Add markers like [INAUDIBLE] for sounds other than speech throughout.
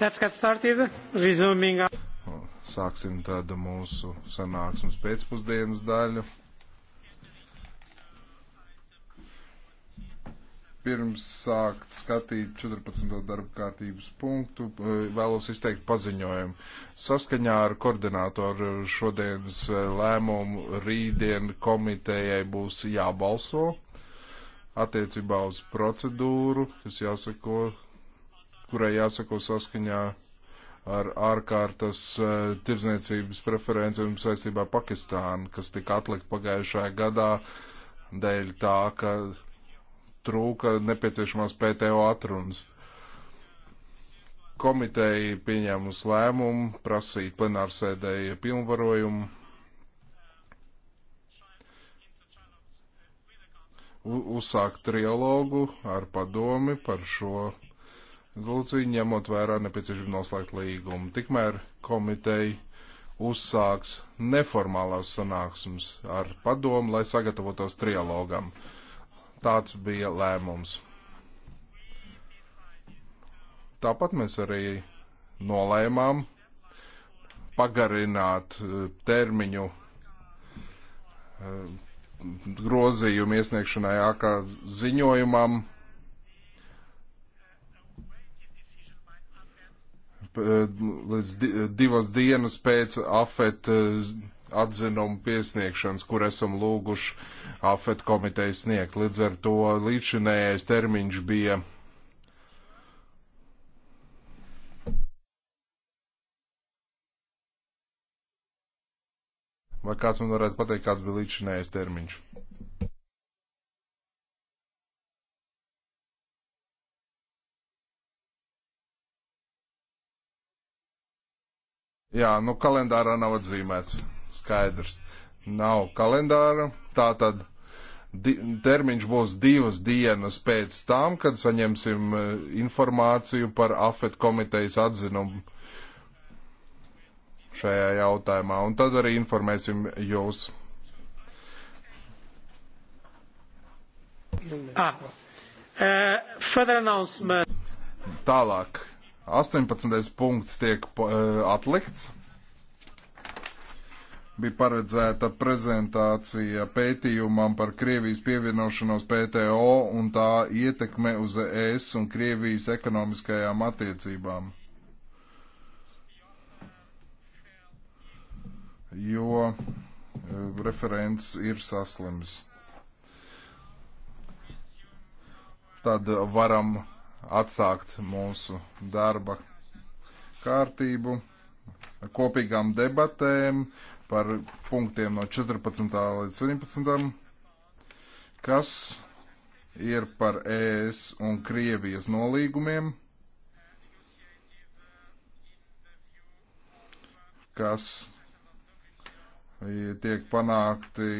Let's get started. Resuming. Sāksim tādu mūsu sanāksmes pēcpusdienas daļu. Pirms sākt skatīt 14. darba kārtības punktu, eh, vēlos izteikt paziņojumu. Saskaņā ar koordinātoru šodienas eh, lēmumu rītdien komitejai būs jābalso attiecībā uz procedūru, kas jāsako kurai jāsako saskaņā ar ārkārtas uh, tirdzniecības preferencēm saistībā ar Pakistānu, kas tika atlikt pagājušajā gadā dēļ tā, ka trūka nepieciešamās PTO atrunas. Komiteja pieņēmusi lēmumu prasīt plenārsēdēja pilnvarojumu uzsākt trialogu ar padomi par šo rezolūciju, ņemot vērā nepieciešamību noslēgt līgumu. Tikmēr komiteja uzsāks neformālās sanāksmes ar padomu, lai sagatavotos trialogam. Tāds bija lēmums. Tāpat mēs arī nolēmām pagarināt eh, termiņu eh, grozījumu iesniegšanai ārkārt ziņojumam Eh, līdz eh, divas dienas pēc AFET eh, atzinumu piesniegšanas, kur esam lūguši AFET komiteju sniegt. Līdz ar to līdzinējais termiņš bija. Vai kāds man varētu pateikt, kāds bija līdzinējais termiņš? Jā, nu kalendārā nav atzīmēts. Skaidrs. Nav kalendāra. Tā tad termiņš būs divas dienas pēc tam, kad saņemsim e, informāciju par AFET komitejas atzinumu šajā jautājumā, un tad arī informēsim jūs. Ah. Uh, Tālāk 18. punkts tiek e, atlikts. Bija paredzēta prezentācija pētījumam par Krievijas pievienošanos PTO un tā ietekme uz ES un Krievijas ekonomiskajām attiecībām. Jo e, referents ir saslims. Tad varam atsākt mūsu darba kārtību ar kopīgām debatēm par punktiem no 14. līdz 17. kas ir par ES un Krievijas nolīgumiem, kas tiek panākti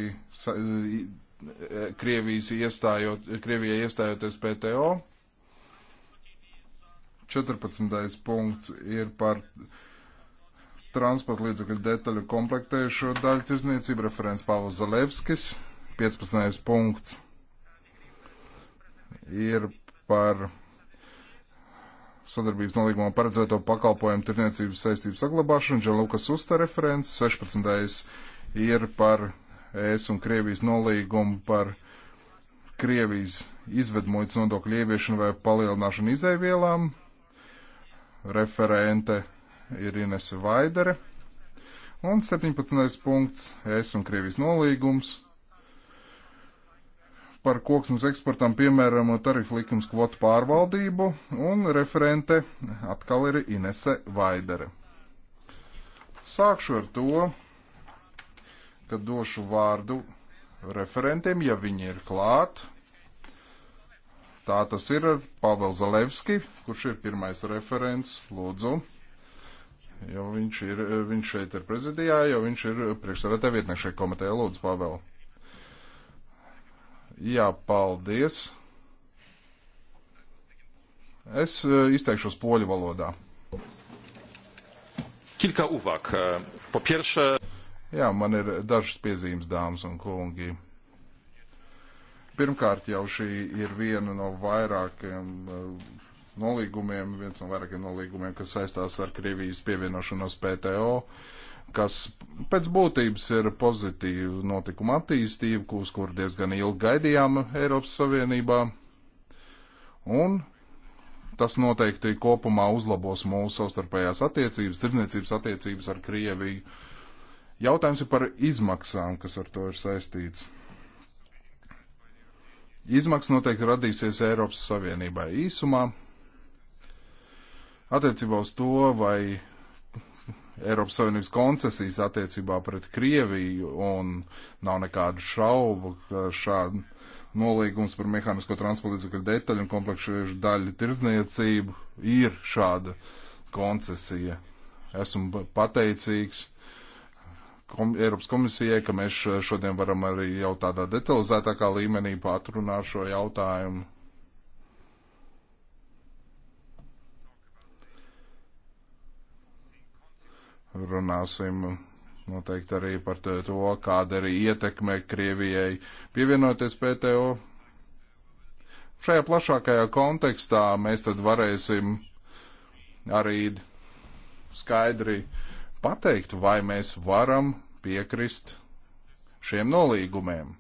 Krievijas iestājot, Krievijai iestājoties PTO. 14. punkts ir par transporta līdzekļu detaļu komplektējušo daļu tirzniecību referents Pāvils Zalevskis. 15. punkts ir par sadarbības nolīgumā paredzēto pakalpojumu tirzniecības saistību saglabāšanu. Džanlukas Usta referents. 16. ir par ES un Krievijas nolīgumu par Krievijas izvedmojas nodokļu ieviešanu vai palielināšanu izaivielām referente ir Inese Vaidere. Un 17. punkts - es un Krievijas nolīgums par koksnes eksportam piemēramo tarifu likums kvotu pārvaldību, un referente atkal ir Inese Vaidere. Sākšu ar to, ka došu vārdu referentiem, ja viņi ir klāt, Tā tas ir ar Pāvelu Zalevski, kurš ir pirmais referents, lūdzu. Jo viņš, ir, viņš šeit ir prezidijā, jo viņš ir priekšsēdētāja vietnieks šai komitejā. Lūdzu, Pāvēl. Jā, paldies. Es e, izteikšos poļu valodā. Kilka uvāk. E, po pierwsze... Jā, man ir dažas piezīmes, dāmas un kungi. Pirmkārt, jau šī ir viena no vairākiem eh, nolīgumiem, viens no vairākiem nolīgumiem, kas saistās ar Krievijas pievienošanos PTO, kas pēc būtības ir pozitīva notikuma attīstība, uz kur diezgan ilgi gaidījām Eiropas Savienībā. Un tas noteikti kopumā uzlabos mūsu savstarpējās attiecības, tirdzniecības attiecības ar Krieviju. Jautājums ir par izmaksām, kas ar to ir saistīts. Izmaksas noteikti radīsies Eiropas Savienībai īsumā. Attiecībā uz to, vai Eiropas Savienības koncesijas attiecībā pret Krieviju un nav nekādu šaubu, ka šāda nolīgums par mehānisko transporta līdzekļu detaļu un komplekšu daļu tirdzniecību ir šāda koncesija. Esmu pateicīgs kom Eiropas komisijai, ka mēs šodien varam arī jau tādā detalizētākā līmenī pārunāt šo jautājumu. Runāsim noteikti arī par to, kāda ir ietekme Krievijai pievienoties PTO. Šajā plašākajā kontekstā mēs tad varēsim arī skaidri uh, pateikt, vai mēs varam piekrist šiem nolīgumiem.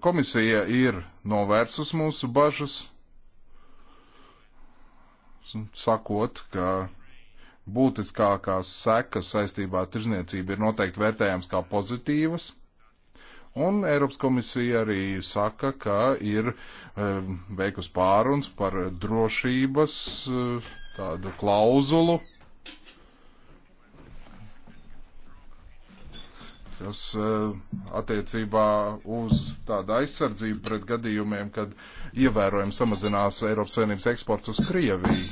Komisija ir novērsus mūsu bažas, sakot, ka būtiskākās sekas saistībā ar tirzniecību ir noteikti vērtējams kā pozitīvas Un Eiropas komisija arī saka, ka ir ehm, veikus pāruns par drošības eh, tādu klauzulu, kas eh, attiecībā uz tādu aizsardzību pret gadījumiem, kad ievērojami samazinās Eiropas Savienības eksports uz Krieviju.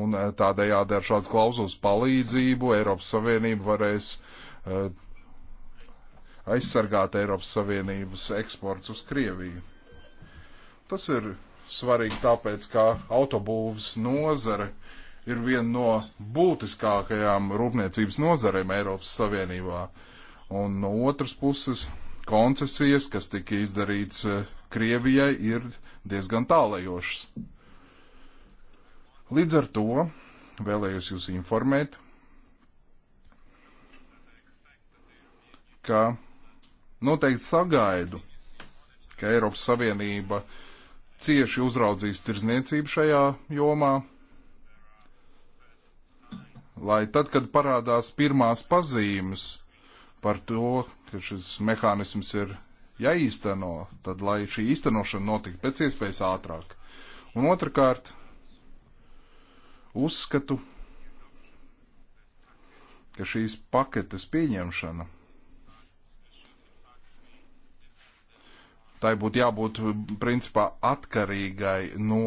Un eh, tādējādi ar šādas klauzulas palīdzību Eiropas Savienība varēs uh, aizsargāt Eiropas Savienības eksports uz Krieviju. Tas ir svarīgi tāpēc, ka autobūvas nozare ir viena no būtiskākajām rūpniecības nozarēm Eiropas Savienībā. Un no otras puses, koncesijas, kas tika izdarīts eh, Krievijai, ir diezgan tālajošas. Līdz ar to vēlējos jūs informēt, ka Noteikti sagaidu, ka Eiropas Savienība cieši uzraudzīs tirzniecību šajā jomā, lai tad, kad parādās pirmās pazīmes par to, ka šis mehānisms ir jāīsteno, tad lai šī īstenošana notiktu pēc iespējas ātrāk. Un otrkārt, uzskatu, ka šīs paketes pieņemšana tai būtu jābūt principā atkarīgai no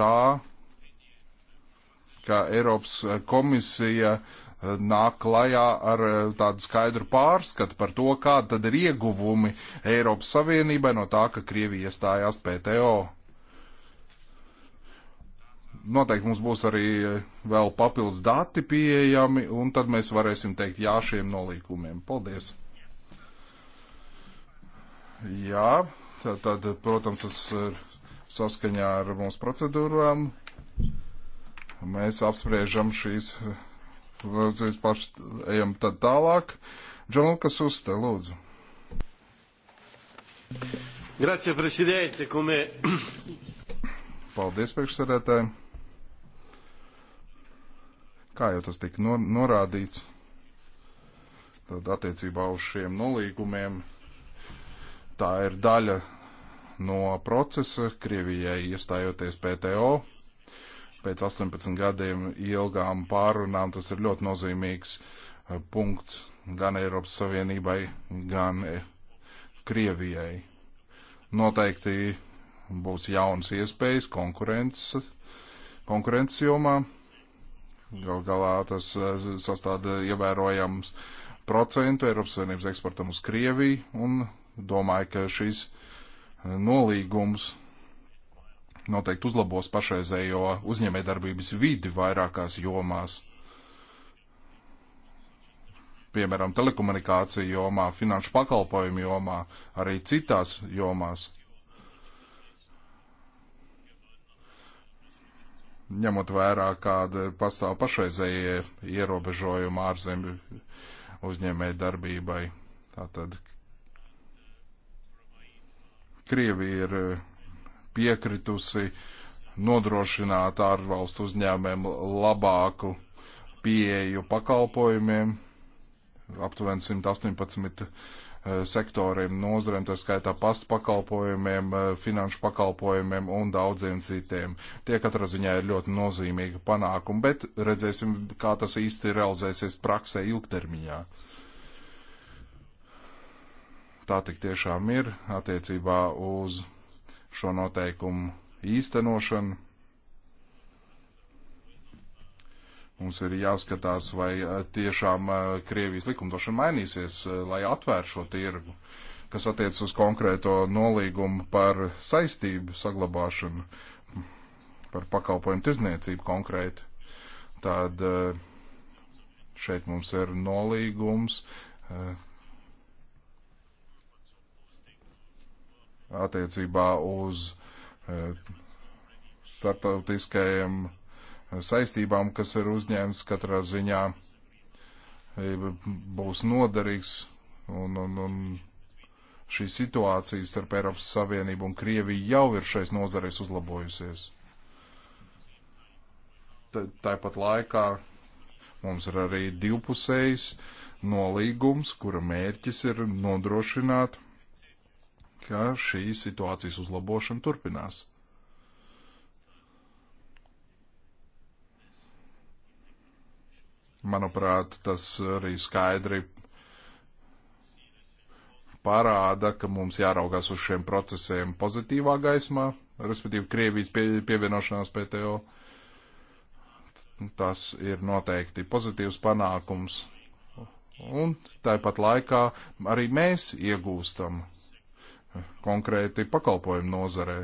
tā, ka Eiropas komisija eh, nāk klajā ar eh, tādu skaidru pārskatu par to, kāda tad ir ieguvumi Eiropas Savienībai no tā, ka Krievija iestājās PTO. Noteikti mums būs arī eh, vēl papildus dati pieejami, un tad mēs varēsim teikt jā šiem nolīkumiem. Paldies! Jā, tad, protams, tas ir saskaņā ar mūsu procedūrām. Mēs apspriežam šīs, lūdzu, paši ejam tad tālāk. Džonlukas Uste, lūdzu. Grazie, prezidente, come... Paldies, priekšsarētāji. Kā jau tas tika norādīts, tad attiecībā uz šiem nolīgumiem Tā ir daļa no procesa Krievijai iestājoties PTO. Pēc 18 gadiem ilgām pārunām tas ir ļoti nozīmīgs eh, punkts gan Eiropas Savienībai, gan eh, Krievijai. Noteikti būs jaunas iespējas konkurences, konkurences jomā. Gal galā tas eh, sastāda ievērojams procentu Eiropas Savienības eksportam uz Krieviju un domāju, ka šīs eh, nolīgums noteikti uzlabos pašreizējo uzņēmējdarbības vidi vairākās jomās. Piemēram, telekomunikāciju jomā, finanšu pakalpojumu jomā, arī citās jomās. Ņemot vērā, kāda pastāv pašreizējie ierobežojumi ārzemju uzņēmējdarbībai. Tātad, Krievija ir e, piekritusi nodrošināt ārvalstu uzņēmēm labāku pieeju pakalpojumiem, aptuveni 118 e, sektoriem, nozarēm, tā skaitā pastu pakalpojumiem, e, finanšu pakalpojumiem un daudziem citiem. Tie katrā ziņā ir ļoti nozīmīgi panākumi, bet redzēsim, kā tas īsti realizēsies praksē ilgtermiņā tā tik tiešām ir attiecībā uz šo noteikumu īstenošanu. Mums ir jāskatās, vai eh, tiešām eh, Krievijas likumdošana mainīsies, eh, lai atvērtu šo tirgu, kas attiec uz konkrēto nolīgumu par saistību saglabāšanu, par pakalpojumu tirzniecību konkrēti. Tad šeit mums ir nolīgums, attiecībā uz e, starptautiskajiem e, saistībām, kas ir uzņēmts katrā ziņā, e, būs noderīgs un, un, un šī situācija starp Eiropas Savienību un Krieviju jau ir šais nozarēs uzlabojusies. Tāpat laikā mums ir arī divpusējs nolīgums, kura mērķis ir nodrošināt ka šī situācijas uzlabošana turpinās. Manuprāt, tas arī skaidri parāda, ka mums jāraugās uz šiem procesiem pozitīvā gaismā, respektīvi Krievijas pie, pievienošanās PTO. Tas ir noteikti pozitīvs panākums. Un tāpat laikā arī mēs iegūstam konkrēti pakalpojumu nozarē,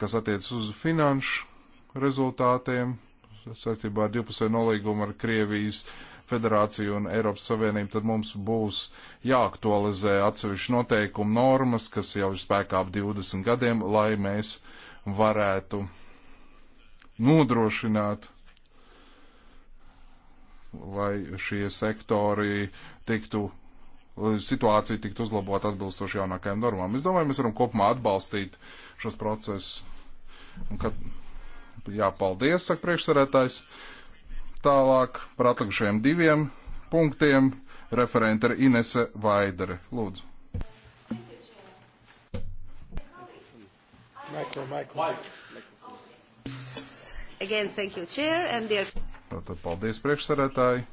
kas attiec uz finanšu rezultātiem saistībā ar divpusēju nolīgumu ar Krievijas federāciju un Eiropas Savienību, tad mums būs jāaktualizē atsevišķi noteikumu normas, kas jau ir spēkā ap 20 gadiem, lai mēs varētu nodrošināt lai šie sektori tiktu situācija tiktu uzlabot atbilstoši jaunākajām normām. Es domāju, mēs varam kopumā atbalstīt šos procesus. Un, kad, jā, paldies, saka priekšsarētājs. Tālāk par atlikušajiem diviem punktiem referente ir Inese Vaidere. Lūdzu. Michael, Michael. Again, thank you, chair, and dear... Tātad paldies priekšsarētāji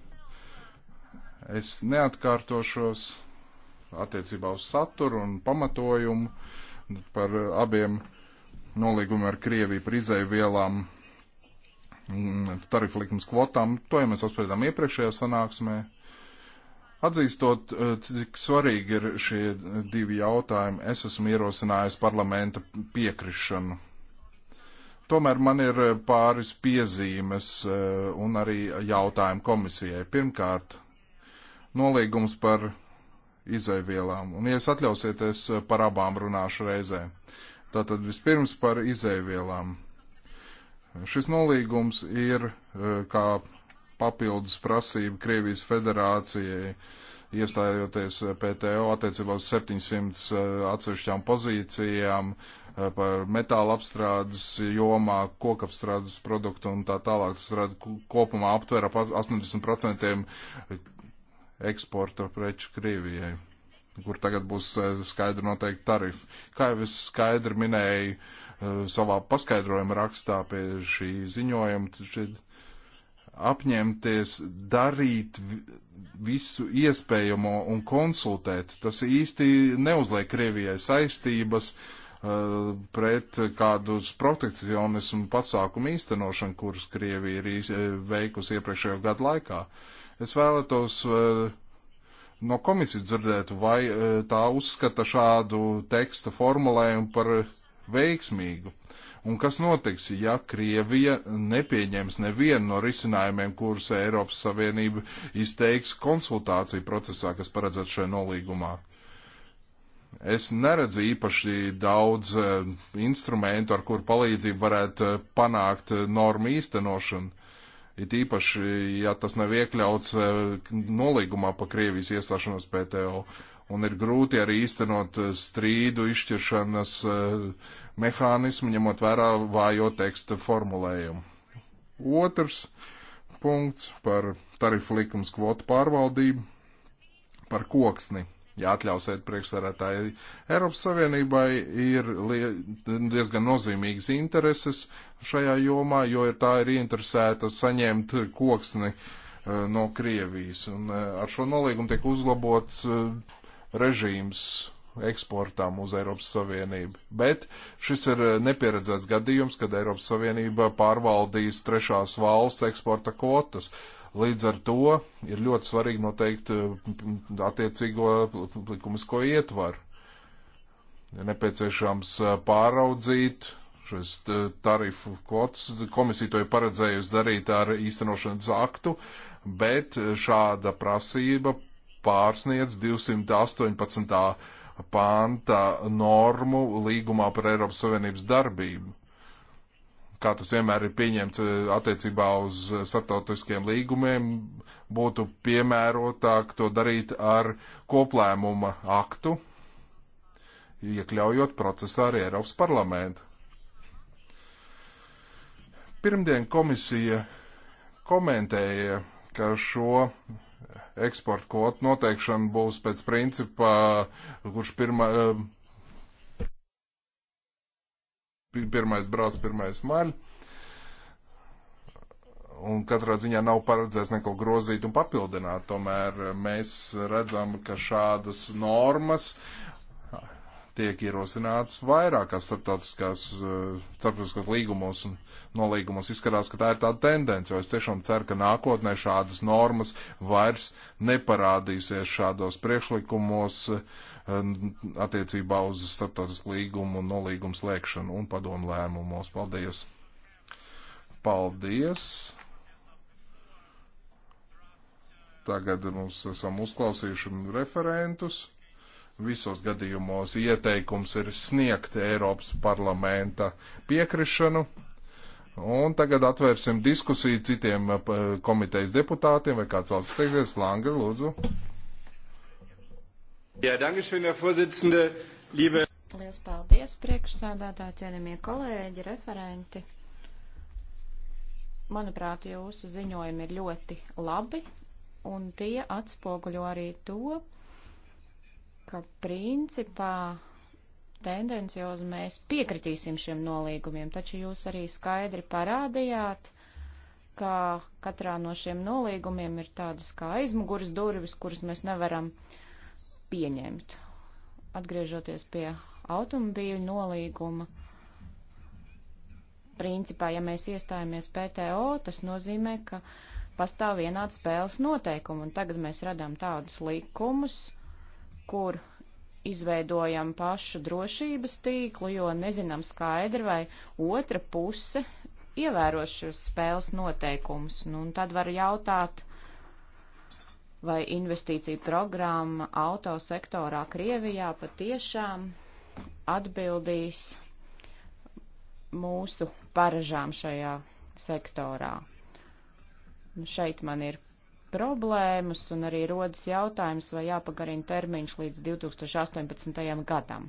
Es neatkārtošos attiecībā uz saturu un pamatojumu par abiem nolīgumiem ar Krieviju par izēvielām tarifu likums kvotām. To jau mēs apspriedām iepriekšējā sanāksmē. Atzīstot, cik svarīgi ir šie divi jautājumi, es esmu ierosinājis parlamenta piekrišanu. Tomēr man ir pāris piezīmes eh, un arī jautājumi komisijai. Pirmkārt, nolīgums par izaivielām. Un, ja jūs atļausieties, par abām runāšu reizē. Tātad vispirms par izaivielām. Šis nolīgums ir e, kā papildus prasība Krievijas federācijai, iestājoties PTO attiecībā uz 700 e, atsevišķām pozīcijām e, par metāla apstrādes jomā, kokapstrādes produktu un tā tālāk. Tas rada kopumā aptver ap 80% eksporta preču Krievijai, kur tagad būs eh, skaidri noteikti tarifi. Kā jau es skaidri minēju eh, savā paskaidrojuma rakstā pie šī ziņojuma, šeit apņemties darīt visu iespējamo un konsultēt. Tas īsti neuzliek Krievijai saistības uh, pret kādus protekcionismu pasākumu īstenošanu, kurus Krievija ir veikusi iepriekšējo gadu laikā. Uh, Es vēlētos eh, no komisijas dzirdēt, vai eh, tā uzskata šādu teksta formulējumu par veiksmīgu. Un kas notiks, ja Krievija nepieņems nevienu no risinājumiem, kurus Eiropas Savienība izteiks konsultāciju procesā, kas paredzēts šajā nolīgumā? Es neredzu īpaši daudz eh, instrumentu, ar kur palīdzību varētu panākt normu īstenošanu. It īpaši, ja tas nav iekļauts eh, nolīgumā pa Krievijas iestāšanos PTO. Un ir grūti arī īstenot eh, strīdu izšķiršanas eh, mehānismu, ņemot vērā vājo teksta formulējumu. Otrs punkts par tarifu likums kvotu pārvaldību, par koksni ja atļausiet priekšsarētāji. Eiropas Savienībai ir diezgan nozīmīgas intereses šajā jomā, jo tā ir ieinteresēta saņemt koksni eh, no Krievijas. Un eh, ar šo nolīgumu tiek uzlabots eh, režīms eksportām uz Eiropas Savienību. Bet šis ir nepieredzēts gadījums, kad Eiropas Savienība pārvaldīs trešās valsts eksporta kvotas. Uh, Līdz ar to ir ļoti svarīgi noteikt eh, attiecīgo likumisko ietvaru. Ja nepieciešams eh, pāraudzīt šos eh, tarifu kvotas. Komisija to ir paredzējusi darīt ar īstenošanas aktu, bet šāda prasība pārsniedz 218. pānta normu līgumā par Eiropas Savienības darbību kā tas vienmēr ir pieņemts e, attiecībā uz e, startautiskiem līgumiem, būtu piemērotāk to darīt ar koplēmuma aktu, iekļaujot procesā arī Eiropas parlamentu. Pirmdien komisija komentēja, ka šo eksporta kvotu noteikšana būs pēc principa, kurš pirmā e, pirmais brauc, pirmais maļ. Un katrā ziņā nav paredzēts neko grozīt un papildināt. Tomēr mēs redzam, ka šādas normas uh, tiek ierosināts vairākās starptautiskās, eh, starptautiskos līgumos un nolīgumos. Izskatās, ka tā ir tāda tendence, jo es tiešām ceru, ka nākotnē šādas normas vairs neparādīsies šādos priekšlikumos eh, attiecībā uz starptautisku līgumu un nolīgumu slēgšanu un padomu lēmumos. Paldies! Paldies! Tagad mums esam uzklausījuši referentus. Visos gadījumos ieteikums ir sniegt Eiropas parlamenta piekrišanu. Un tagad atvērsim diskusiju citiem eh, komitejas deputātiem, vai kāds vēlas teikties, Lange, lūdzu. Jā, ja, dankeschön, Herr Vorsitzende, liebe. Liels paldies, priekšsādātāji, cienījamie kolēģi, referenti. Manuprāt, jūsu ziņojumi ir ļoti labi, un tie atspoguļo arī to, ka principā tendenciozi mēs piekritīsim šiem nolīgumiem, taču jūs arī skaidri parādījāt, ka katrā no šiem nolīgumiem ir tādas kā aizmuguras durvis, kuras mēs nevaram pieņemt. Atgriežoties pie automobīļu nolīguma, principā, ja mēs iestājamies PTO, tas nozīmē, ka pastāv vienāds spēles noteikumi, un tagad mēs radām tādus likumus, kur izveidojam pašu drošības tīklu, jo nezinām skaidri, vai otra puse ievēros šos spēles noteikumus. Nu, un tad var jautāt, vai investīcija programma autosektorā Krievijā patiešām atbildīs mūsu paražām šajā sektorā. Nu, šeit man ir problēmas un arī rodas jautājums, vai jāpagarina termiņš līdz 2018. gadam.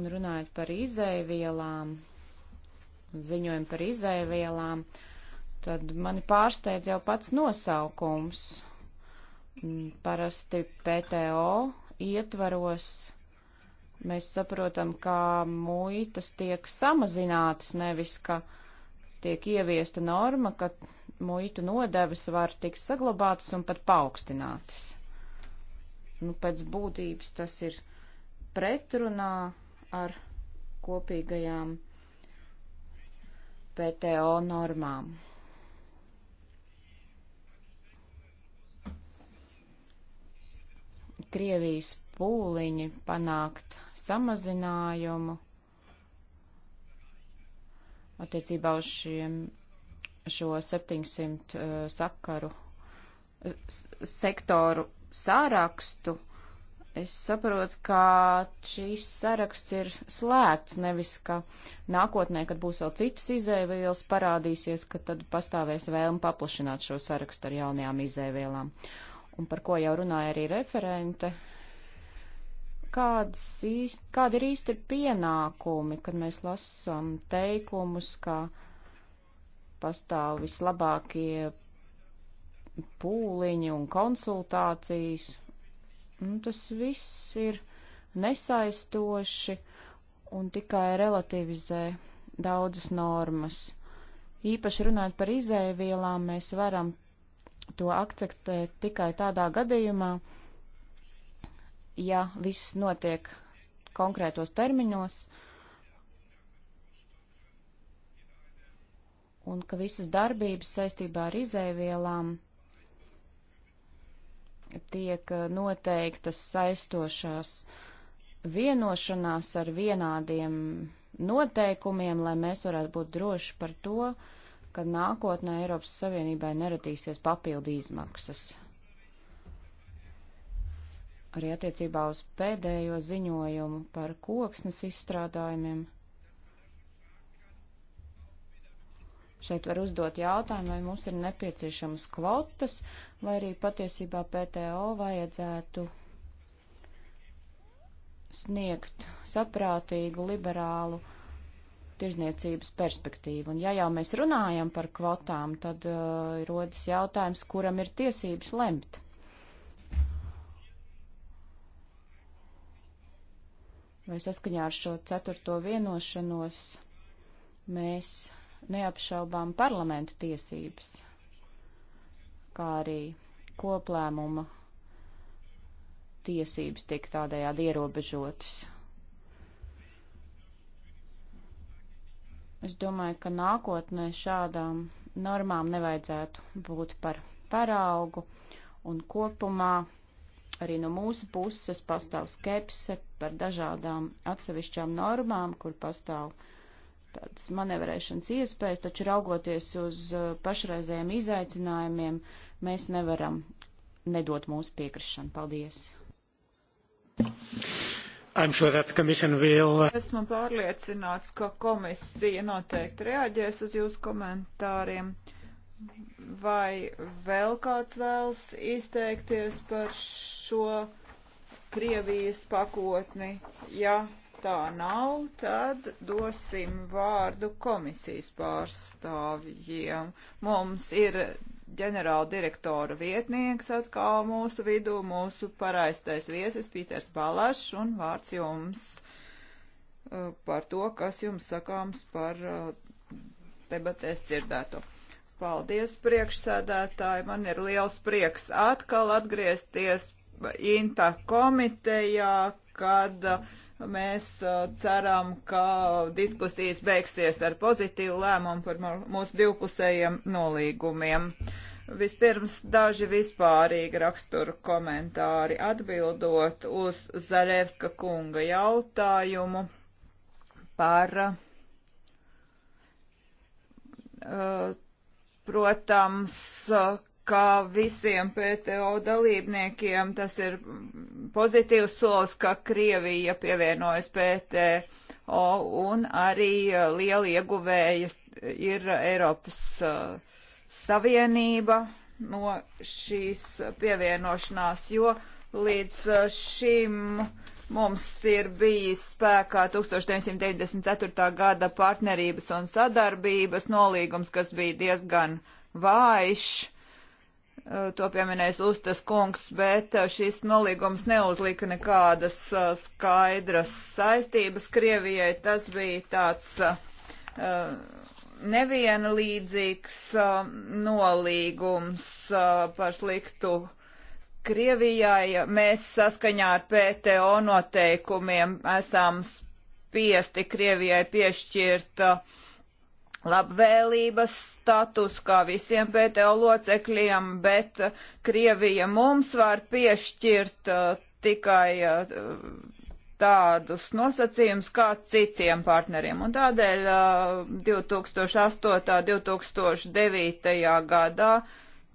Un runājot par izēvielām, ziņojumu par izēvielām, tad mani pārsteidz jau pats nosaukums. Mm, parasti PTO ietvaros mēs saprotam, ka muitas tiek samazinātas, nevis ka uh, tiek ieviesta norma, ka muitu nodevas var tikt saglabātas un pat paaugstinātas. Nu, pēc būtības tas ir pretrunā ar kopīgajām PTO normām. Krievijas pūliņi panākt samazinājumu attiecībā uz šiem, šo 700 uh, sakaru sektoru sārakstu. Es saprotu, ka šīs saraksts ir slēgts, nevis ka nākotnē, kad būs vēl citas izēvielas, parādīsies, ka tad pastāvēs vēlme paplašināt šo sarakstu ar jaunajām izēvielām. Un par ko jau runāja arī referente, kādas īsti, kāda ir īsti pienākumi, kad mēs lasām teikumus, ka pastāv vislabākie pūliņi un konsultācijas. Un nu, tas viss ir nesaistoši un tikai relativizē daudzas normas. Īpaši runājot par izēvielām, mēs varam to akceptēt tikai tādā gadījumā, ja viss notiek konkrētos termiņos un ka visas darbības saistībā ar izēvielām tiek eh, noteiktas saistošās vienošanās ar vienādiem noteikumiem, lai mēs varētu būt droši par to, ka nākotnē Eiropas Savienībai neradīsies papildu izmaksas arī attiecībā uz pēdējo ziņojumu par koksnes izstrādājumiem. Šeit var uzdot jautājumu, vai mums ir nepieciešamas kvotas, vai arī patiesībā PTO vajadzētu sniegt saprātīgu, liberālu tirzniecības perspektīvu. Un ja jau mēs runājam par kvotām, tad uh, rodas jautājums, kuram ir tiesības lemt. vai saskaņā ar šo ceturto vienošanos mēs neapšaubām parlamentu tiesības, kā arī koplēmuma tiesības tiek tādējādi ierobežotas. Es domāju, ka nākotnē šādām normām nevajadzētu būt par paraugu un kopumā Arī no mūsu puses pastāv skepse par dažādām atsevišķām normām, kur pastāv tādas manevrēšanas iespējas, taču raugoties uz uh, pašreizējiem izaicinājumiem, mēs nevaram nedot mūsu piekrišanu. Paldies! I'm sure that commission will... Uh, Esmu pārliecināts, ka komisija noteikti reaģēs uz jūsu komentāriem. Vai vēl kāds vēlas izteikties par šo Krievijas pakotni? Ja tā nav, tad dosim vārdu komisijas pārstāvjiem. Mums ir ģenerāla direktora vietnieks atkal mūsu vidū, mūsu paraistais viesis Pīters Balašs un vārds jums uh, par to, kas jums sakāms par uh, debatēs dzirdēto. Paldies, priekšsēdētāji. Man ir liels prieks atkal atgriezties Inta komitejā, kad uh, mēs uh, ceram, ka diskusijas beigsies ar pozitīvu lēmumu par mūsu divpusējiem nolīgumiem. Vispirms daži vispārīgi raksturu komentāri atbildot uz Zarevska kunga jautājumu par uh, Protams, ka visiem PTO dalībniekiem tas ir pozitīvs solis, ka Krievija pievienojas PTO un arī liela ieguvējas ir Eiropas uh, Savienība no šīs pievienošanās, jo līdz uh, šim uh, Mums ir bijis spēkā 1994. gada partnerības un sadarbības nolīgums, kas bija diezgan vājš. To pieminēs Ustas kungs, bet šis nolīgums neuzlika nekādas skaidras saistības Krievijai. Tas bija tāds nevienlīdzīgs nolīgums par sliktu Krievijai mēs saskaņā ar PTO noteikumiem esam spiesti Krievijai piešķirt uh, labvēlības status kā visiem PTO locekļiem, bet uh, Krievija mums var piešķirt uh, tikai tādus nosacījumus kā citiem partneriem. Un tādēļ 2008. 2009. gadā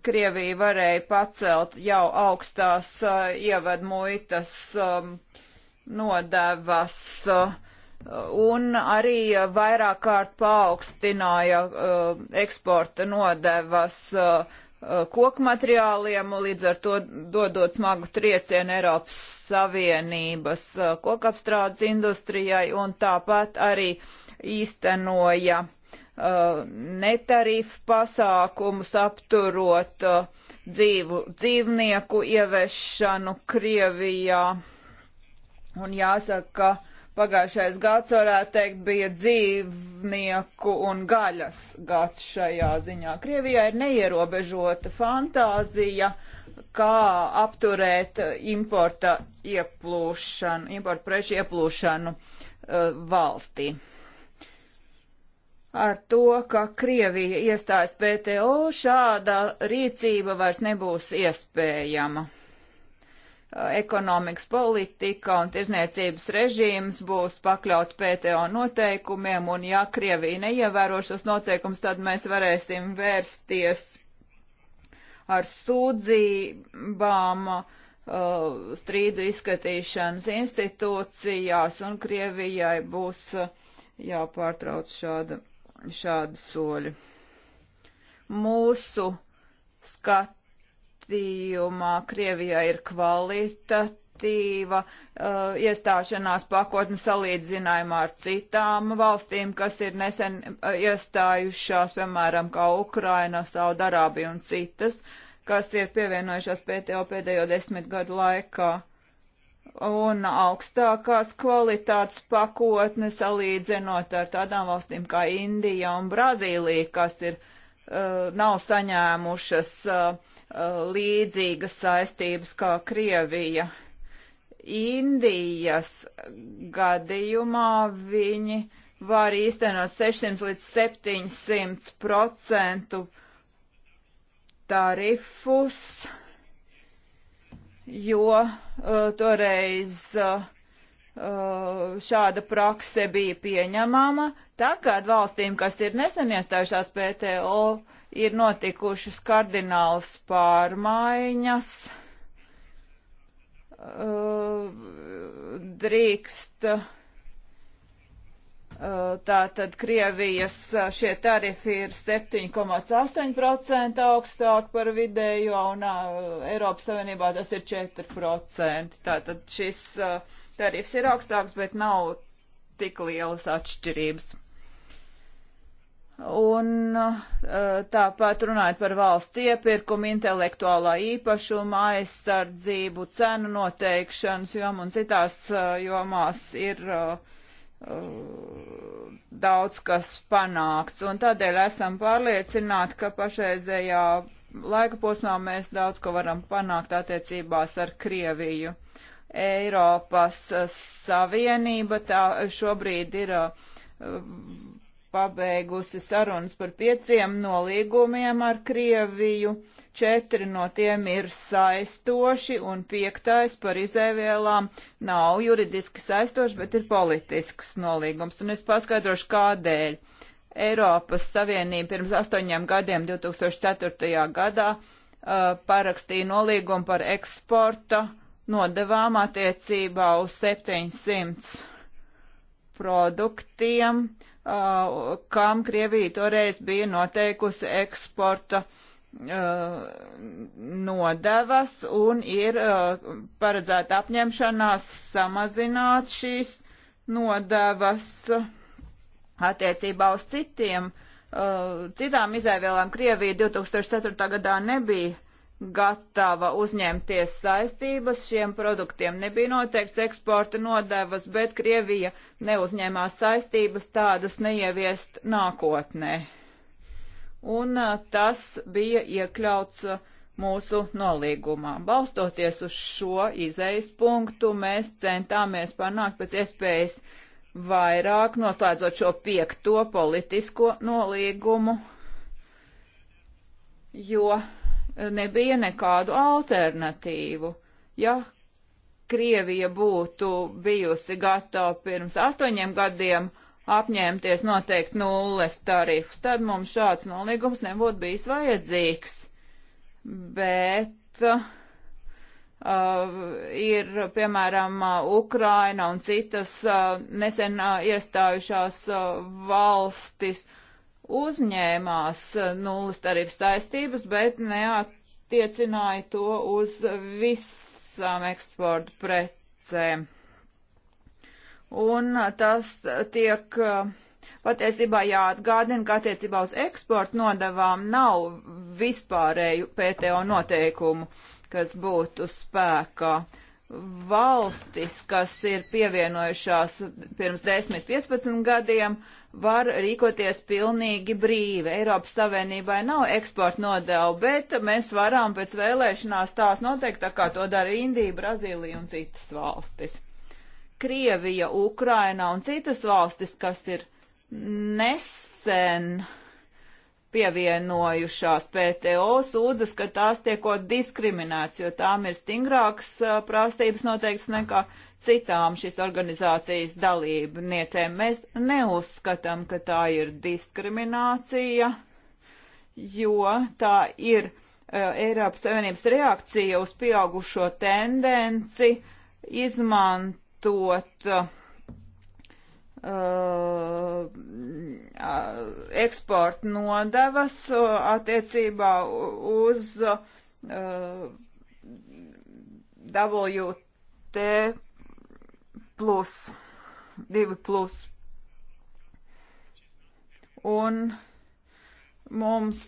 Krievija varēja pacelt jau augstās uh, eh, ievadmuitas um, nodevas uh, un arī uh, vairāk kārt paaugstināja uh, eksporta nodevas uh, kokmateriāliem, līdz ar to dodot smagu triecienu Eiropas Savienības kokapstrādes industrijai un tāpat arī īstenoja uh, Uh, netarifu pasākumus, apturot uh, dzīvu dzīvnieku ieviešanu Krievijā. Un jāsaka, ka pagājušais gads varētu teikt bija dzīvnieku un gaļas gads šajā ziņā. Krievijā ir neierobežota fantāzija, kā apturēt importa ieplūšanu, importa preču ieplūšanu uh, valstī ar to, ka Krievija iestājas PTO, šāda rīcība vairs nebūs iespējama. Ekonomikas politika un tirzniecības režīms būs pakļaut PTO noteikumiem, un ja Krievija neievēro šos noteikumus, tad mēs varēsim vērsties ar sūdzībām uh, strīdu izskatīšanas institūcijās, un Krievijai būs uh, jāpārtrauc šāda šādi soļi. Mūsu skatījumā Krievijā ir kvalitatīva uh, iestāšanās pakotne salīdzinājumā ar citām valstīm, kas ir nesen uh, iestājušās, piemēram, kā Ukraina, Saudarābija un citas, kas ir pievienojušās PTO pēdējo desmit gadu laikā un augstākās kvalitātes pakotne salīdzinot ar tādām valstīm kā Indija un Brazīlija, kas ir, uh, nav saņēmušas uh, uh, līdzīgas saistības kā Krievija. Indijas gadījumā viņi var īstenot 600 līdz 700 procentu tarifus. Uh, jo uh, toreiz uh, šāda prakse bija pieņemama. Tagad valstīm, kas ir nesen iestājušās PTO, ir notikušas kardināls pārmaiņas. Uh, drīkst uh, Eh, tātad Krievijas eh, šie tarifi ir 7,8% augstāk par vidējo, un eh, Eiropas Savienībā tas ir 4%. Tātad šis tarifs ir augstāks, bet nav tik lielas atšķirības. Un tāpat runājot par valsts iepirkumu, intelektuālā īpašuma aizsardzību, cenu noteikšanas jom un citās jomās ir uh, Uh, daudz kas panākts, un tādēļ esam pārliecināti, ka pašreizējā laika posmā mēs daudz ko varam panākt attiecībās ar Krieviju. Eiropas uh, Savienība tā šobrīd ir uh, pabeigusi sarunas par pieciem nolīgumiem ar Krieviju, četri no tiem ir saistoši un piektais par izēvielām nav juridiski saistoši, bet ir politisks nolīgums. Un es paskaidrošu, kādēļ. Eiropas Savienība pirms astoņiem gadiem, 2004. gadā, parakstīja nolīgumu par eksporta nodevām attiecībā uz 700 produktiem, uh, uh, kam Krievija toreiz bija noteikusi eksporta uh, nodevas un ir uh, paredzēta apņemšanās samazināt šīs nodevas attiecībā uz citiem. Uh, citām izēvielām Krievija 2004. gadā nebija gatava uzņemties saistības, šiem produktiem nebija noteikts eksporta nodevas, bet Krievija neuzņēmās saistības tādas neieviest nākotnē. Un tas bija iekļauts mūsu nolīgumā. Balstoties uz šo izejas punktu, mēs centāmies panākt pēc iespējas vairāk, noslēdzot šo piekto politisko nolīgumu, jo nebija nekādu alternatīvu. Ja Krievija būtu bijusi gatava pirms astoņiem gadiem apņēmties noteikt nulles tarifus, tad mums šāds nolīgums nebūtu bijis vajadzīgs. Bet uh, uh ir, piemēram, uh, Ukraina un citas uh, nesen uh, iestājušās uh, valstis, uh, uzņēmās nulles tarifas saistības, bet neatiecināja to uz visām eksporta precēm. Un tas tiek uh, patiesībā jāatgādina, ka attiecībā uz eksporta nodavām nav vispārēju PTO noteikumu, kas būtu spēkā. Uh, valstis, kas ir pievienojušās pirms 10-15 gadiem, var rīkoties pilnīgi brīvi. Eiropas Savienībai nav eksporta nodevu, bet mēs varam pēc vēlēšanās tās noteikt, tā kā to dara Indija, Brazīlija un citas valstis. Krievija, Ukraina un citas valstis, kas ir nesen uh, pievienojušās PTO sūdzas, ka tās tiekot diskriminēts, jo tām ir stingrāks prasības noteikts nekā citām šīs organizācijas dalībniecēm. Mēs neuzskatām, ka tā ir diskriminācija, jo tā ir uh, Eiropas Savienības reakcija uz pieaugušo tendenci izmantot uh, Uh, eksporta nodevas uh, attiecībā uz uh, WT plus, 2 plus. Un mums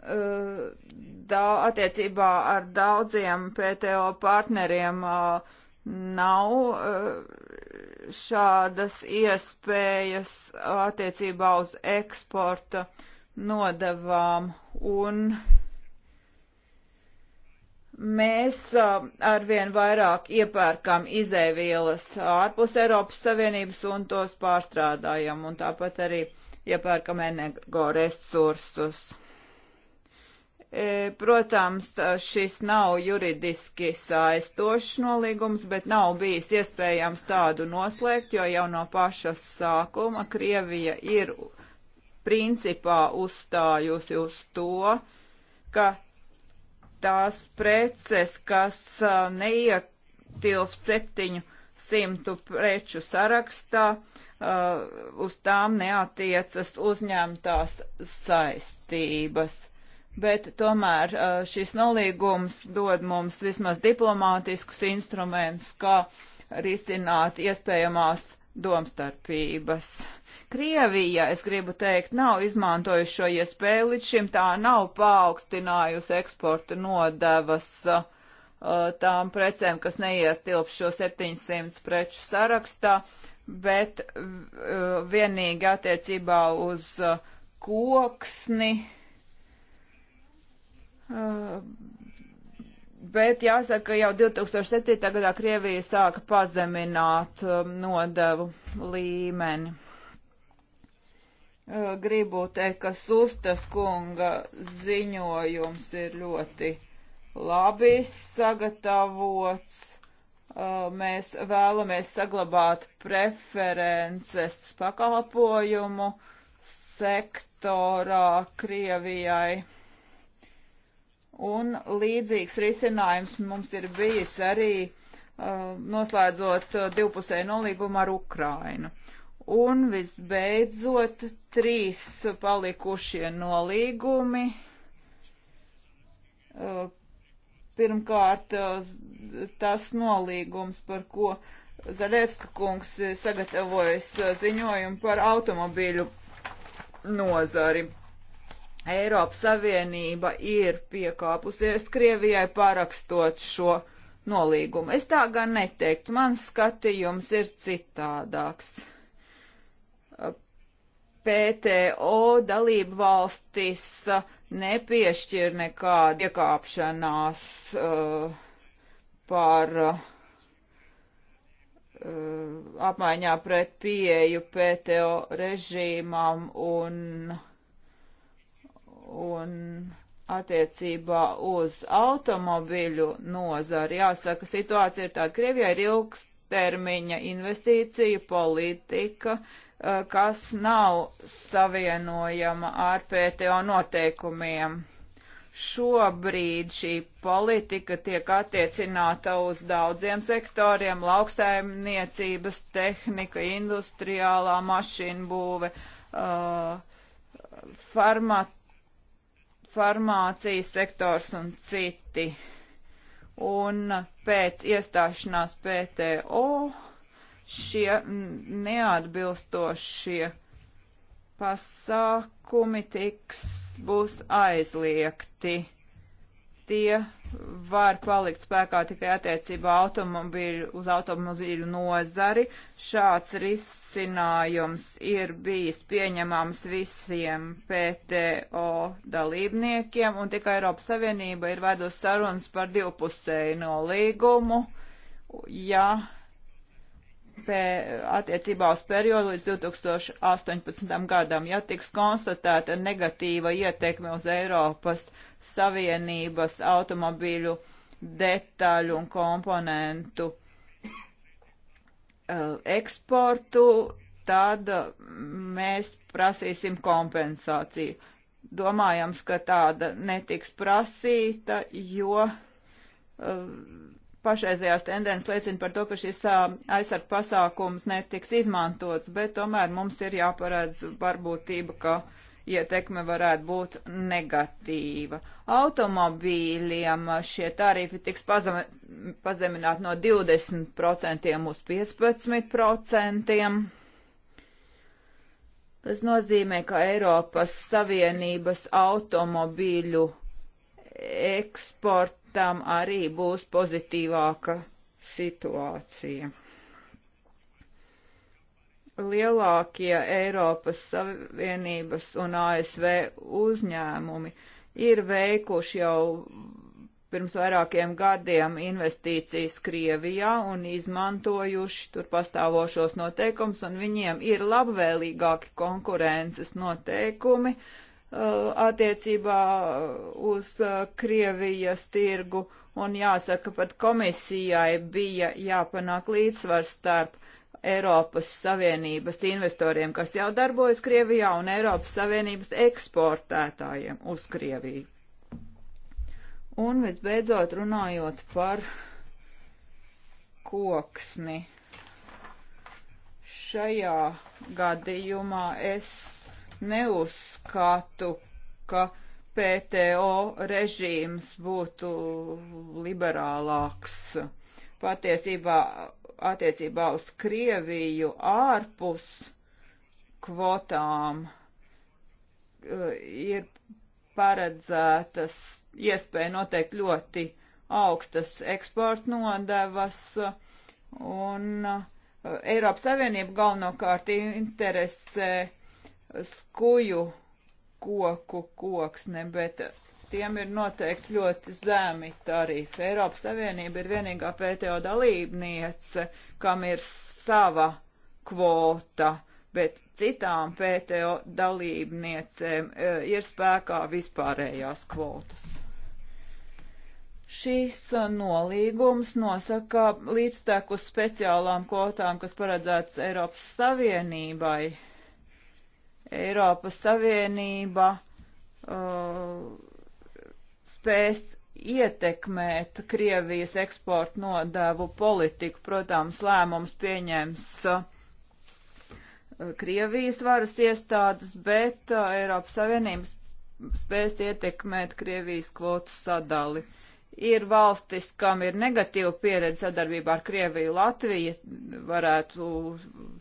da, attiecībā ar daudziem PTO partneriem nav šādas iespējas attiecībā uz eksporta nodevām un mēs arvien vairāk iepērkam izēvielas ārpus Eiropas Savienības un tos pārstrādājam un tāpat arī iepērkam energoresursus. resursus. E, protams, šis nav juridiski saistošs nolīgums, bet nav bijis iespējams tādu noslēgt, jo jau no paša sākuma Krievija ir principā uzstājusi uz to, ka tās preces, kas neietilp septiņu simtu preču sarakstā, uz tām neatiecas uzņemtās saistības bet tomēr uh, šis nolīgums dod mums vismaz diplomātiskus instrumentus, kā risināt iespējamās domstarpības. Krievija, es gribu teikt, nav izmantojusi šo iespēju līdz šim, tā nav paaugstinājusi eksporta nodevas uh, tām precēm, kas neietilp šo 700 preču sarakstā, bet uh, vienīgi attiecībā uz uh, koksni, Eh, bet jāsaka, ka jau 2007. gadā Krievija sāka pazemināt eh, nodevu līmeni. Eh, gribu teikt, ka Sustas kunga ziņojums ir ļoti labi sagatavots. Mēs vēlamies saglabāt preferences pakalpojumu sektorā Krievijai Un līdzīgs risinājums mums ir bijis arī uh, noslēdzot uh, divpusēju nolīgumu ar Ukrainu. Un visbeidzot, trīs palikušie nolīgumi. Uh, pirmkārt, uh, tas nolīgums, par ko Zarevska kungs uh, sagatavojas uh, ziņojumu par automobīļu nozari Eiropas Savienība ir piekāpusies Krievijai parakstot šo nolīgumu. Es tā gan neteiktu, mans skatījums ir citādāks. PTO dalību valstis nepiešķir nekādu iekāpšanās uh, par uh, apmaiņā pret pieeju PTO režīmam un uh, Un attiecībā uz automobiļu nozari jāsaka, situācija ir tāda, Krievijā ir ilgstermiņa investīcija politika, eh, kas nav savienojama ar PTO noteikumiem. Šobrīd šī politika tiek attiecināta uz daudziem sektoriem - lauksaimniecības, tehnika, industriālā mašīnbūve, uh, eh, farmat, farmācijas sektors un citi. Un pēc iestāšanās PTO šie neatbilstošie pasākumi tiks, būs aizliegti tie var palikt spēkā tikai attiecībā automobīļu, uz automobīļu nozari. Šāds risinājums ir bijis pieņemams visiem PTO dalībniekiem, un tikai Eiropas Savienība ir vedusi sarunas par divpusēju nolīgumu. Ja pē, attiecībā uz periodu līdz 2018. gadam, ja tiks konstatēta negatīva ietekme uz Eiropas Savienības automobīļu detaļu un komponentu eh, eksportu, tad mm, mēs prasīsim kompensāciju. Domājams, ka tāda netiks prasīta, jo eh, pašreizējās tendences liecina par to, ka šis aizsardz pasākums netiks izmantots, bet tomēr mums ir jāparedz varbūtība, ka ietekme varētu būt negatīva. Automobīļiem šie tarifi tiks pazemināti no 20% uz 15%. Tas nozīmē, ka Eiropas Savienības automobīļu eksports tam arī būs pozitīvāka situācija. Lielākie Eiropas Savienības un ASV uzņēmumi ir veikuši jau pirms vairākiem gadiem investīcijas Krievijā un izmantojuši tur pastāvošos noteikumus, un viņiem ir labvēlīgāki konkurences noteikumi Uh, attiecībā uz uh, Krievijas tirgu, un jāsaka, pat komisijai bija jāpanāk līdzsvars starp Eiropas Savienības investoriem, kas jau darbojas Krievijā, un Eiropas Savienības eksportētājiem uz Krieviju. Un visbeidzot, runājot par koksni. Šajā gadījumā es neuzskatu, ka PTO režīms būtu liberālāks. Patiesībā attiecībā uz Krieviju ārpus kvotām eh, ir paredzētas iespēja noteikt ļoti augstas eksporta nodevas, un eh, Eiropas Savienība galvenokārt interesē skuju koku koksne, bet tiem ir noteikti ļoti zemi tarifi. Eiropas Savienība ir vienīgā PTO dalībniece, kam ir sava kvota, bet citām PTO dalībniecēm e, ir spēkā vispārējās kvotas. Šīs nolīgums nosaka līdztekus speciālām kvotām, kas paredzētas Eiropas Savienībai Eiropas Savienība uh, spēs ietekmēt Krievijas eksportu nodevu politiku. Protams, lēmums pieņems uh, Krievijas varas iestādes, bet uh, Eiropas Savienības spēs ietekmēt Krievijas kvotu sadali. Ir valstis, kam ir negatīva pieredze sadarbībā ar Krieviju, Latvija varētu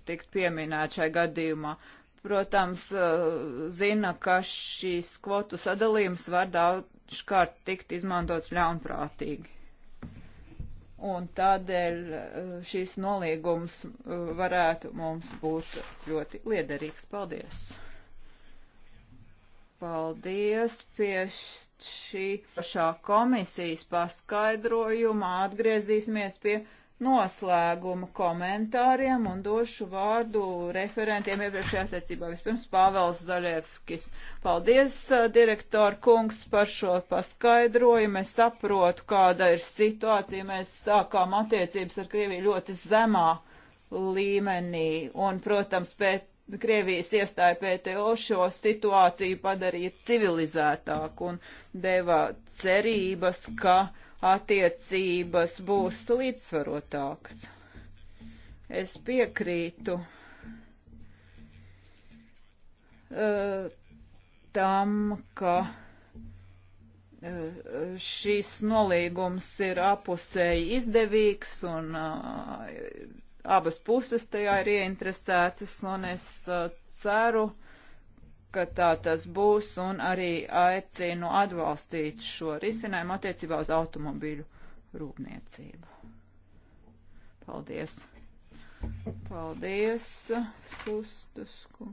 tikt pieminēt šai gadījumā protams, eh, zina, ka šīs kvotu sadalījums var daudzkārt tikt izmantots ļaunprātīgi. Un tādēļ eh, šīs nolīgums eh, varētu mums būt ļoti liederīgs. Paldies! Paldies pie šī pašā komisijas paskaidrojuma. Atgriezīsimies pie noslēguma komentāriem un došu vārdu referentiem iepriekšējā secībā. Vispirms Pāvels Zaļevskis. Paldies, direktor kungs, par šo paskaidrojumu. Es saprotu, kāda ir situācija. Mēs sākām attiecības ar Krieviju ļoti zemā līmenī un, protams, pēc Krievijas iestāja PTO šo situāciju padarīja civilizētāku un deva cerības, ka uh, attiecības būs līdzsvarotākas. Es piekrītu uh, tam, ka uh, šis nolīgums ir apusēji izdevīgs un uh, abas puses tajā ir ieinteresētas, un es ceru, ka ka tā tas būs un arī aicinu atbalstīt šo risinājumu attiecībā uz automobīļu rūpniecību. Paldies. Paldies, Sustasku.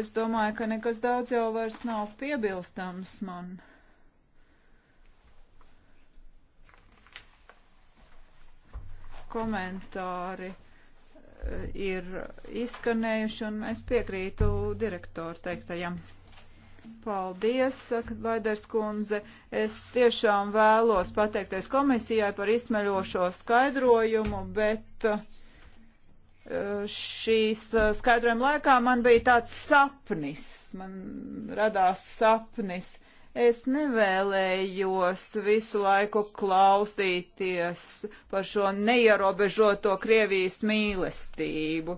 Es domāju, ka nekas daudz jau vairs nav piebilstams man. Komentāri ir izskanējuši, un es piekrītu direktoru teiktajam. Paldies, saka Baiders kundze. Es tiešām vēlos pateikties komisijai par izsmeļošo skaidrojumu, bet uh, šīs uh, skaidrojuma laikā man bija tāds sapnis, man radās sapnis Es nevēlējos visu laiku klausīties par šo neierobežoto Krievijas mīlestību.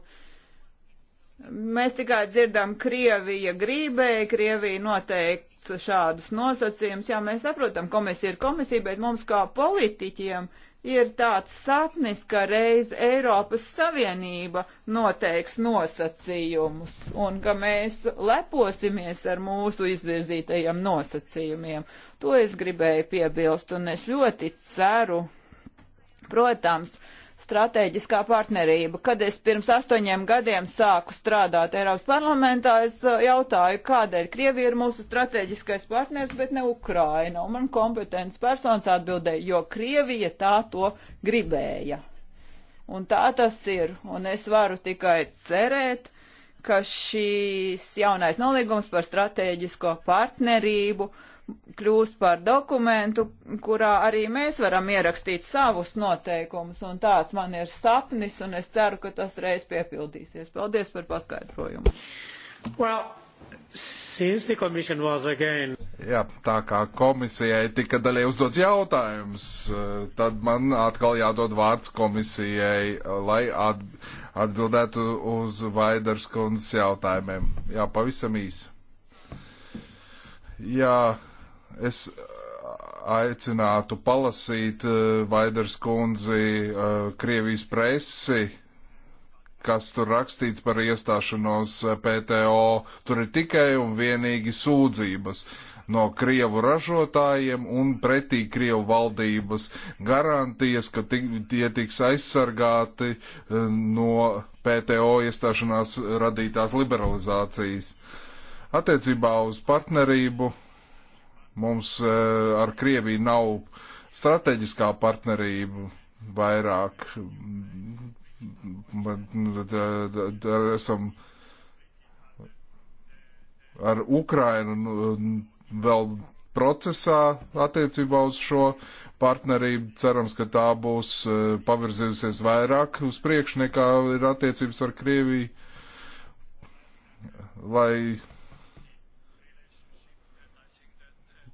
Mēs tikai dzirdam, Krievija gribēja, Krievija noteikti šādus nosacījumus. Jā, mēs saprotam, komisija ir komisija, bet mums kā politiķiem uh, ir tāds sapnis, ka reiz Eiropas Savienība noteiks nosacījumus un ka mēs leposimies ar mūsu izvirzītajiem nosacījumiem. To es gribēju piebilst un es ļoti ceru, protams, uh, stratēģiskā partnerība. Kad es pirms astoņiem gadiem sāku strādāt Eiropas parlamentā, es uh, jautāju, kādēļ Krievija ir mūsu strateģiskais partners, bet ne Ukraina. Un man kompetents persons atbildēja, jo Krievija tā to gribēja. Un tā tas ir. Un es varu tikai cerēt, ka šīs jaunais nolīgums par strateģisko partnerību uh, kļūst par dokumentu, kurā arī mēs varam ierakstīt savus noteikumus, un tāds man ir sapnis, un es ceru, ka tas reiz piepildīsies. Paldies par paskaidrojumu. Well. Again... Jā, tā kā komisijai tika daļai uzdots jautājums, eh, tad man atkal jādod vārds komisijai, eh, lai atbildētu uz Vaidars kundzes jautājumiem. Jā, pavisam īsi. Jā, Es aicinātu palasīt Vaiders kundzi Krievijas presi, kas tur rakstīts par iestāšanos PTO. Tur ir tikai un vienīgi sūdzības no Krievu ražotājiem un pretī Krievu valdības garantijas, ka tie tiks aizsargāti no PTO iestāšanās radītās liberalizācijas. Attiecībā uz partnerību Mums e, ar Krieviju nav strateģiskā partnerība vairāk. Nu, esam ar Ukrainu nu, vēl procesā attiecībā uz šo partnerību. Cerams, ka tā būs e, pavirzījusies vairāk uz priekšu nekā ir attiecības ar Krieviju. Lai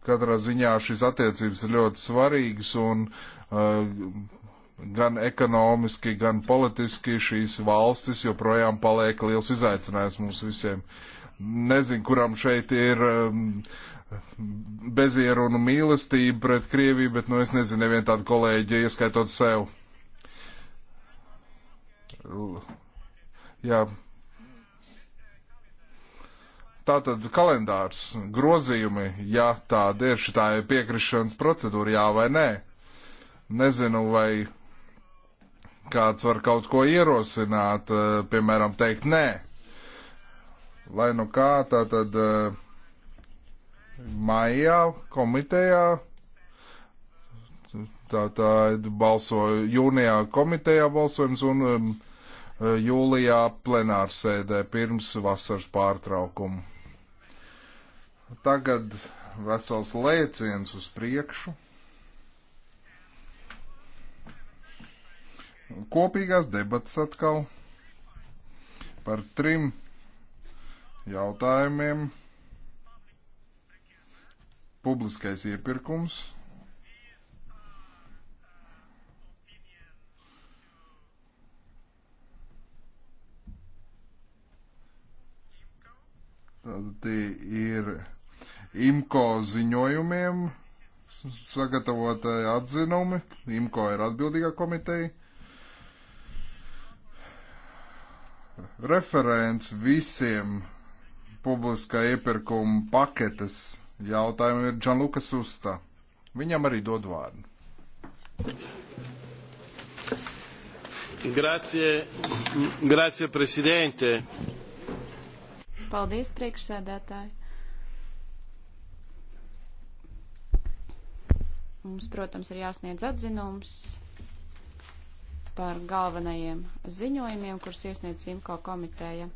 katrā ziņā šīs attiecības ir ļoti svarīgas un uh, gan ekonomiski, gan politiski šīs valstis joprojām paliek liels izaicinājums mums visiem. Nezinu, kuram šeit ir um, bezierunu mīlestība pret Krieviju, bet nu es nezinu nevienu tādu kolēģi, ieskaitot sev. Jā, Tātad kalendārs, grozījumi, ja tāda ir, šitā ir piekrišanas procedūra, jā vai nē. Nezinu, vai kāds var kaut ko ierosināt, eh, piemēram, teikt nē. Lai nu kā, tātad eh, maijā komitejā tā, tā balsoja jūnijā komitejā balsojums un um, jūlijā plenārsēdē pirms vasaras pārtraukuma. Tagad vesels lēciens uz priekšu. Kopīgās debatas atkal par trim jautājumiem. Publiskais iepirkums. Tad tie ir IMCO ziņojumiem sagatavotai atzinumi. IMCO ir atbildīgā komiteja. Referents visiem publiskā iepirkuma paketes jautājumiem ir Džanluka Susta. Viņam arī dod vārdu. Grazie, grazie, prezidente. Paldies, priekšsēdētāji. Mums, protams, ir jāsniedz atzinums par galvenajiem ziņojumiem, kurus iesniedz Simko komiteja.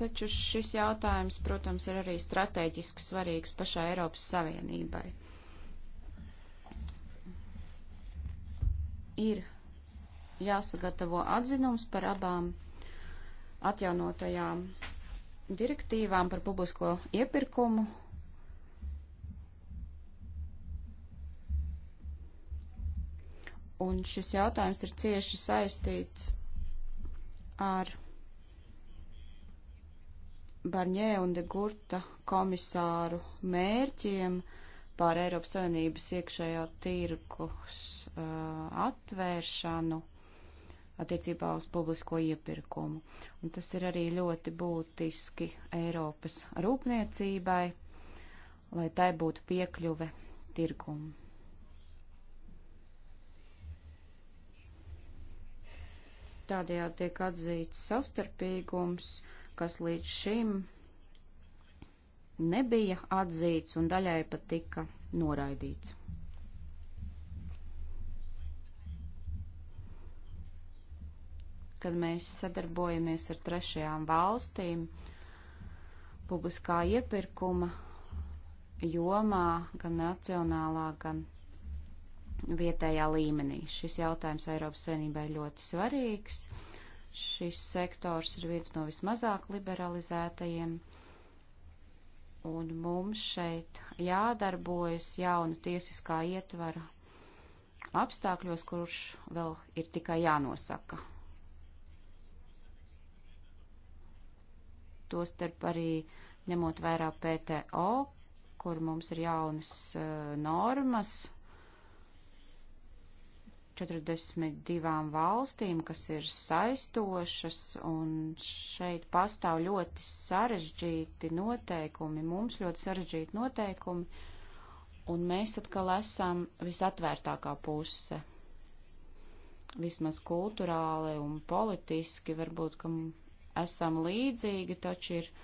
Taču šis jautājums, protams, ir arī strateģiski svarīgs pašai Eiropas Savienībai. Ir jāsagatavo atzinums par abām atjaunotajām direktīvām par publisko iepirkumu un šis jautājums ir cieši saistīts ar Barņē un de Gurta komisāru mērķiem pār Eiropas Savienības iekšējā tirgus uh, atvēršanu attiecībā uz publisko iepirkumu. Un tas ir arī ļoti būtiski Eiropas rūpniecībai, lai tai būtu piekļuve tirgumu. Tādējādi tiek atzīts savstarpīgums, kas līdz šim nebija atzīts un daļai pat tika noraidīts. Kad mēs sadarbojamies ar trešajām valstīm, publiskā iepirkuma jomā, gan nacionālā, gan vietējā līmenī. Šis jautājums Eiropas Savienībai ļoti svarīgs. Šis sektors ir viens no vismazāk liberalizētajiem, un mums šeit jādarbojas jauna tiesiskā ietvara apstākļos, kurš vēl ir tikai jānosaka. Tostarp arī ņemot vairāk PTO, kur mums ir jaunas uh, normas, 42 valstīm, kas ir saistošas, un šeit pastāv ļoti sarežģīti noteikumi, mums ļoti sarežģīti noteikumi, un mēs atkal esam visatvērtākā puse. Vismaz kulturāli un politiski varbūt, ka esam līdzīgi, taču ir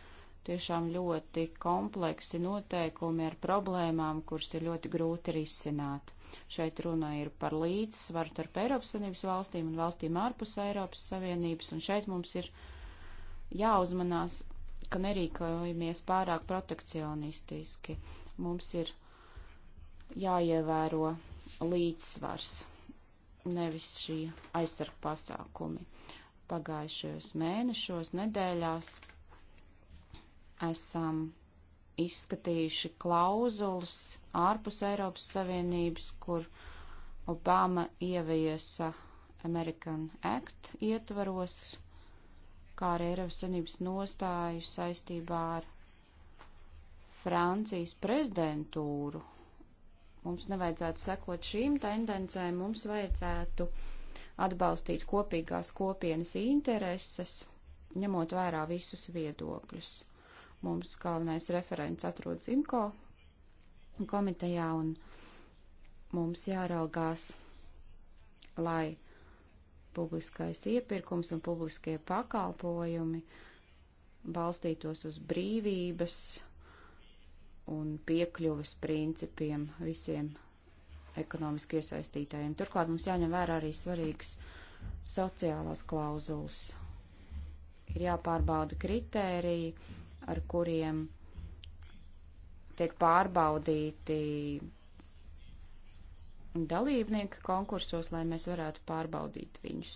tiešām ļoti kompleksi noteikumi ar problēmām, kuras ir ļoti grūti risināt. Šeit runa ir par līdzsvaru starp Eiropas Savienības valstīm un valstīm ārpus Eiropas Savienības, un šeit mums ir jāuzmanās, ka nerīkojamies pārāk protekcionistiski. Mums ir jāievēro līdzsvars, nevis šī aizsarga pasākumi. Pagājušajos mēnešos, nedēļās esam izskatījuši klauzulas ārpus Eiropas Savienības, kur Obama ieviesa American Act ietvaros, kā arī Eiropas Savienības nostāju saistībā ar Francijas prezidentūru. Mums nevajadzētu sekot šīm tendencēm, mums vajadzētu atbalstīt kopīgās kopienas intereses, ņemot vērā visus viedokļus. Mums galvenais referents atrodas IMCO komitejā un mums jāraugās, lai publiskais iepirkums un publiskie pakalpojumi balstītos uz brīvības un piekļuvas principiem visiem ekonomiski iesaistītājiem. Turklāt mums jāņem vērā arī svarīgas sociālās klauzulas. Ir jāpārbauda kritēriji, ar kuriem tiek pārbaudīti dalībnieki konkursos, lai mēs varētu pārbaudīt viņus.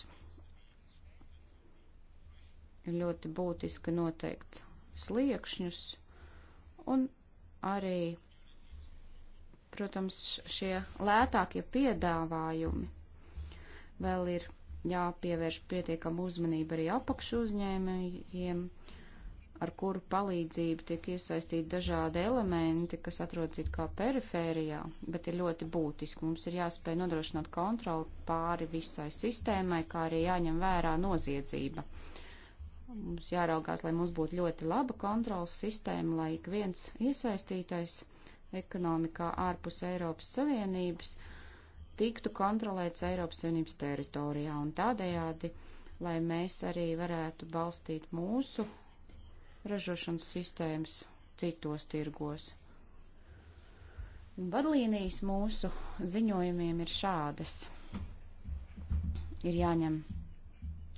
Ir ļoti būtiski noteikt sliekšņus un arī, protams, šie lētākie piedāvājumi. Vēl ir jāpievērš pietiekama uzmanība arī apakšu uzņēmējiem. Ja ar kuru palīdzību tiek iesaistīti dažādi elementi, kas atrodas it kā perifērijā, bet ir ļoti būtiski. Mums ir jāspēj nodrošināt kontroli pāri visai sistēmai, kā arī jāņem vērā noziedzība. Mums jāraugās, lai mums būtu ļoti laba kontrolas sistēma, lai ik viens iesaistītais ekonomikā ārpus Eiropas Savienības tiktu kontrolēts Eiropas Savienības teritorijā un tādējādi, lai mēs arī varētu balstīt mūsu ražošanas sistēmas citos tirgos. Vadlīnijas mūsu ziņojumiem ir šādas. Ir jāņem,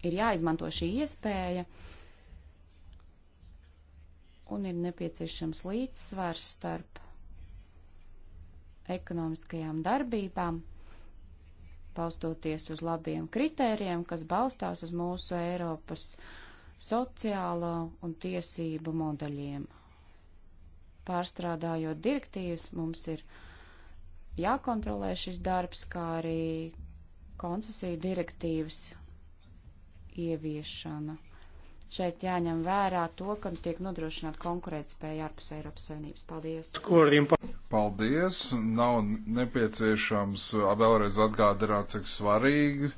ir jāizmanto šī iespēja un ir nepieciešams līdzsvars starp ekonomiskajām darbībām, paustoties uz labiem kritērijiem, kas balstās uz mūsu Eiropas uh, sociālo un tiesību modeļiem. Pārstrādājot direktīvas, mums ir jākontrolē šis darbs, kā arī koncesiju direktīvas ieviešana. Šeit jāņem vērā to, ka tiek nodrošināta konkurētspēja ārpus Eiropas Savienības. Paldies! Paldies! Nav nepieciešams vēlreiz atgādināt, cik svarīgi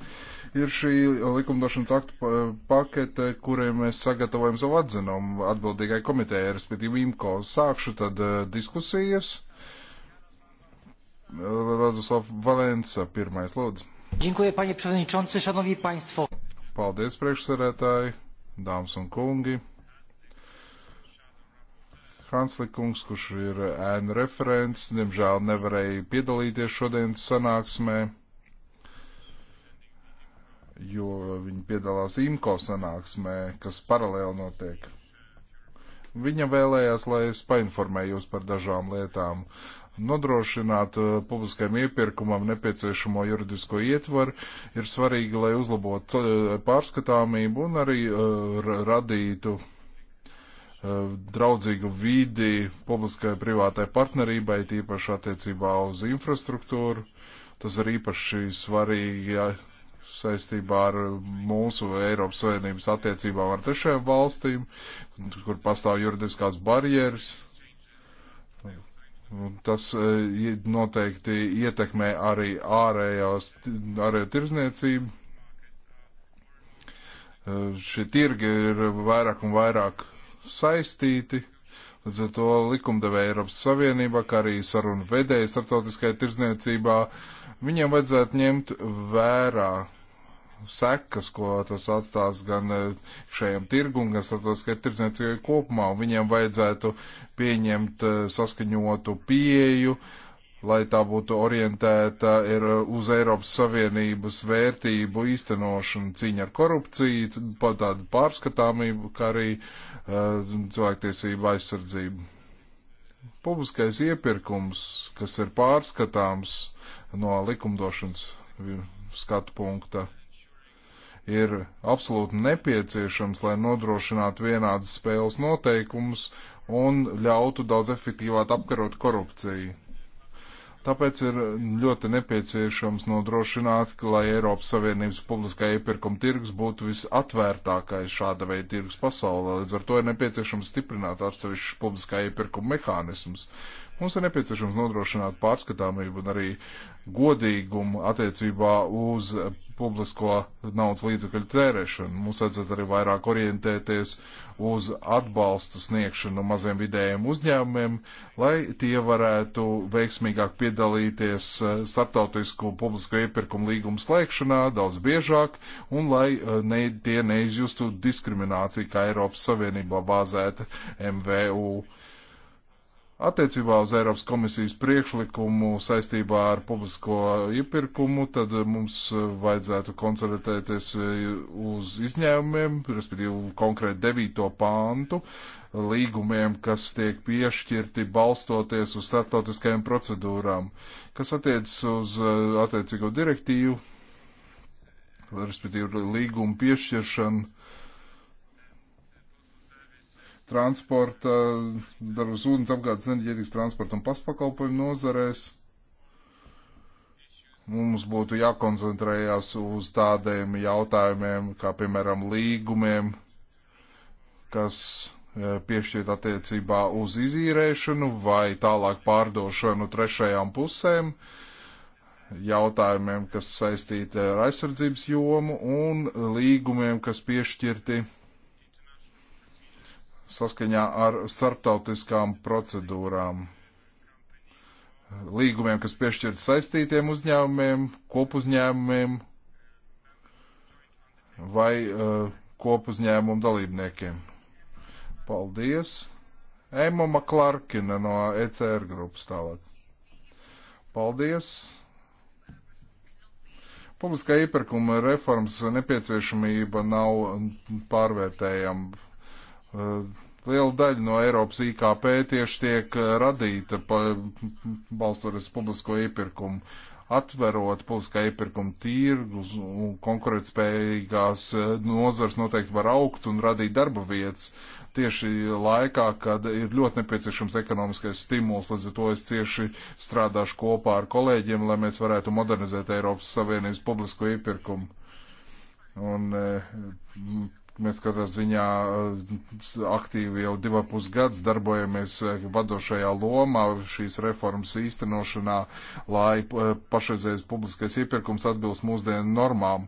ir šī likumdošanas aktu pakete, kuriem mēs sagatavojam savu atzinumu atbildīgai komitejai, respektīvi IMCO. Sākšu tad diskusijas. Radosław Valenca, pirmais lūdzu. Dziękuję, panie przewodniczący, szanowni państwo. Paldies, priekšsēdētāji, dāmas un kungi. Hanslikungs, kurš ir ēnu referents, diemžēl nevarēja piedalīties šodienas sanāksmē, jo viņi piedalās IMCO sanāksmē, kas paralēli notiek. Viņa vēlējās, lai es painformēju jūs par dažām lietām. Nodrošināt uh, publiskajam iepirkumam nepieciešamo juridisko ietvaru ir svarīgi, lai uzlabotu uh, pārskatāmību un arī uh, radītu uh, Eh, draudzīgu vidi publiskai privātai partnerībai, tīpaši attiecībā uz infrastruktūru. Tas ir īpaši svarīgi ja, saistībā ar mūsu Eiropas Savienības attiecībām ar trešajām valstīm, kur pastāv juridiskās barjeras. Tas eh, noteikti ietekmē arī ārējās, ārējo tirzniecību. Eh, šie tirgi ir vairāk un vairāk saistīti. Līdz ar to likumdevēja Eiropas Savienībā, kā arī sarunu vedēja starptautiskajā tirdzniecībā, viņiem vajadzētu ņemt vērā sekas, ko tas atstās gan e, šajiem tirgum, gan starptautiskajai tirdzniecībai kopumā, un viņiem vajadzētu pieņemt e, saskaņotu pieeju, uh, lai tā būtu orientēta ir uz Eiropas Savienības vērtību īstenošanu, cīņa ar korupciju, pa tādu pārskatāmību, kā arī uh, cilvēktiesību aizsardzību. Publiskais iepirkums, kas ir pārskatāms no likumdošanas skatu punkta, ir absolūti nepieciešams, lai nodrošinātu vienādas spēles noteikumus un ļautu daudz efektīvāk apkarot korupciju Tāpēc ir ļoti nepieciešams nodrošināt, ka, lai Eiropas Savienības publiskā iepirkuma tirgus būtu visatvērtākais šāda veida tirgus pasaulē. Līdz ar to ir nepieciešams stiprināt atsevišķus publiskā iepirkuma mehānismus, Mums ir nepieciešams nodrošināt pārskatāmību un arī godīgumu attiecībā uz publisko naudas līdzekļu tērēšanu. Mums vajadzētu arī vairāk orientēties uz atbalsta sniegšanu maziem vidējiem uzņēmumiem, lai tie varētu veiksmīgāk piedalīties eh, starptautisku publisko iepirkumu līgumu slēgšanā daudz biežāk un lai eh, ne, tie neizjustu diskrimināciju kā Eiropas Savienībā bāzēta MVU. Uh, Attiecībā uz Eiropas komisijas priekšlikumu saistībā ar publisko iepirkumu, tad mums vajadzētu koncentrēties eh, uz izņēmumiem, respektīvi konkrēti 9. pāntu līgumiem, kas tiek piešķirti balstoties uz starptautiskajām procedūrām, kas attiecas uz eh, attiecīgo direktīvu, respektīvi līgumu piešķiršanu transporta, darbas ūdens apgādes enerģētikas transporta un paspakalpojumu nozarēs. Mums būtu jākoncentrējās uz tādiem jautājumiem, kā piemēram līgumiem, kas e, piešķiet attiecībā uz izīrēšanu vai tālāk pārdošanu trešajām pusēm, jautājumiem, kas saistīti ar aizsardzības jomu un līgumiem, kas piešķirti saskaņā ar starptautiskām procedūrām, līgumiem, kas piešķirti saistītiem uzņēmumiem, kopuzņēmumiem vai uh, kopuzņēmumu dalībniekiem. Paldies! Emma Maklārkina no ECR grupas tālāk. Paldies! Publiskā iepirkuma reformas nepieciešamība nav pārvērtējama Eh, liela daļa no Eiropas IKP tieši tiek eh, radīta balstoties publisko iepirkumu. Atverot publiskā iepirkuma tirgus, konkurētspējīgās eh, nozars noteikti var augt un radīt darba vietas tieši laikā, kad ir ļoti nepieciešams ekonomiskais stimuls. Līdz ar to es cieši strādāšu kopā ar kolēģiem, lai mēs varētu modernizēt Eiropas Savienības publisko iepirkumu. Un Mēs katrā ziņā eh, aktīvi jau divu pus gadus darbojamies eh, vadošajā lomā šīs reformas īstenošanā, lai eh, pašreizējais publiskais iepirkums atbilst mūsdienu normām.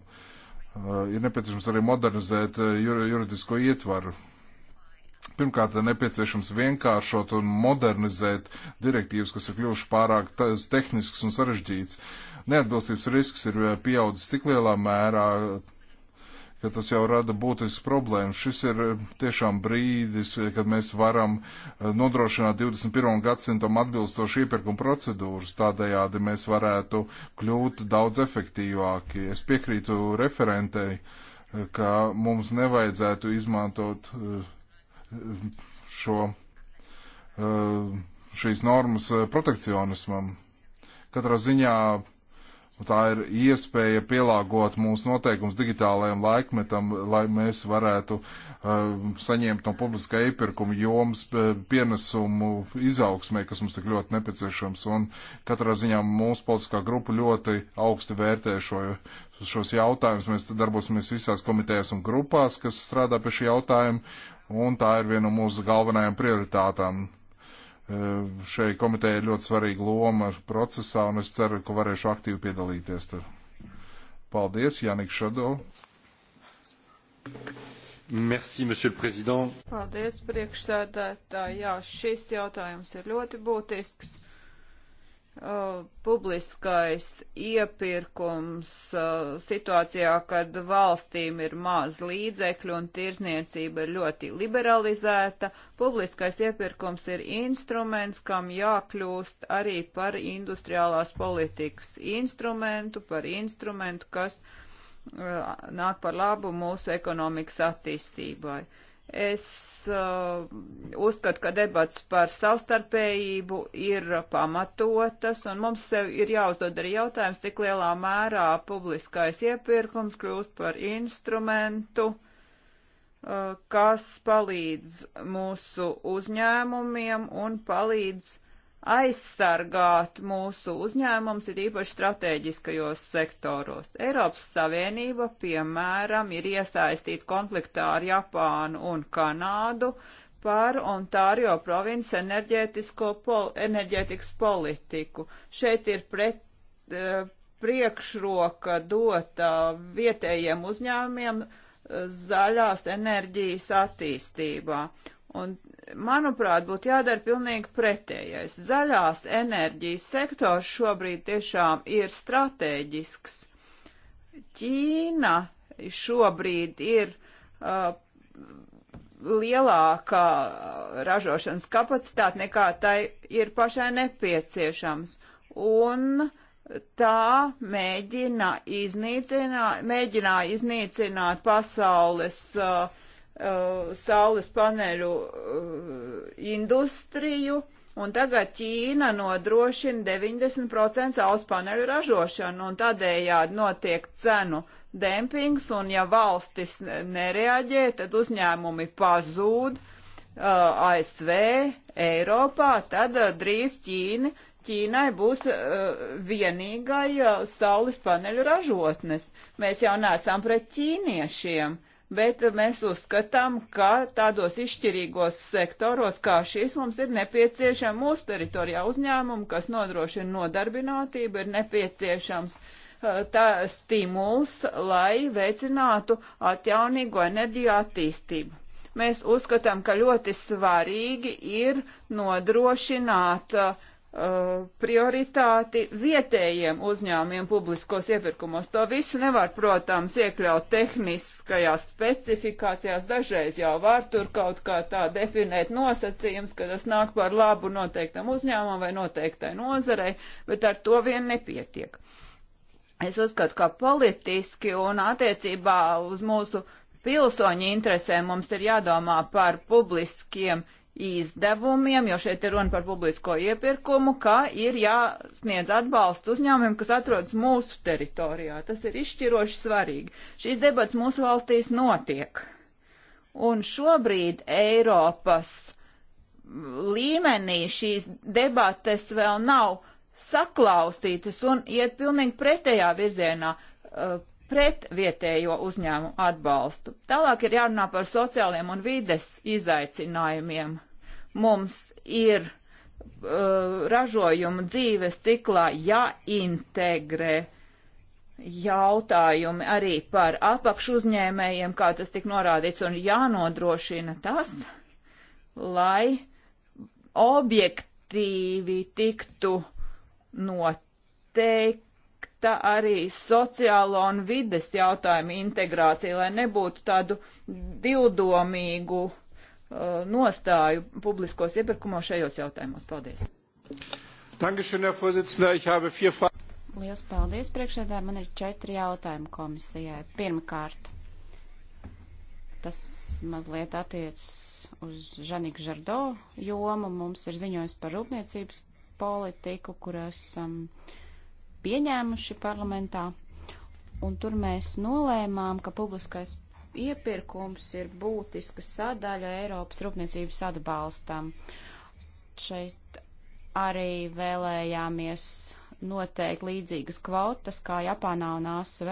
Ir nepieciešams arī modernizēt juridisko ietvaru. Pirmkārt, ir nepieciešams vienkāršot un modernizēt direktīvas, kas ir kļuvušas pārāk tehniskas un sarežģītas. Neatbilstības risks ir pieaudzis tik lielā mērā, ka tas jau rada būtisks problēmas. Šis ir eh, tiešām brīdis, eh, kad mēs varam eh, nodrošināt 21. gadsimtam atbilstošu iepirkumu procedūras. Tādējādi mēs varētu kļūt daudz efektīvāki. Es piekrītu referentei, ka mums nevajadzētu izmantot šo, šīs normas protekcionismam. Katrā ziņā Tā ir iespēja pielāgot mūsu noteikums digitālajam laikmetam, lai mēs varētu uh, saņemt no publiskā iepirkuma jomas uh, pienesumu izaugsmē, kas mums tik ļoti nepieciešams. Un katrā ziņā mūsu politiskā grupa ļoti augsti vērtē šo, šos jautājumus. Mēs darbosimies visās komitejās un grupās, kas strādā pie šī jautājuma, un tā ir viena no mūsu galvenajām prioritātām Ehm, šai komitejai ir ļoti svarīga loma procesā, un es ceru, ka varēšu aktīvi piedalīties tur. Paldies, Janik Šado. Merci, monsieur le président. Paldies, priekšsēdētāji. Jā, šis jautājums ir ļoti būtisks. Uh, publiskais iepirkums uh, situācijā, kad valstīm ir maz līdzekļu un tirzniecība ir ļoti liberalizēta. Publiskais iepirkums ir instruments, kam jākļūst arī par industriālās politikas instrumentu, par instrumentu, kas uh, nāk par labu mūsu ekonomikas attīstībai. Uh, Es uh, uzskatu, ka debats par savstarpējību ir pamatotas, un mums sev ir jāuzdod arī jautājums, cik lielā mērā publiskais iepirkums kļūst par instrumentu, uh, kas palīdz mūsu uzņēmumiem un palīdz uh, aizsargāt mūsu uzņēmums, ir īpaši strateģiskajos sektoros. Eiropas Savienība, piemēram, ir iesaistīta konfliktā ar Japānu un Kanādu par Ontārio provinces pol enerģētikas politiku. Šeit ir pret, uh, priekšroka dota vietējiem uzņēmumiem e, zaļās enerģijas attīstībā. Un, manuprāt, būtu jādara pilnīgi pretējais. Zaļās enerģijas sektors šobrīd tiešām ir strateģisks. Ķīna šobrīd ir uh, lielākā ražošanas kapacitāte nekā tai ir pašai nepieciešams. Un tā mēģina iznīcināt, mēģināja iznīcināt pasaules uh, Uh, saules paneļu uh, industriju, un tagad Ķīna nodrošina 90% saules paneļu ražošanu, un tādējādi notiek cenu dempings, un ja valstis nereaģē, tad uzņēmumi pazūd uh, ASV, Eiropā, tad uh, drīz Ķīna, Ķīnai būs uh, vienīgai uh, saules paneļu ražotnes. Mēs jau neesam pret ķīniešiem. Uh, bet mēs uzskatām, ka tādos izšķirīgos sektoros kā šis mums ir nepieciešama mūsu teritorijā uzņēmumu, kas nodrošina nodarbinātību, ir nepieciešams uh, tā stimuls, lai veicinātu atjaunīgo enerģiju attīstību. Mēs uzskatām, ka ļoti svarīgi ir nodrošināt uh, Uh, prioritāti vietējiem uzņēmumiem publiskos iepirkumos. To visu nevar, protams, iekļaut tehniskajās specifikācijās. Dažreiz jau var tur kaut kā tā definēt nosacījums, ka tas nāk par labu noteiktam uzņēmumam vai noteiktai nozarei, bet ar to vien nepietiek. Es uzskatu, ka politiski un attiecībā uz mūsu pilsoņu interesēm mums ir jādomā par publiskiem iepirkumiem izdevumiem, jo šeit ir runa par publisko iepirkumu, ka ir jāsniedz atbalsts uzņēmumiem, kas atrodas mūsu teritorijā. Tas ir izšķiroši svarīgi. Šīs debats mūsu valstīs notiek. Un šobrīd Eiropas līmenī šīs debates vēl nav saklausītas un iet pilnīgi pretējā virzienā. Uh, pret vietējo uzņēmumu atbalstu. Tālāk ir jārunā par sociāliem un vides izaicinājumiem. Mums ir uh, ražojumu dzīves ciklā jāintegrē jautājumi arī par apakšuzņēmējiem, kā tas tik norādīts, un jānodrošina tas, lai objektīvi tiktu noteikti ta arī sociālo un vides jautājumu integrācija, lai nebūtu tādu divdomīgu uh, nostāju publiskos iepirkumos šajos jautājumos. Paldies! Dankeschön, Herr Vorsitzender. Ich habe vier Fragen. Lielas paldies, priekšsēdētāji. Man ir četri jautājumi komisijai. Pirmkārt, tas mazliet attiecas uz Žaniku Žardo jomu. Mums ir ziņojums par rūpniecības politiku, kur esam. Um, pieņēmuši parlamentā, un tur mēs nolēmām, ka publiskais iepirkums ir būtiska sadaļa Eiropas rūpniecības atbalstam. Šeit arī vēlējāmies noteikt līdzīgas kvotas kā Japānā un ASV,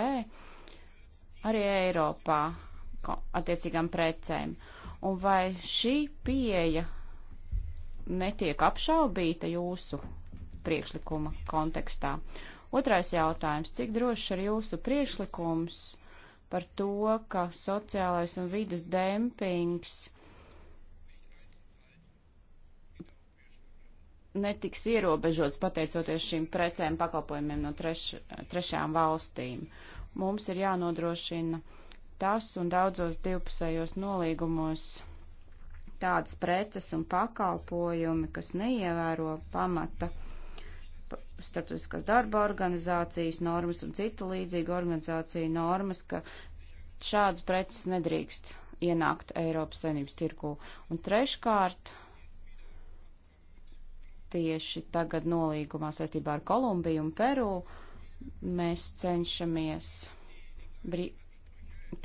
arī Eiropā attiecīgām precēm. Un vai šī pieeja netiek apšaubīta jūsu priekšlikuma kontekstā? Otrais jautājums. Cik drošs ir jūsu priešlikums par to, ka sociālais un vidas dempings netiks ierobežots pateicoties šīm precēm pakalpojumiem no treš, trešām valstīm? Mums ir jānodrošina tas un daudzos divpusējos nolīgumos tādas preces un pakalpojumi, kas neievēro pamata starptautiskās darba organizācijas normas un citu līdzīgu organizāciju normas, ka šādas preces nedrīkst ienākt Eiropas saimnības tirgu. Un treškārt, tieši tagad nolīgumā saistībā ar Kolumbiju un Peru mēs cenšamies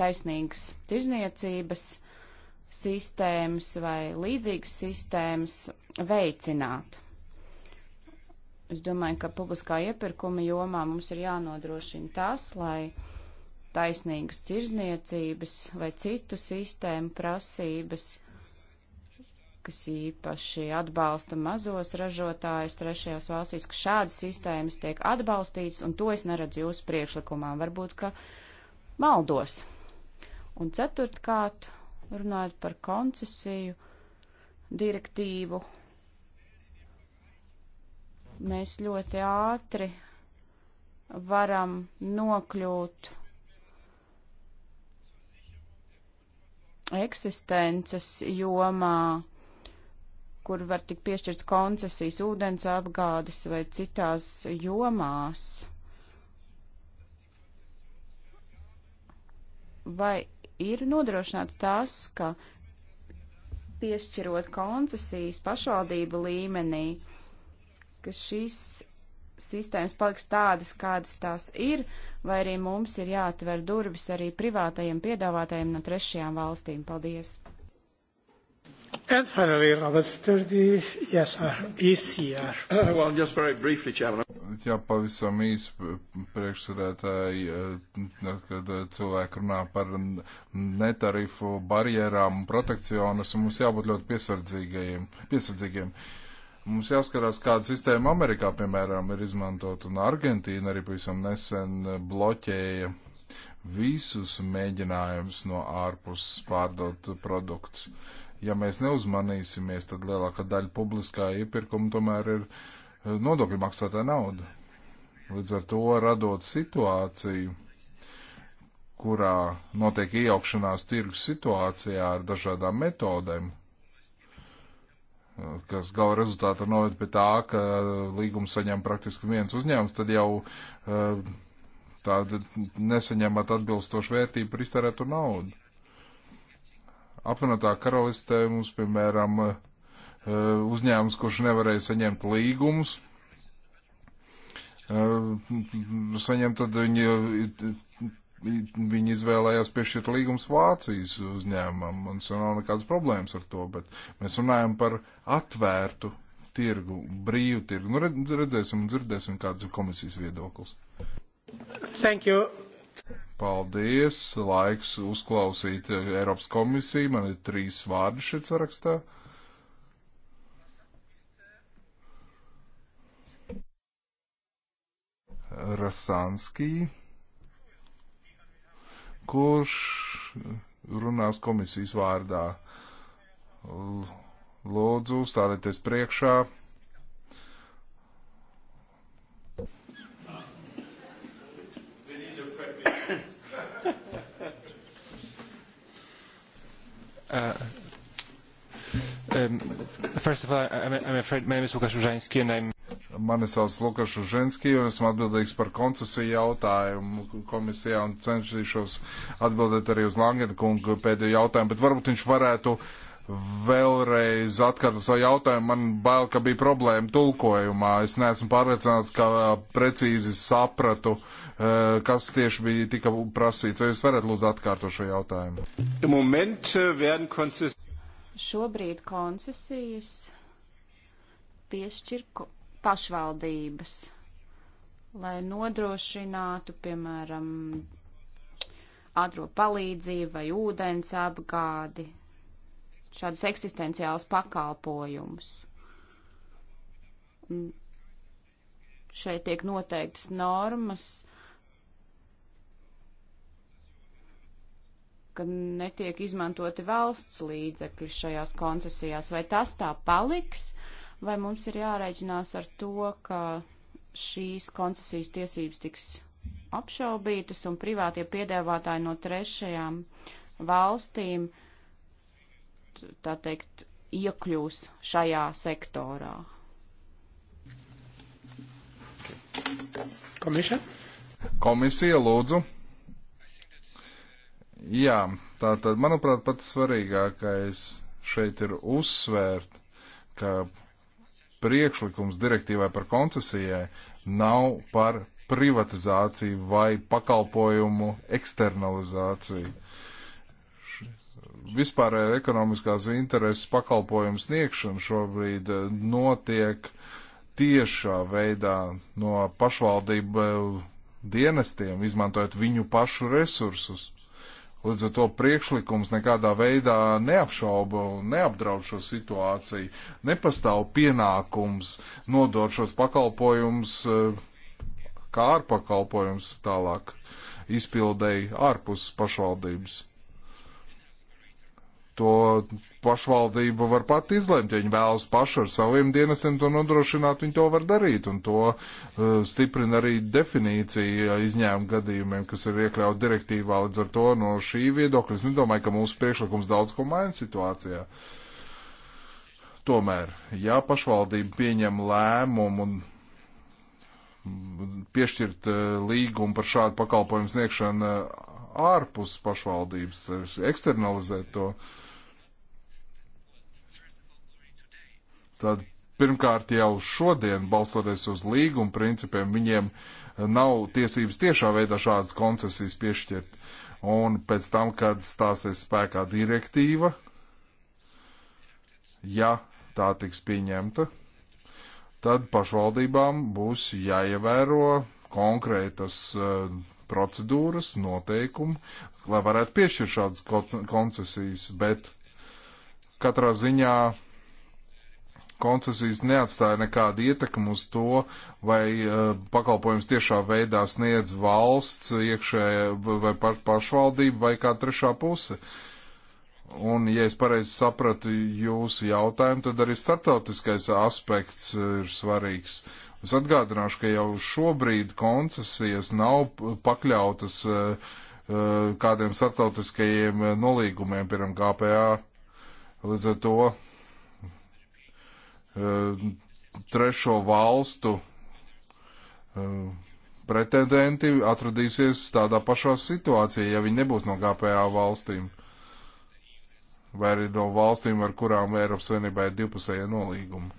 taisnīgas tirzniecības sistēmas vai līdzīgas sistēmas veicināt. Es domāju, ka publiskā iepirkuma jomā mums ir jānodrošina tas, lai taisnīgas tirzniecības vai citu sistēmu prasības, kas īpaši atbalsta mazos ražotājus trešajās valstīs, ka šādas sistēmas tiek atbalstītas, un to es neredzu jūsu priekšlikumā. Varbūt, ka maldos. Un ceturtkārt, runājot par koncesiju direktīvu, mēs ļoti ātri varam nokļūt eksistences jomā, kur var tik piešķirts koncesijas ūdens apgādes vai citās jomās. Vai ir nodrošināts tas, ka piešķirot koncesijas pašvaldību līmenī, ka šīs sistēmas paliks tādas, kādas tās ir, vai arī mums ir jāatver durvis arī privātajiem piedāvātājiem no trešajām valstīm. Paldies! And finally, Robert Sturdy, yes, ECR. [COUGHS] well, just very briefly, Chairman. Jā, pavisam īsi priekšsēdētāji, eh, kad eh, cilvēki runā par netarifu barjerām un protekcionismu, mums jābūt ļoti piesardzīgiem. piesardzīgiem. Uh, Mums jāskatās, kāda sistēma Amerikā, piemēram, ir izmantot, un Argentīna arī pavisam nesen bloķēja visus mēģinājumus no ārpuses pārdot produktus. Ja mēs neuzmanīsimies, tad lielākā daļa publiskā iepirkuma tomēr ir eh, nodokļu maksātā nauda. Līdz ar to radot situāciju, kurā notiek iejaukšanās tirgus situācijā ar dažādām metodēm, kas gala rezultātā noved pie tā, ka līgumu saņem praktiski viens uzņēmums, tad jau eh, tāda nesaņemat atbilstošu vērtību par iztērētu naudu. Apvienotā karalistē mums, piemēram, eh, uzņēmums, kurš nevarēja saņemt līgumus, eh, saņemt, tad viņi Viņi izvēlējās piešķirt līgums Vācijas uzņēmumam, un tas nav nekādas problēmas ar to, bet mēs runājam par atvērtu tirgu, brīvu tirgu. Nu, redzēsim un dzirdēsim, kāds ir komisijas viedoklis. Thank you. Paldies. Laiks uzklausīt Eiropas komisiju. Man ir trīs vārdi šeit sarakstā. Rasanskija. Kurš runās komisijas vārdā? Lūdzu, stādieties priekšā. Uh, um, first of all, I'm, I'm afraid my name is Łukasz Użański and I'm Mani sauc Lukašu Ženskiju, esmu atbildīgs par koncesiju jautājumu komisijā un cenšīšos atbildēt arī uz Langena kungu pēdējo jautājumu, bet varbūt viņš varētu vēlreiz atkārtot savu jautājumu. Man bail, ka bija problēma tulkojumā. Es neesmu pārliecināts, ka uh, precīzi sapratu, uh, kas tieši bija tika prasīts. Vai jūs varat lūdzu atkārtot šo jautājumu? Moment, äh, werden konces... Šobrīd koncesijas piešķir ko pašvaldības, lai nodrošinātu, piemēram, ātro palīdzību vai ūdens apgādi, šādus eksistenciālus pakalpojumus. Šeit tiek noteiktas normas, ka netiek izmantoti valsts līdzekļi šajās koncesijās. Vai tas tā paliks? vai mums ir jārēķinās ar to, ka šīs koncesijas tiesības tiks apšaubītas un privātie piedāvātāji no trešajām valstīm, tā teikt, iekļūs šajā sektorā? Komisija? Komisija, lūdzu. Jā, tā tad, manuprāt, pats svarīgākais šeit ir uzsvērt, ka priekšlikums direktīvai par koncesijai nav par privatizāciju vai pakalpojumu eksternalizāciju. Vispārējā ekonomiskās intereses pakalpojumu sniegšana šobrīd eh, notiek tiešā veidā no pašvaldību dienestiem, izmantojot viņu pašu resursus. Līdz ar to priekšlikums nekādā veidā neapšauba un neapdraud šo situāciju. Nepastāv pienākums nodot šos pakalpojumus eh, kā ārpakalpojums tālāk izpildēji ārpus pašvaldības. To pašvaldība var pat izlemt, ja viņi vēlas paši ar saviem dienestiem to nodrošināt, viņi to var darīt, un to uh, stiprina arī definīcija izņēmuma gadījumiem, kas ir iekļauta direktīvā, līdz ar to no šī viedokļa es nedomāju, ka mūsu priekšlikums daudz ko maina situācijā. Tomēr, ja pašvaldība pieņem lēmumu un piešķirt uh, līgumu par šādu pakalpojumu sniegšanu uh, ārpus pašvaldības, eksternalizēt to, uh, Tad pirmkārt jau šodien, balsoties uz līguma principiem, viņiem eh, nav tiesības tiešā veidā šādas koncesijas piešķirt. Un pēc tam, kad stāsies spēkā direktīva, ja tā tiks pieņemta, tad pašvaldībām būs jāievēro konkrētas uh, procedūras, noteikumi, lai varētu piešķirt šādas koncesijas, bet katrā ziņā koncesijas neatstāja nekādu ietekmi uz to, vai eh, pakalpojums tiešā veidā sniedz valsts, iekšēja vai pašvaldība vai kā trešā puse. Un, ja es pareizi sapratu jūsu jautājumu, tad arī starptautiskais aspekts ir svarīgs. Es atgādināšu, ka jau šobrīd koncesijas nav pakļautas eh, eh, kādiem starptautiskajiem nolīgumiem, piemēram, GPA. Līdz ar to Eh, trešo valstu eh, pretendenti atradīsies tādā pašā situācijā, ja viņi nebūs no GPA valstīm vai arī no valstīm, ar kurām Eiropas Savienībā ir divpusēja nolīguma.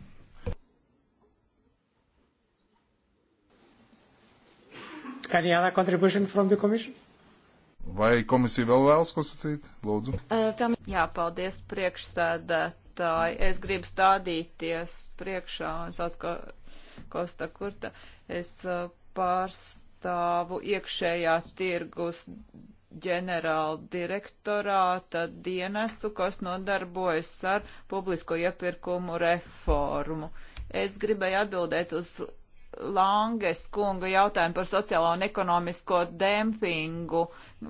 Any other contribution from the Commission? Vai komisija vēl vēlas ko sacīt? Lūdzu. Uh, tam... Jā, paldies priekšsēdētājiem priekšsēdētāji, es gribu stādīties priekšā, un sauc ko, Kosta Kurta, es uh, pārstāvu iekšējā tirgus ģenerāla direktorāta dienestu, kas nodarbojas ar publisko iepirkumu reformu. Es gribēju atbildēt uz Langes kunga jautājumu par sociālo un ekonomisko dempingu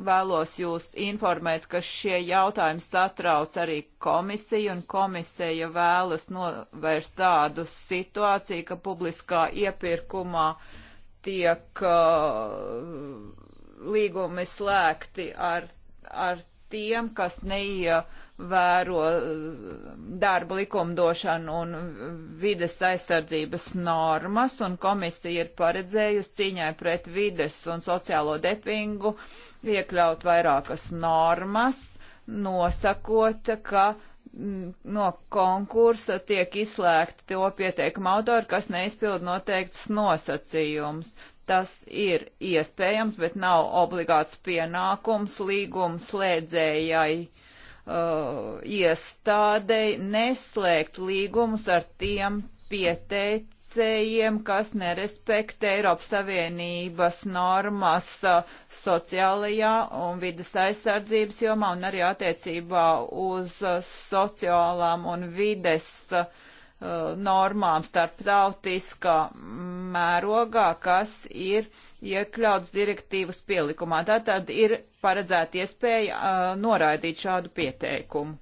vēlos jūs informēt, ka šie jautājumi satrauc arī komisiju, un komisija vēlas novērst tādu situāciju, ka publiskā iepirkumā tiek uh, līgumi slēgti ar, ar tiem, kas neie. Uh, vēro eh, darba likumdošanu un vides aizsardzības normas, un komisija ir paredzējusi cīņai pret vides un sociālo depingu iekļaut vairākas normas, nosakot, ka mm, no konkursa tiek izslēgti to pieteikumu autori, kas neizpild noteikts nosacījums. Tas ir iespējams, bet nav obligāts pienākums līguma slēdzējai uh, iestādei neslēgt līgumus ar tiem pieteicējiem, kas nerespektē Eiropas Savienības normas uh, sociālajā un vidas aizsardzības jomā un arī attiecībā uz uh, sociālām un vides uh, normām starptautiskā mērogā, kas ir uh, iekļauts direktīvas pielikumā. Tātad ir paredzēta iespēja uh, noraidīt šādu pieteikumu.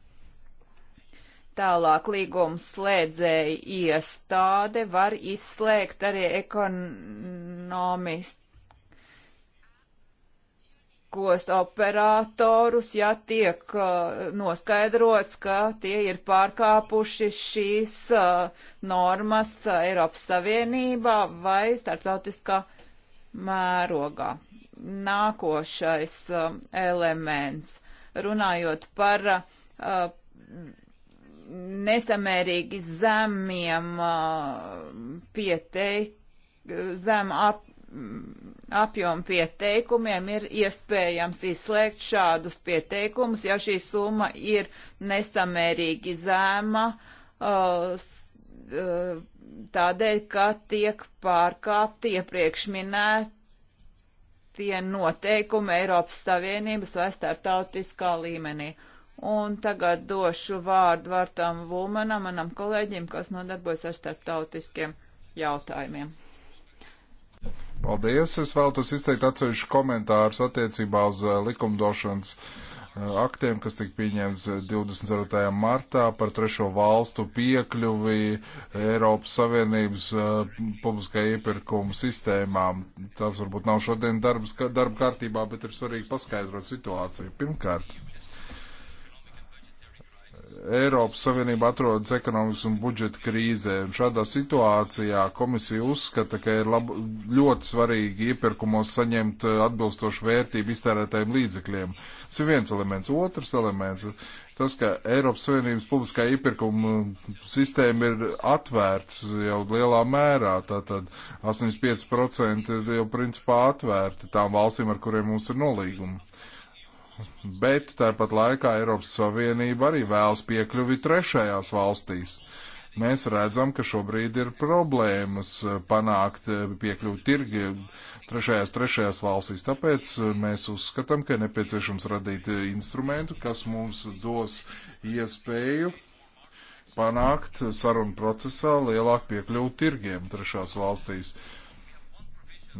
Tālāk līgums slēdzēja iestāde var izslēgt arī ekonomiskos operatorus, ja tiek uh, noskaidrots, ka tie ir pārkāpuši šīs uh, normas Eiropas Savienībā vai starptautiskā uh, mērogā. Nākošais uh, elements, runājot par uh, nesamērīgi zemiem uh, pieteik, zem ap, apjomu pieteikumiem ir iespējams izslēgt šādus pieteikumus, ja šī summa ir nesamērīgi zema uh, Eh, tādēļ, ka tiek pārkāpti iepriekš minētie noteikumi Eiropas Savienības vai starptautiskā līmenī. Un tagad došu vārdu Vārtam Vulmanam, manam kolēģim, kas nodarbojas ar starptautiskiem jautājumiem. Paldies! Es vēlos izteikt atsevišķu komentārus attiecībā uz eh, likumdošanas uh, Eh, aktiem, kas tika pieņemts 24. Eh, martā par trešo valstu piekļuvi eh, Eiropas Savienības publiskā iepirkuma sistēmām. Tas varbūt nav šodien darbs, darba kārtībā, bet ir svarīgi paskaidrot situāciju. Pirmkārt, Eiropas Savienība atrodas ekonomikas un budžeta krīzē, un šādā situācijā komisija uzskata, ka ir lab, ļoti svarīgi iepirkumos saņemt eh, atbilstošu vērtību iztērētajiem līdzekļiem. Tas ir viens elements. Otrs elements - tas, ka Eiropas Savienības publiskā iepirkuma eh, sistēma ir atvērts jau lielā mērā, tātad 85% ir jau principā atvērti tām valstīm, ar kuriem mums ir nolīgumi bet tāpat laikā Eiropas Savienība arī vēlas piekļuvi trešajās valstīs. Mēs redzam, ka šobrīd ir problēmas eh, panākt eh, piekļuvi tirgi trešajās, trešajās valstīs. Tāpēc eh, mēs uzskatām, ka nepieciešams radīt instrumentu, kas mums dos iespēju panākt sarunu procesā lielāku piekļuvu tirgiem trešās valstīs. Uh,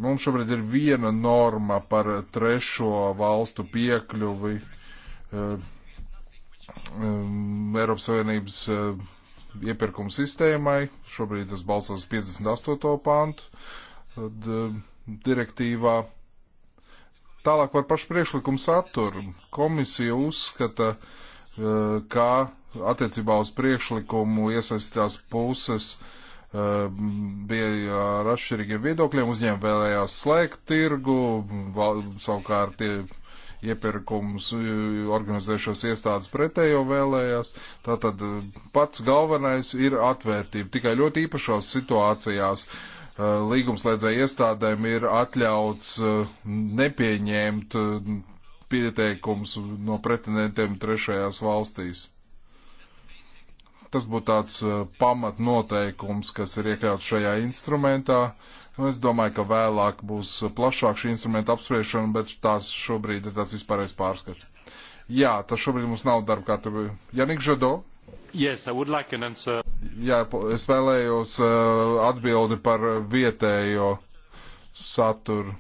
Mums šobrīd ir viena norma par trešo valstu piekļuvi uh, um, Eiropas Savienības uh, iepirkuma sistēmai. Šobrīd tas balstās 58. pantu tad, uh, direktīvā. Tālāk par pašu priekšlikumu saturu. Komisija uzskata, ka attiecībā uz priekšlikumu iesaistītās puses uh, Ehm, bija ar atšķirīgiem viedokļiem, uzņēmumi vēlējās slēgt tirgu, val, savukārt tie iepirkums organizējušos iestādes pretējo vēlējās. Tātad e, pats galvenais ir atvērtība. Tikai ļoti īpašās situācijās e, līgumslēdzēja iestādēm ir atļauts e, nepieņemt pieteikums no pretendentiem trešajās valstīs. Tas būtu tāds uh, pamatnoteikums, kas ir iekļauts šajā instrumentā. Nu, es domāju, ka vēlāk būs plašāk šī instrumenta apspriešana, bet tās šobrīd ir tas vispārējais pārskats. Jā, tas šobrīd mums nav darba kārtība. Janik Žado? Yes, like an answer. Jā, es vēlējos uh, atbildi par vietējo saturu.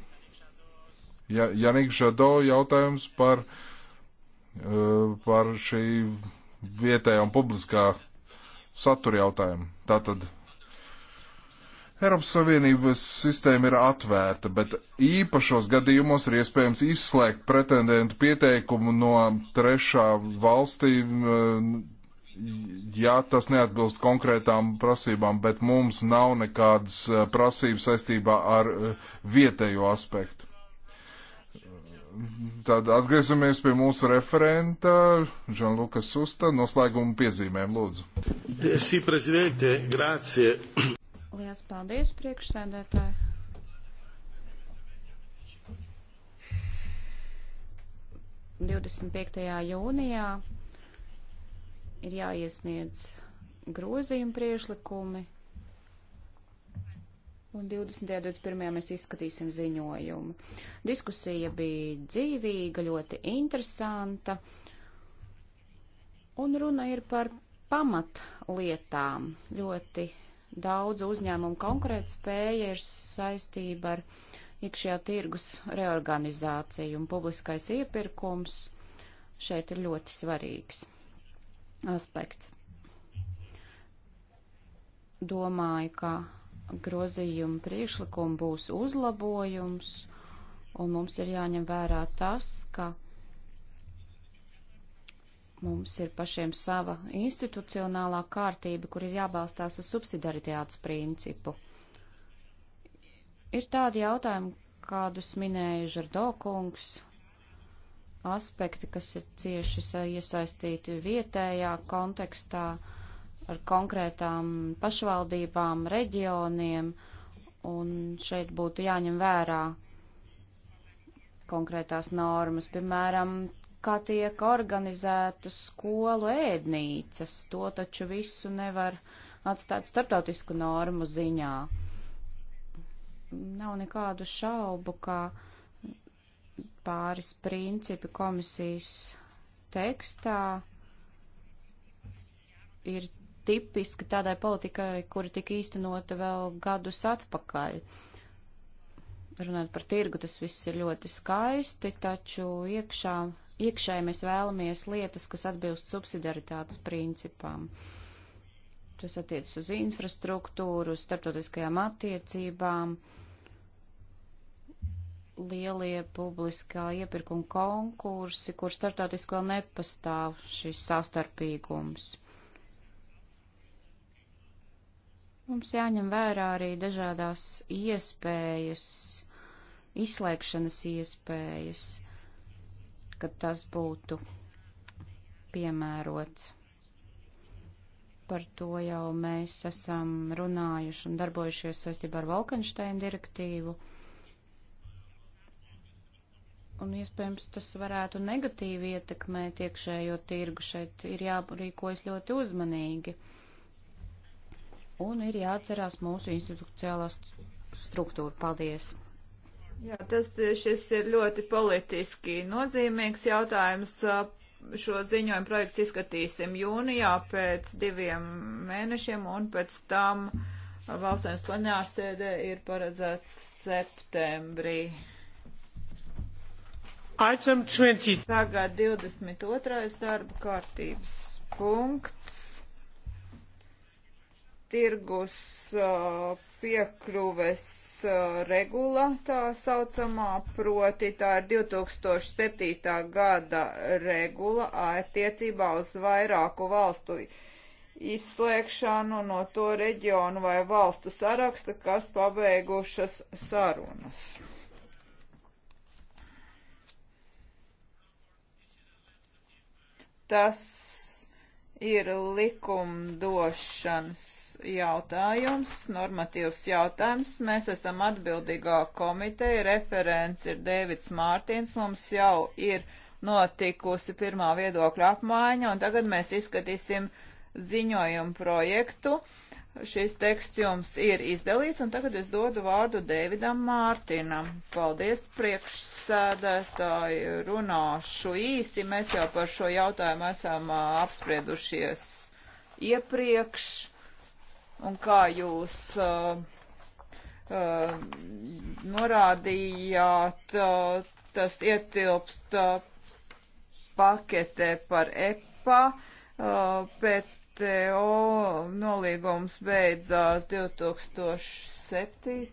Ja, Janik Žado jautājums par, uh, par šī vietējā un publiskā satura jautājumu. Tātad Eiropas Savienības sistēma ir atvērta, bet īpašos gadījumos ir iespējams izslēgt pretendentu pieteikumu no trešā valstī, eh, ja tas neatbilst konkrētām prasībām, bet mums nav nekādas eh, prasības saistībā ar eh, vietējo aspektu. Tad atgriezamies pie mūsu referenta, Žanluka Susta, noslēguma piezīmēm, lūdzu. Sī, prezidente, grācie. Lielas paldies, priekšsēdētāji. Divdesmit piektajā jūnijā ir jāiesniedz grozījuma priešlikumi un 20. un 21. mēs izskatīsim ziņojumu. Diskusija bija dzīvīga, ļoti interesanta, un runa ir par pamatlietām. Ļoti daudz uzņēmumu konkurētspēja ir saistība ar iekšējā tirgus reorganizāciju, un publiskais iepirkums šeit ir ļoti svarīgs aspekts. Domāju, ka grozījumu priekšlikumu būs uzlabojums, un mums ir jāņem vērā tas, ka mums ir pašiem sava institucionālā kārtība, kur ir jābalstās uz subsidaritātes principu. Ir tādi jautājumi, kādus minēja Žardokungs, aspekti, kas ir cieši iesaistīti vietējā kontekstā ar konkrētām pašvaldībām, reģioniem, un šeit būtu jāņem vērā konkrētās normas, piemēram, kā tiek organizētas skolu ēdnīcas, to taču visu nevar atstāt starptautisku normu ziņā. Nav nekādu šaubu, ka pāris principi komisijas tekstā ir tipiski tādai politikai, kura tika īstenota vēl gadus atpakaļ. Runāt par tirgu, tas viss ir ļoti skaisti, taču iekšā, iekšē mēs vēlamies lietas, kas atbilst subsidiaritātes principām. Tas attiecas uz infrastruktūru, uz starptautiskajām attiecībām, lielie publiskā iepirkuma konkursi, kur starptautiski vēl nepastāv šis savstarpīgums. Mums jāņem vērā arī dažādās iespējas, izslēgšanas iespējas, kad tas būtu piemērots. Par to jau mēs esam runājuši un darbojušies saistībā ar Valkensteina direktīvu un iespējams tas varētu negatīvi ietekmēt iekšējo tirgu. Šeit ir jārīkojas ļoti uzmanīgi un ir jāatcerās mūsu institucionālās struktūru. Paldies! Jā, tas šis ir ļoti politiski nozīmīgs jautājums. Šo ziņojumu projektu izskatīsim jūnijā pēc diviem mēnešiem un pēc tam valstsēmas plenārsēdē ir paredzēts septembrī. Tagad 22. darba kārtības punkts tirgus uh, piekļuves uh, regula tā saucamā, proti tā ir 2007. gada regula attiecībā uz vairāku valstu izslēgšanu no to reģionu vai valstu saraksta, kas pabeigušas sarunas. Tas ir likumdošanas jautājums, normatīvs jautājums. Mēs esam atbildīgā komiteja, referents ir Dēvids Mārtiņš, mums jau ir notikusi pirmā viedokļa apmaiņa, un tagad mēs izskatīsim ziņojumu projektu. Uh, Šis teksts jums ir izdalīts, un tagad es dodu vārdu Dēvidam Mārtinam. Paldies, priekšsēdētāji, runāšu īsi. Mēs jau par šo jautājumu esam apspriedušies iepriekš, un kā jūs uh, uh, norādījāt, uh, tas ietilpst paketē par EPA, bet PTO nolīgums beidzās 2007.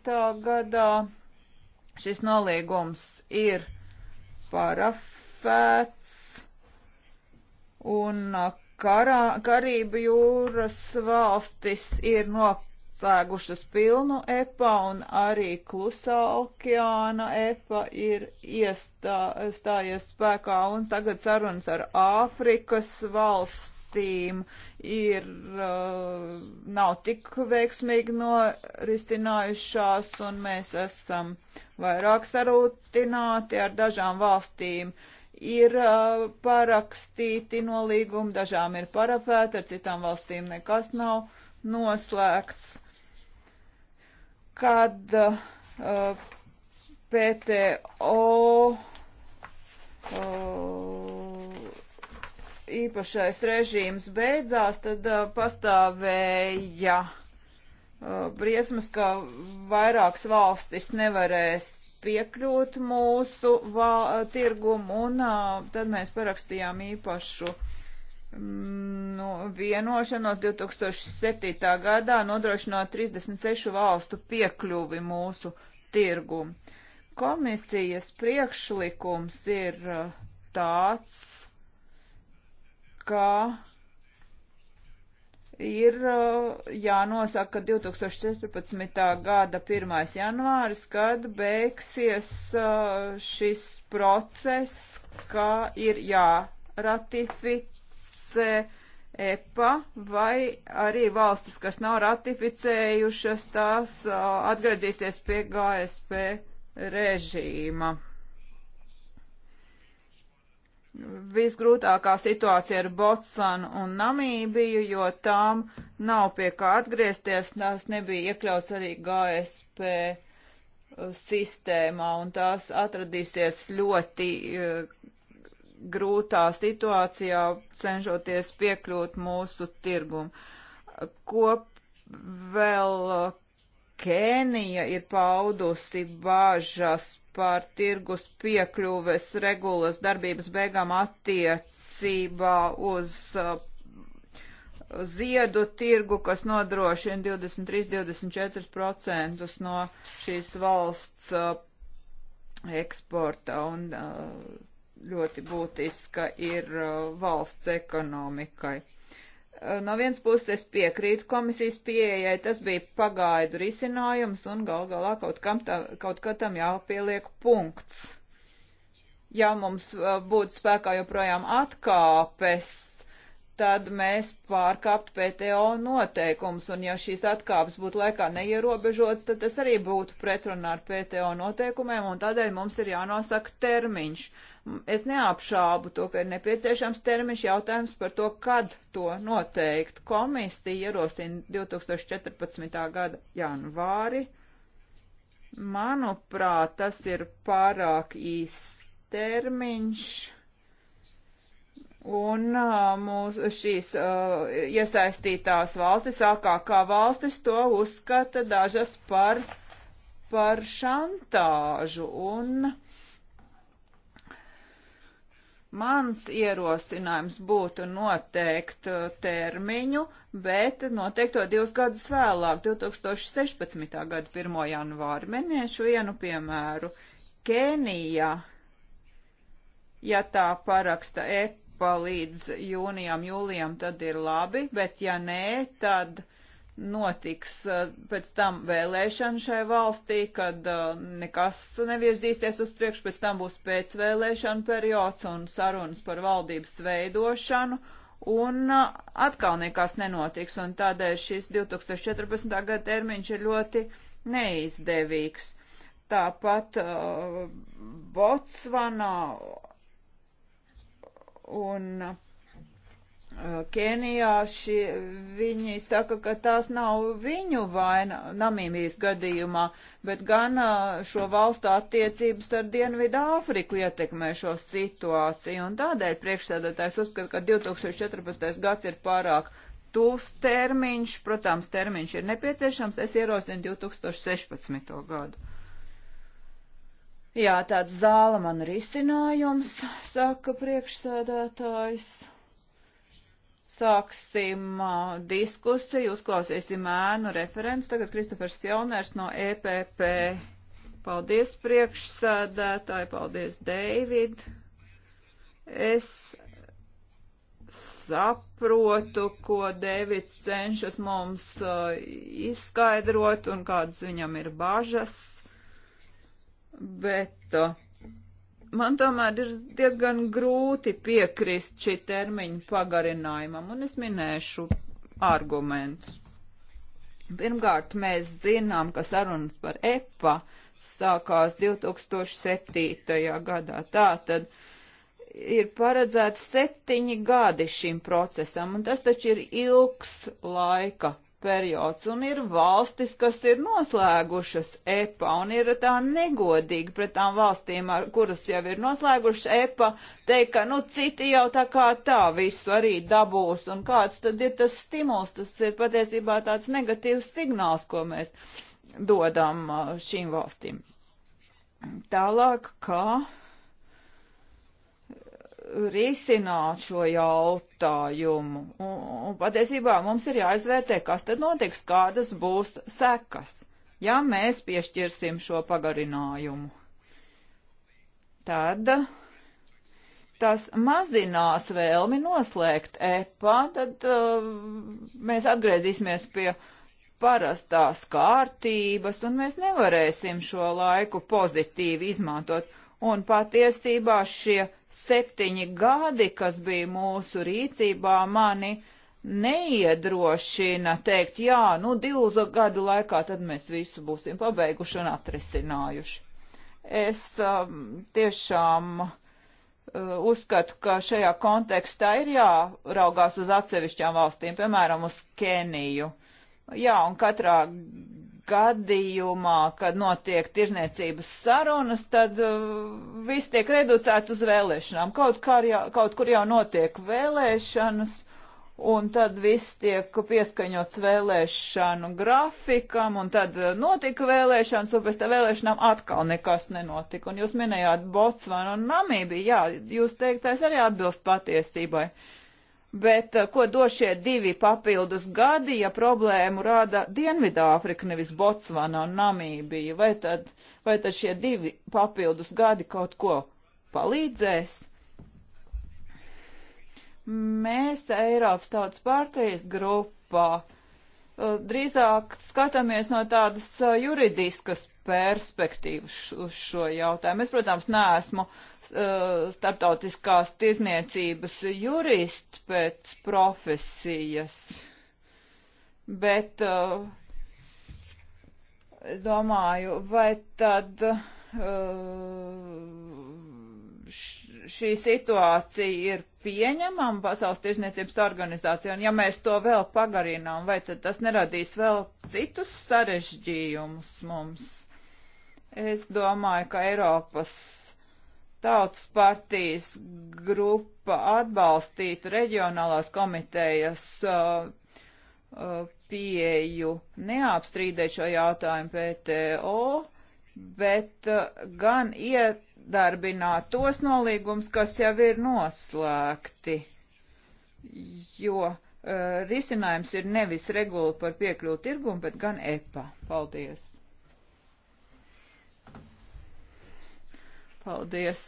gadā. Šis nolīgums ir parafēts un karā, Karību jūras valstis ir noslēgušas pilnu EPA un arī klusā okeāna EPA ir iestājies spēkā un tagad sarunas ar Āfrikas valsts valstīm ir, uh, nav tik veiksmīgi noristinājušās, un mēs esam vairāk sarūtināti ar dažām valstīm. Ir uh, parakstīti nolīgumi, dažām ir parafēti, ar citām valstīm nekas nav noslēgts. Kad uh, PTO uh, īpašais režīms beidzās, tad uh, pastāvēja uh, briesmas, ka vairākas valstis nevarēs piekļūt mūsu tirgumu, un tad mēs parakstījām īpašu mm, nu, vienošanos 2007. gadā nodrošinot 36 valstu piekļuvi mūsu tirgumu. Komisijas priekšlikums ir tāds, ka ir uh, jānosaka 2014. gada 1. janvāris, kad beigsies uh, šis process, kā ir jāratificē EPA vai arī valstis, kas nav ratificējušas, tās uh, atgriezīsies pie GSP režīma visgrūtākā situācija ar Botsvanu un Namībiju, jo tām nav pie kā atgriezties, tās nebija iekļauts arī GSP uh, sistēmā, un tās atradīsies ļoti uh, grūtā situācijā, cenšoties piekļūt mūsu tirgumu. Ko vēl uh, Kēnija ir paudusi bāžas par tirgus piekļuves regulas darbības beigām attiecībā uz uh, ziedu tirgu, kas nodrošina 23-24% no šīs valsts uh, eksporta un uh, ļoti būtiska ir valsts ekonomikai. Eh, no vienas puses piekrītu komisijas pieejai, tas bija pagaidu risinājums un gal galā kaut kam tā, kaut kā tam jāpieliek punkts. Ja mums eh, būtu spēkā joprojām atkāpes, tad mēs pārkāptu PTO noteikumus, un ja šīs atkāpes būtu laikā neierobežotas, tad tas arī būtu pretrunā ar PTO noteikumiem, un tādēļ mums ir jānosaka termiņš. Es neapšābu to, ka ir nepieciešams termiņš jautājums par to, kad to noteikt. Komisija ierosina 2014. gada janvāri. Manuprāt, tas ir pārāk īsts termiņš Un mūs, šīs uh, iesaistītās valstis, AKK valstis, to uzskata dažas par, par šantāžu. Un mans ierosinājums būtu noteikt termiņu, bet noteikt to divus gadus vēlāk, 2016. gada 1. janvāri. Minēšu vienu piemēru. Kenija ja tā paraksta EK grupa līdz jūnijam, jūlijam, tad ir labi, bet ja nē, tad notiks eh, pēc tam vēlēšana šai valstī, kad eh, nekas nevirzīsies uz priekšu, pēc tam būs pēcvēlēšana periods un sarunas par valdības veidošanu un eh, atkal nekas nenotiks, un tādēļ šis 2014. gada termiņš ir ļoti neizdevīgs. Tāpat uh, Botsvanā un uh, Kenijāši viņi saka, ka tās nav viņu vaina Namībijas gadījumā, bet gan uh, šo valstu attiecības ar Dienvidu Āfriku ietekmē šo situāciju. Un tādēļ priekšsēdētājs uzskata, ka 2014. gads ir pārāk tuvs termiņš. Protams, termiņš ir nepieciešams. Es ierosinu 2016. gadu. Jā, tāds zāla man risinājums, saka priekšsēdētājs. Sāksim uh, diskusiju, uzklausīsim ēnu referents. Tagad Kristofers Fjellners no EPP. Paldies priekšsēdētāji, paldies Deivid. Es saprotu, ko Deivids cenšas mums uh, izskaidrot un kādas viņam ir bažas bet man tomēr ir diezgan grūti piekrist šī termiņa pagarinājumam, un es minēšu argumentus. Pirmkārt, mēs zinām, ka sarunas par EPA sākās 2007. gadā. Tātad ir paredzēti septiņi gadi šim procesam, un tas taču ir ilgs laika periods, un ir valstis, kas ir noslēgušas EPA, un ir tā negodīgi pret tām valstīm, ar, kuras jau ir noslēgušas EPA, teikt, ka, nu, citi jau tā kā tā visu arī dabūs, un kāds tad ir tas stimuls, tas ir patiesībā tāds negatīvs signāls, ko mēs dodam uh, šīm valstīm. Tālāk, kā. Ka risināt šo jautājumu. Un, un patiesībā mums ir jāizvērtē, kas tad notiks, kādas būs sekas, ja mēs piešķirsim šo pagarinājumu. Tad tas mazinās vēlmi noslēgt EPA, tad uh, mēs atgriezīsimies pie parastās kārtības, un mēs nevarēsim šo laiku pozitīvi izmantot. Un patiesībā šie septiņi gadi, kas bija mūsu rīcībā, mani neiedrošina teikt, jā, nu divu gadu laikā tad mēs visu būsim pabeiguši un atrisinājuši. Es um, tiešām uh, uzskatu, ka šajā kontekstā ir jāraugās uz atsevišķām valstīm, piemēram, uz Keniju. Jā, un katrā gadījumā, kad notiek tirzniecības sarunas, tad uh, viss tiek reducēts uz vēlēšanām. Kaut, jau, kaut kur jau notiek vēlēšanas, un tad viss tiek pieskaņots vēlēšanu grafikam, un tad uh, notika vēlēšanas, un pēc tam vēlēšanām atkal nekas nenotika. Un jūs minējāt Botsvanu un Namībiju, jā, jūs teiktais arī atbilst patiesībai. Uh, Bet eh, ko dos šie divi papildus gadi, ja problēmu rada Dienvidāfrika, nevis Botsvana un Namībija? Vai tad, vai tad šie divi papildus gadi kaut ko palīdzēs? Mēs Eiropas tautas pārtejas grupā Eh, drīzāk skatāmies no tādas eh, juridiskas perspektīvas uz šo jautājumu. Es, protams, neesmu eh, starptautiskās tirzniecības jurists pēc profesijas, bet es domāju, vai tad šī situācija ir pieņemam Pasaules tirzniecības organizāciju, un ja mēs to vēl pagarinām, vai tad tas neradīs vēl citus sarežģījumus mums? Es domāju, ka Eiropas Tautas partijas grupa atbalstītu reģionālās komitejas uh, uh, pieju neapstrīdēt šo jautājumu PTO, bet uh, gan iet iedarbināt tos nolīgums, kas jau ir noslēgti, jo uh, risinājums ir nevis regula par piekļuvu tirgumu, bet gan EPA. Paldies! Paldies!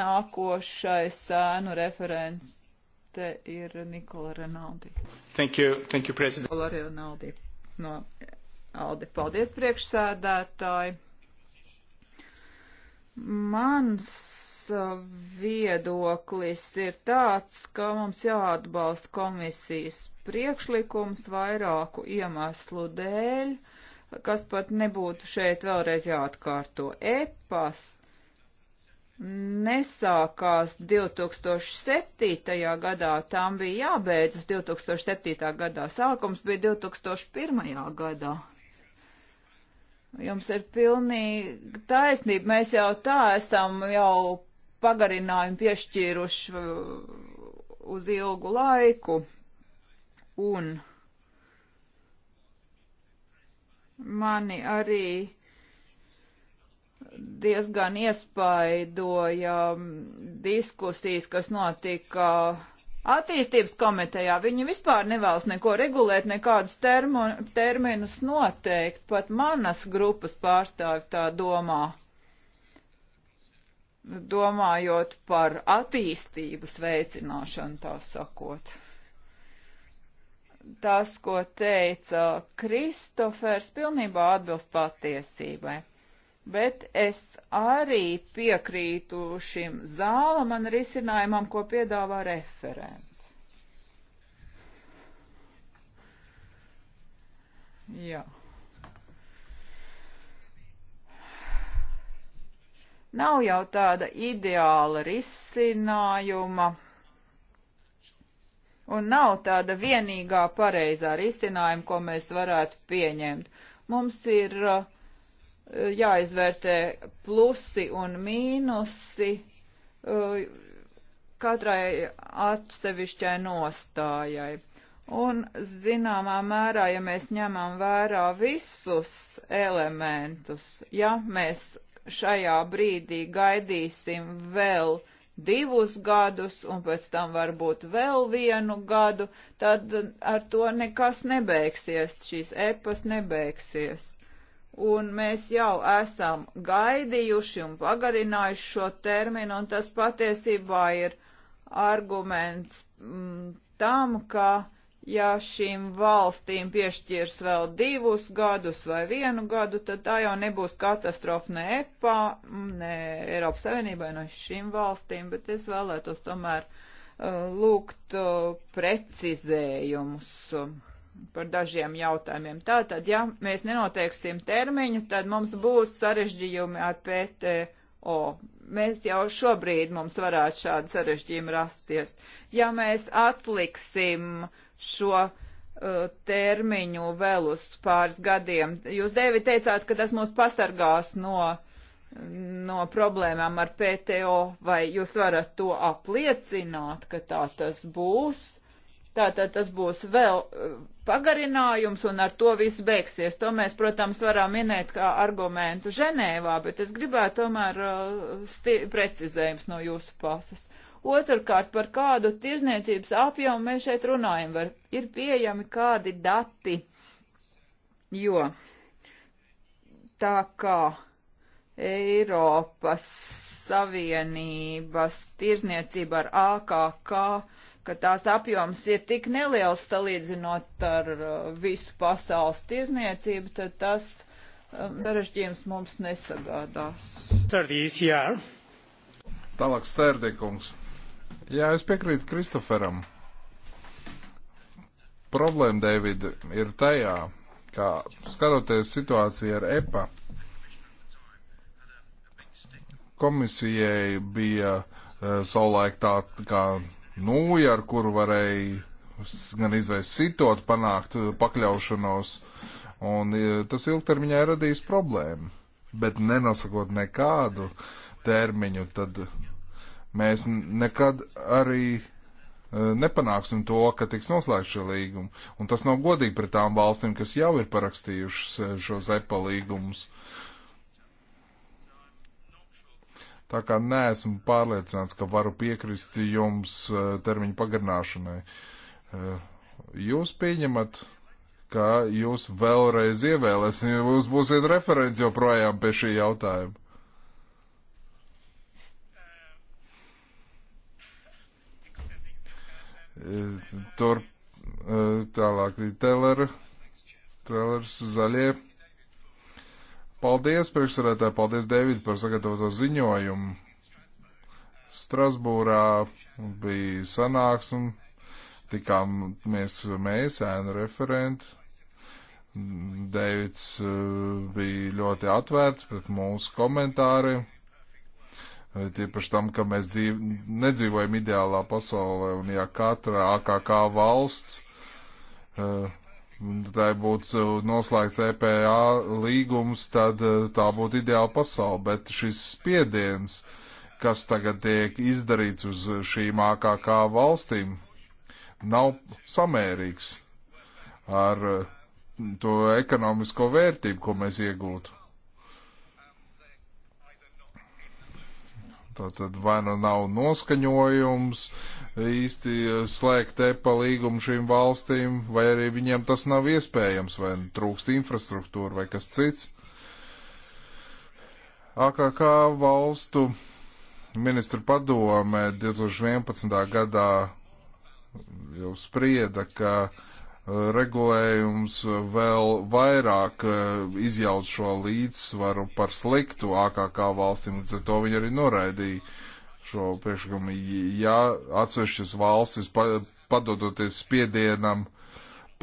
Nākošais ēnu referente ir Nikola Renaldi. Thank you, thank you, President. Nikola Renaldi no Aldi. Paldies, priekšsēdētāji! Mans uh, viedoklis ir tāds, ka mums jāatbalsta komisijas priekšlikums vairāku iemeslu dēļ, kas pat nebūtu šeit vēlreiz jāatkārto. EPAS nesākās 2007. gadā, tām bija jābeidzas 2007. gadā, sākums bija 2001. gadā. Jums ir pilnīgi taisnība. Mēs jau tā esam jau pagarinājumu piešķīruši uh, uz ilgu laiku. Un mani arī diezgan iespaidoja diskusijas, kas notika uh, Attīstības komitejā viņi vispār nevēlas neko regulēt, nekādus termo, terminus noteikt, pat manas grupas pārstāvi tā domā, domājot par attīstības veicināšanu, tā sakot. Tas, ko teica Kristofers, pilnībā atbilst patiesībai bet es arī piekrītu šim zāla man risinājumam, ko piedāvā referents. Jā. Nav jau tāda ideāla risinājuma, un nav tāda vienīgā pareizā risinājuma, ko mēs varētu pieņemt. Mums ir uh, Eh, jāizvērtē plusi un mīnusi eh, katrai atsevišķai nostājai. Un zināmā mērā, ja mēs ņemam vērā visus elementus, ja mēs šajā brīdī gaidīsim vēl divus gadus un pēc tam varbūt vēl vienu gadu, tad ar to nekas nebeigsies, šīs epas nebeigsies un mēs jau esam gaidījuši un pagarinājuši šo terminu, un tas patiesībā ir arguments mm, tam, ka ja šīm valstīm piešķirs vēl divus gadus vai vienu gadu, tad tā jau nebūs katastrofa ne EPA, mm, ne Eiropas Savienībai, no šīm valstīm, bet es vēlētos tomēr uh, lūgt uh, precizējumus. Uh, par dažiem jautājumiem. Tātad, ja mēs nenoteiksim termiņu, tad mums būs sarežģījumi ar PTO. Mēs jau šobrīd mums varētu šādi sarežģījumi rasties. Ja mēs atliksim šo uh, termiņu vēl uz pāris gadiem, jūs, Dēvi, teicāt, ka tas mūs pasargās no no problēmām ar PTO, vai jūs varat to apliecināt, ka tā tas būs? Tātad tas būs vēl uh, pagarinājums un ar to viss beigsies. To mēs, protams, varam minēt kā argumentu Ženēvā, bet es gribētu tomēr uh, precizējums no jūsu pasas. Otrkārt, par kādu tirzniecības apjomu mēs šeit runājam, var ir pieejami kādi dati, jo tā kā Eiropas Savienības tirzniecība ar AKK ka tās apjoms ir tik neliels salīdzinot ar uh, visu pasaules tirzniecību, tad tas um, sarežģījums um, mums nesagādās. Sardīs, jā. Tālāk stērdekungs. Jā, es piekrītu Kristoferam. Problēma, Dēvid, ir tajā, ka skatoties situāciju ar EPA, komisijai bija uh, saulēk tā kā nūja, ar kuru varēja gan izvērst sitot, panākt eh, pakļaušanos, un eh, tas ilgtermiņā ir radījis problēmu. Bet nenosakot nekādu termiņu, tad mēs nekad arī eh, nepanāksim to, ka tiks noslēgts šie līgumi. Un tas nav godīgi pret tām valstīm, kas jau ir parakstījušas šos EPA līgumus. Uh, Tā kā neesmu pārliecināts, ka varu piekrist jums eh, termiņu pagarināšanai. Eh, jūs pieņemat, ka jūs vēlreiz ievēlēsiet, jūs būsiet referents joprojām pie šī jautājuma. Eh, tur tālāk ir Telera, Telers zaļie. Paldies, priekšsarētāji, paldies, Dēvid, par sagatavoto ziņojumu. Strasbūrā bija sanāksme, tikām mēs, mēs, ēnu referenti. Dēvids eh, bija ļoti atvērts pret mūsu komentāriem. Eh, tiepaši tam, ka mēs dzīv, nedzīvojam ideālā pasaulē, un ja katra AKK valsts uh, tai būtu uh, noslēgts EPA līgums, tad uh, tā būtu ideāla pasaule, bet šis spiediens, kas tagad tiek izdarīts uz šīm AKK valstīm, nav samērīgs ar uh, to ekonomisko vērtību, ko mēs iegūtu. Tātad vai nu nav noskaņojums īsti slēgt EPA līgumu šīm valstīm, vai arī viņiem tas nav iespējams, vai nu trūkst infrastruktūra vai kas cits. AKK valstu ministra padome 2011. gadā jau sprieda, ka uh, regulējums vēl vairāk eh, izjauc šo līdzsvaru par sliktu AKK valstīm, līdz ar to viņi arī noraidīja šo priekšlikumu. Ja atsevišķas valstis padodoties spiedienam,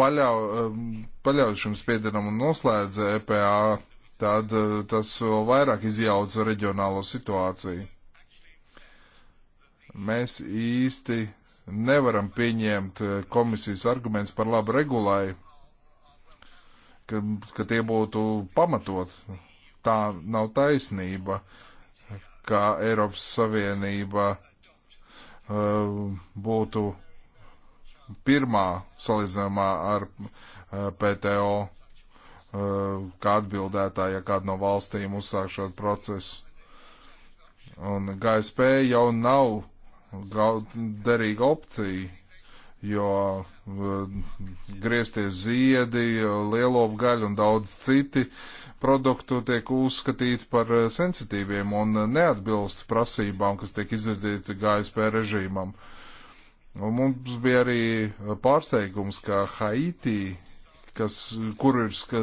paļau, eh, paļauj šim spiedienam un noslēdz EPA, tad eh, tas vēl vairāk izjauc reģionālo situāciju. Mēs īsti Nevaram pieņemt eh, komisijas arguments par labu regulāju, ka, ka tie būtu pamatot. Tā nav taisnība, ka Eiropas Savienība uh, būtu pirmā salīdzinājumā ar uh, eh, PTO kā atbildētāja kāda no valstīm uzsāk šo procesu. Un GSP jau nav derīga opcija, jo griezties ziedi, lielopgaļu un daudz citi produktu tiek uzskatīti par eh, sensitīviem un neatbilst prasībām, kas tiek izvirzīti GSP režīmam. Un mums bija arī eh, pārsteigums, ka Haiti, kas, kur ir ska,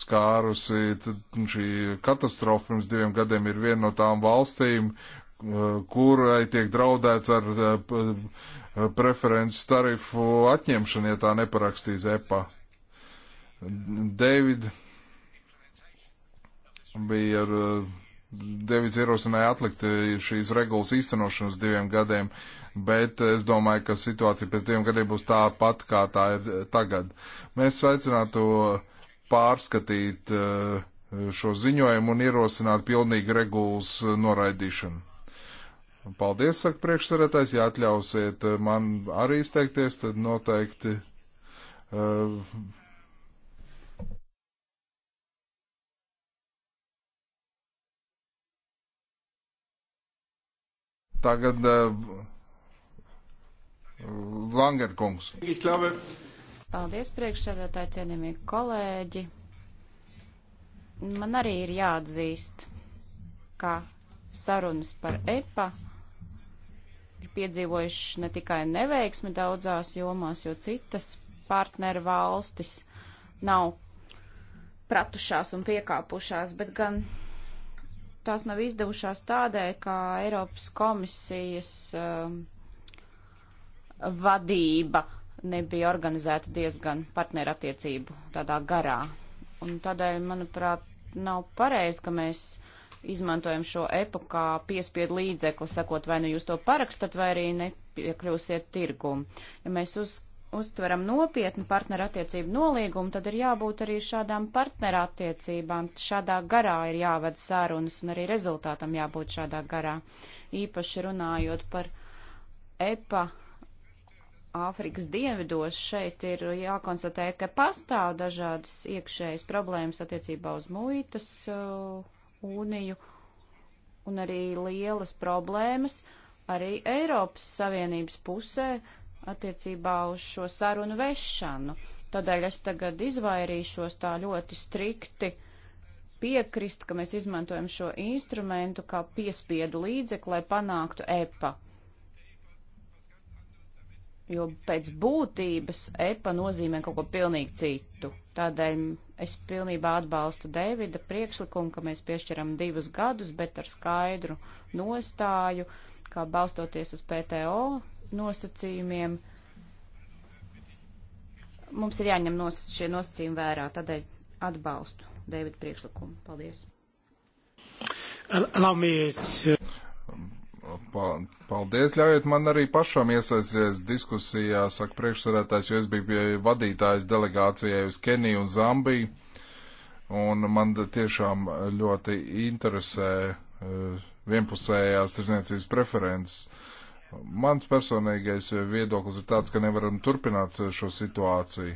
skārusi šī katastrofa pirms diviem gadiem, ir viena no tām valstīm, kurai tiek draudēts ar eh, preferences tarifu atņemšanu, ja tā neparakstīs EPA. David bija ar eh, Devits ierosināja atlikt eh, šīs regulas īstenošanu uz diviem gadiem, bet es domāju, ka situācija pēc diviem gadiem būs tā pat, kā tā ir tagad. Mēs aicinātu pārskatīt šo ziņojumu un ierosināt pilnīgi regulas noraidīšanu. Paldies, saka priekšsarētājs, ja atļausiet eh, man arī izteikties, tad noteikti. Uh, tagad uh, eh, Langerkungs. Paldies, priekšsēdētāji, cienījamie kolēģi. Man arī ir jāatzīst, ka sarunas par EPA ir piedzīvojuši ne tikai neveiksmi daudzās jomās, jo citas partneru valstis nav pratušās un piekāpušās, bet gan tās nav izdevušās tādēļ, ka Eiropas komisijas um, vadība nebija organizēta diezgan partnerattiecību tādā garā. Un tādēļ, manuprāt, nav pareizi, ka mēs izmantojam šo EPU kā piespiedu līdzeklu, sakot, vai nu jūs to parakstat, vai arī nepiekļūsiet tirgumu. Ja mēs uz, uztveram nopietnu partnerattiecību nolīgumu, tad ir jābūt arī šādām partnerattiecībām. Šādā garā ir jāved sārunas un arī rezultātam jābūt šādā garā. Īpaši runājot par EPA Āfrikas dienvidos šeit ir jākonstatē, ka pastāv dažādas iekšējas problēmas attiecībā uz muitas uh, uniju un arī lielas problēmas arī Eiropas Savienības pusē attiecībā uz šo sarunu vešanu. Tādēļ es tagad izvairīšos tā ļoti strikti piekrist, ka mēs izmantojam šo instrumentu kā piespiedu līdzekli, lai panāktu EPA. Jo pēc būtības EPA nozīmē kaut ko pilnīgi citu. Tādēļ Es pilnībā atbalstu Deivida priekšlikumu, ka mēs piešķiram divus gadus, bet ar skaidru nostāju, kā balstoties uz PTO nosacījumiem. Mums ir jāņem nos šie nosacījumi vērā, tādēļ atbalstu Deivida priekšlikumu. Paldies! Allow me to Paldies, ļaujiet man arī pašam iesaistīties diskusijā, saka priekšsarētājs, jo es biju pie vadītājs delegācijai uz Keniju un Zambiju, un man tiešām ļoti interesē eh, vienpusējās tirdzniecības preferences. Mans personīgais viedoklis ir tāds, ka nevaram turpināt šo situāciju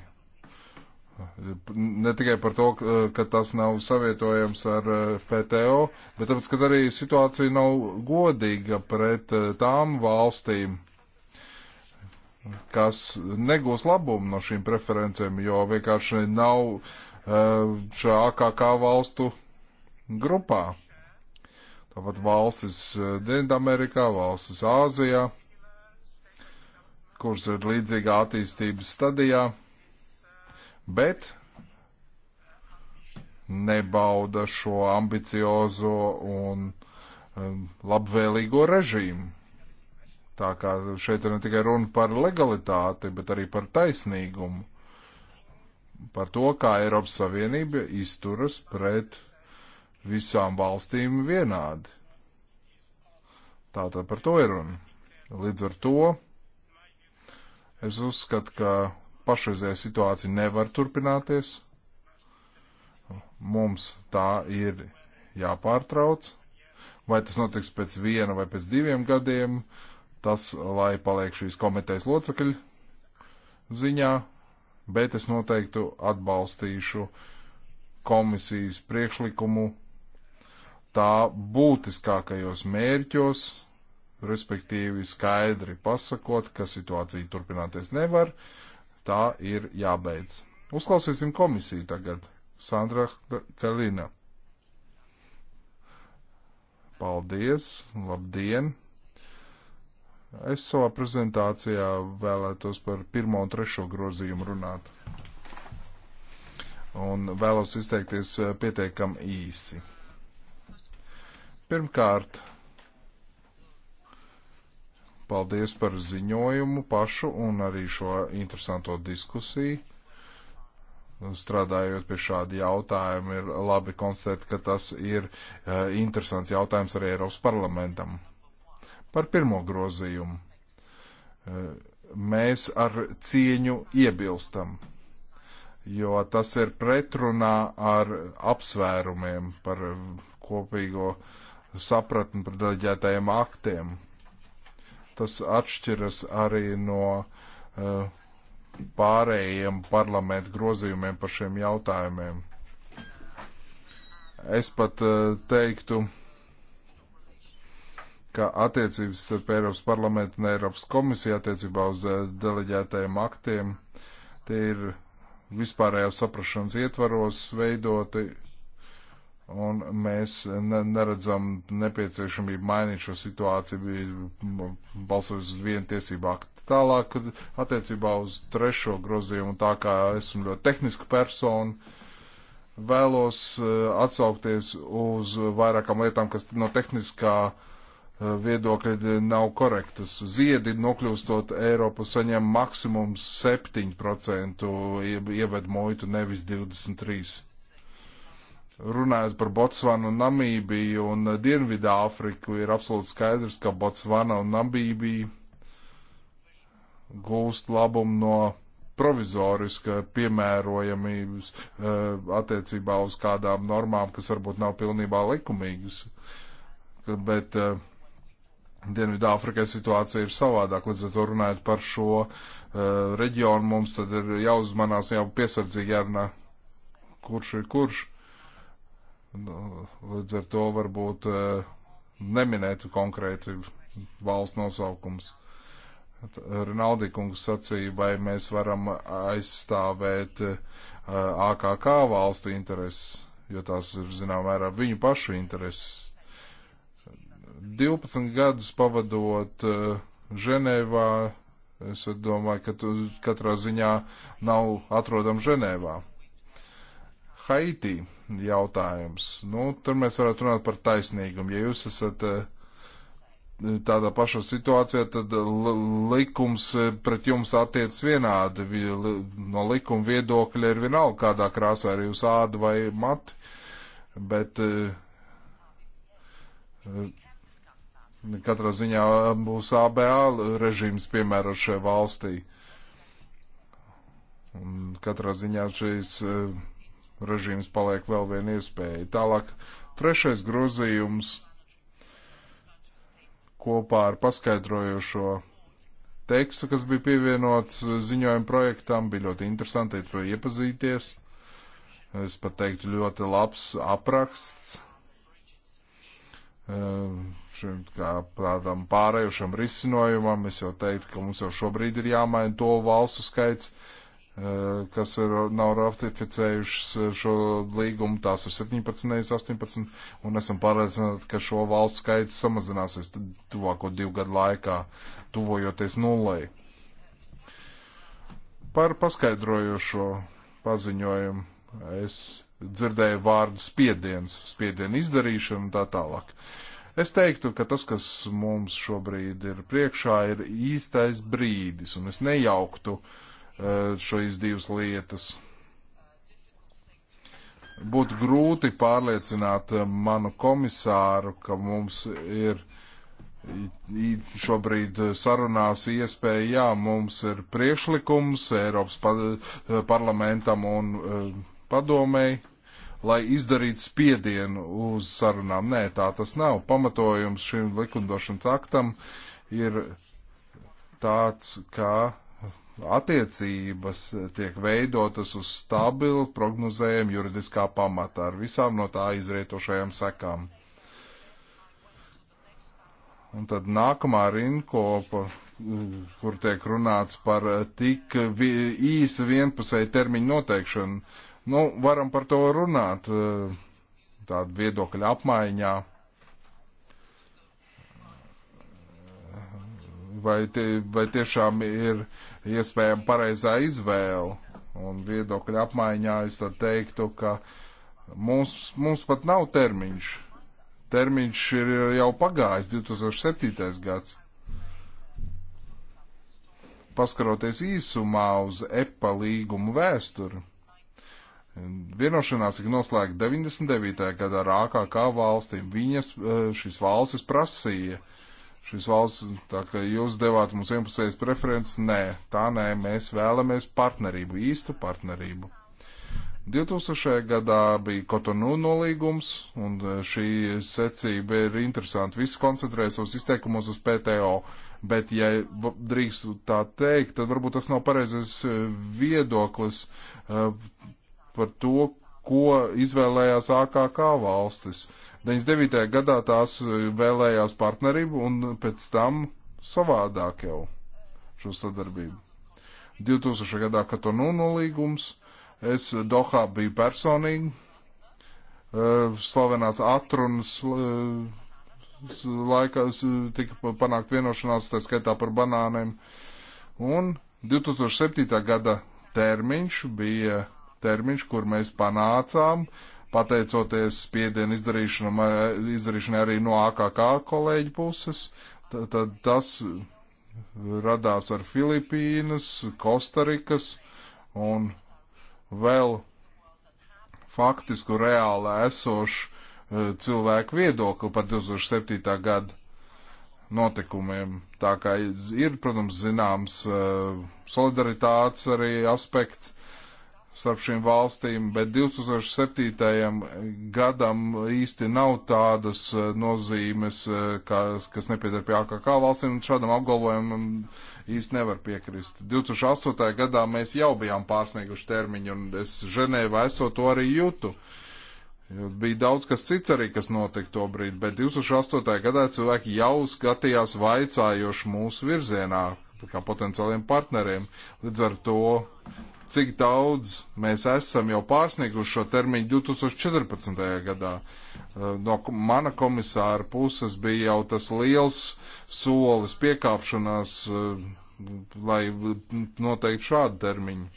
Ne tikai par to, ka tas nav savietojams ar eh, PTO, bet tāpēc, ka arī situācija nav godīga pret eh, tām valstīm, kas negūs labumu no šīm preferencēm, jo vienkārši nav eh, šā AKK valstu grupā. Tāpat valstis Dienvidamerikā, valstis Āzijā, kuras ir līdzīgā attīstības stadijā bet nebauda šo ambiciozo un um, labvēlīgo režīmu. Tā kā šeit ir ne tikai runa par legalitāti, bet arī par taisnīgumu, par to, kā Eiropas Savienība izturas pret visām valstīm vienādi. Tātad par to ir runa. Līdz ar to es uzskatu, ka pašreizējā situācija nevar turpināties. Mums tā ir jāpārtrauc. Vai tas notiks pēc viena vai pēc diviem gadiem, tas, lai paliek šīs komitejas locekļi ziņā, bet es noteikti atbalstīšu komisijas priekšlikumu tā būtiskākajos mērķos, respektīvi skaidri pasakot, ka situācija turpināties nevar, uh, Tā ir jābeidz. Uzklausīsim komisiju tagad. Sandra Kalina. Paldies, labdien! Es savā prezentācijā vēlētos par pirmo un trešo grozījumu runāt. Un vēlos izteikties pietiekam īsi. Pirmkārt, Paldies par ziņojumu pašu un arī šo interesanto diskusiju. Strādājot pie šāda jautājuma, ir labi konstatēt, ka tas ir uh, interesants jautājums arī Eiropas parlamentam. Par pirmo grozījumu. Uh, mēs ar cieņu iebilstam, jo tas ir pretrunā ar apsvērumiem par kopīgo sapratni par deleģētajiem aktiem tas atšķiras arī no uh, pārējiem parlamentu grozījumiem par šiem jautājumiem. Es pat uh, teiktu, ka attiecības starp Eiropas parlamentu un Eiropas komisiju attiecībā uz uh, deleģētajiem aktiem tie ir vispārējās saprašanas ietvaros veidoti un mēs neredzam nepieciešamību mainīt šo situāciju, balsojot uz vienu tiesību aktu. Tālāk, attiecībā uz trešo grozījumu, tā kā esmu ļoti tehniska persona, vēlos eh, atsaukties uz vairākām lietām, kas no tehniskā eh, viedokļa nav korektas. Ziedi nokļūstot Eiropu saņem maksimums 7% ieved muitu, nevis 23% runājot par Botsvanu un Namībiju un Dienvidā Afriku, ir absolūti skaidrs, ka Botsvana un Namībija gūst labumu no provizoriska piemērojamības eh, attiecībā uz kādām normām, kas varbūt nav pilnībā likumīgas. Bet eh, Dienvidā Afrikai situācija ir savādāk, līdz ar to runājot par šo eh, reģionu mums tad ir jāuzmanās, jau piesardzīgi jārunā, kurš ir kurš. Nu, līdz ar to varbūt e, neminēt konkrēti valsts nosaukums. Rinaldi kungs sacīja, vai mēs varam aizstāvēt e, AKK valstu intereses, jo tās ir, zinām, vērā viņu pašu intereses. 12 gadus pavadot e, Ženēvā, es domāju, ka tu katrā ziņā nav atrodam Ženēvā. Haiti jautājums. Nu, tur mēs varētu runāt par taisnīgumu. Ja jūs esat eh, tādā pašā situācijā, tad likums eh, pret jums attiec vienādi. No likuma viedokļa ir vienalga, kādā krāsā ir jūs āda vai mati. Bet eh, katrā ziņā būs ABA režīms piemērots šajā valstī. Un katrā ziņā šīs uh, režīms paliek vēl viena iespēja. Tālāk trešais grozījums kopā ar paskaidrojošo tekstu, kas bija pievienots ziņojuma projektam, bija ļoti interesanti ar to iepazīties. Es pat teiktu, ļoti labs apraksts eh, šim kā tādam pārējušam risinojumam. Es jau teiktu, ka mums jau šobrīd ir jāmaina to valstu skaits, Eh, kas ir, nav ratificējušas eh, šo līgumu, tās ir 17, nevis 18, un esam pārliecināti, ka šo valstu skaits samazināsies tuvāko divu gadu laikā, tuvojoties nulai. Par paskaidrojošo paziņojumu es dzirdēju vārdu spiediens, spiedienu izdarīšanu un tā tālāk. Es teiktu, ka tas, kas mums šobrīd ir priekšā, ir īstais brīdis, un es nejauktu uh, Eh, šīs divas lietas. Būtu grūti pārliecināt eh, manu komisāru, ka mums ir šobrīd eh, sarunās iespēja, jā, mums ir priekšlikums Eiropas parlamentam un padomēji, lai izdarītu spiedienu uz sarunām. Nē, tā tas nav. Pamatojums šim likumdošanas aktam ir tāds, ka attiecības tiek veidotas uz stabilu, prognozējumu juridiskā pamatā ar visām no tā izrietošajām sekām. Un tad nākamā rinkopa, kur tiek runāts par tik vi īsa vienpusēja termiņa noteikšanu, nu, varam par to runāt tādu viedokļu apmaiņā. vai, tie, vai tiešām ir iespējama pareizā izvēle. Un viedokļa apmaiņā es tad teiktu, ka mums, mums pat nav termiņš. Termiņš ir jau pagājis 2007. gads. Paskaroties īsumā uz EPA līgumu vēsturi, Vienošanās tika noslēgta 99. gadā ar AKK valstīm. Viņas eh, šīs valstis prasīja uh, šīs valsts, tā kā jūs devāt mums vienpusējas preferences, nē, tā nē, mēs vēlamies partnerību, īstu partnerību. 2000. gadā bija Kotonu nolīgums, un e, šī secība ir interesanta. Viss koncentrējas uz izteikumos uz PTO, bet, ja drīkstu tā teikt, tad varbūt tas nav pareizais e, viedoklis uh, par to, ko izvēlējās AKK valstis. Uh, 99. gadā tās eh, vēlējās partnerību un pēc tam savādāk jau šo sadarbību. 2000. gadā Katonu nolīgums, es Dohā biju personīgi, eh, slavenās atrunas eh, laikā tika panākt vienošanās, tā skaitā par banāniem, un 2007. gada termiņš bija termiņš, kur mēs panācām uh, pateicoties spiedienu izdarīšanai arī no AKK kolēģi puses. Tad, tad tas radās ar Filipīnas, Kostarikas un vēl faktisku reāli esošu e, cilvēku viedokli par 2007. gadu notikumiem. Tā kā ir, protams, zināms e, solidaritātes arī aspekts, starp šīm valstīm, bet 2007. gadam īsti nav tādas eh, nozīmes, eh, kas, kas nepieder pie AKK valstīm, un šādam apgalvojumam īsti nevar piekrist. 2008. gadā mēs jau bijām pārsnieguši termiņu, un es Ženēvā esot to arī jūtu. Bija daudz kas cits arī, kas notika to brīdi, bet 2008. gadā cilvēki jau skatījās vaicājoši mūsu virzienā kā potenciāliem partneriem. Līdz ar to cik daudz mēs esam jau pārsnieguši šo termiņu 2014. gadā. Eh, no mana komisāra puses bija jau tas liels solis piekāpšanās, eh, lai noteikti šādu termiņu.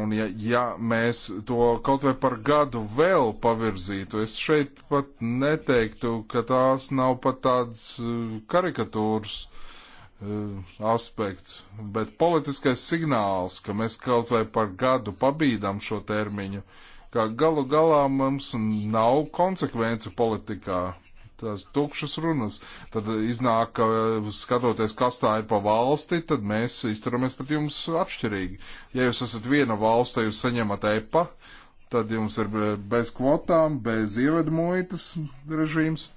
Un ja, ja mēs to kaut vai par gadu vēl pavirzītu, es šeit pat neteiktu, ka tās nav pat tādas eh, karikatūras Eh, aspekts, bet politiskais signāls, ka mēs kaut vai par gadu pabīdam šo termiņu, ka galu galā mums nav konsekvence politikā. Tās tukšas runas. Tad iznāk, ka skatoties, kas tā ir pa valsti, tad mēs izturamies pret jums atšķirīgi. Ja jūs esat viena valsts, tad jūs saņemat EPA, tad jums ir bez kvotām, bez ievedmuitas režīms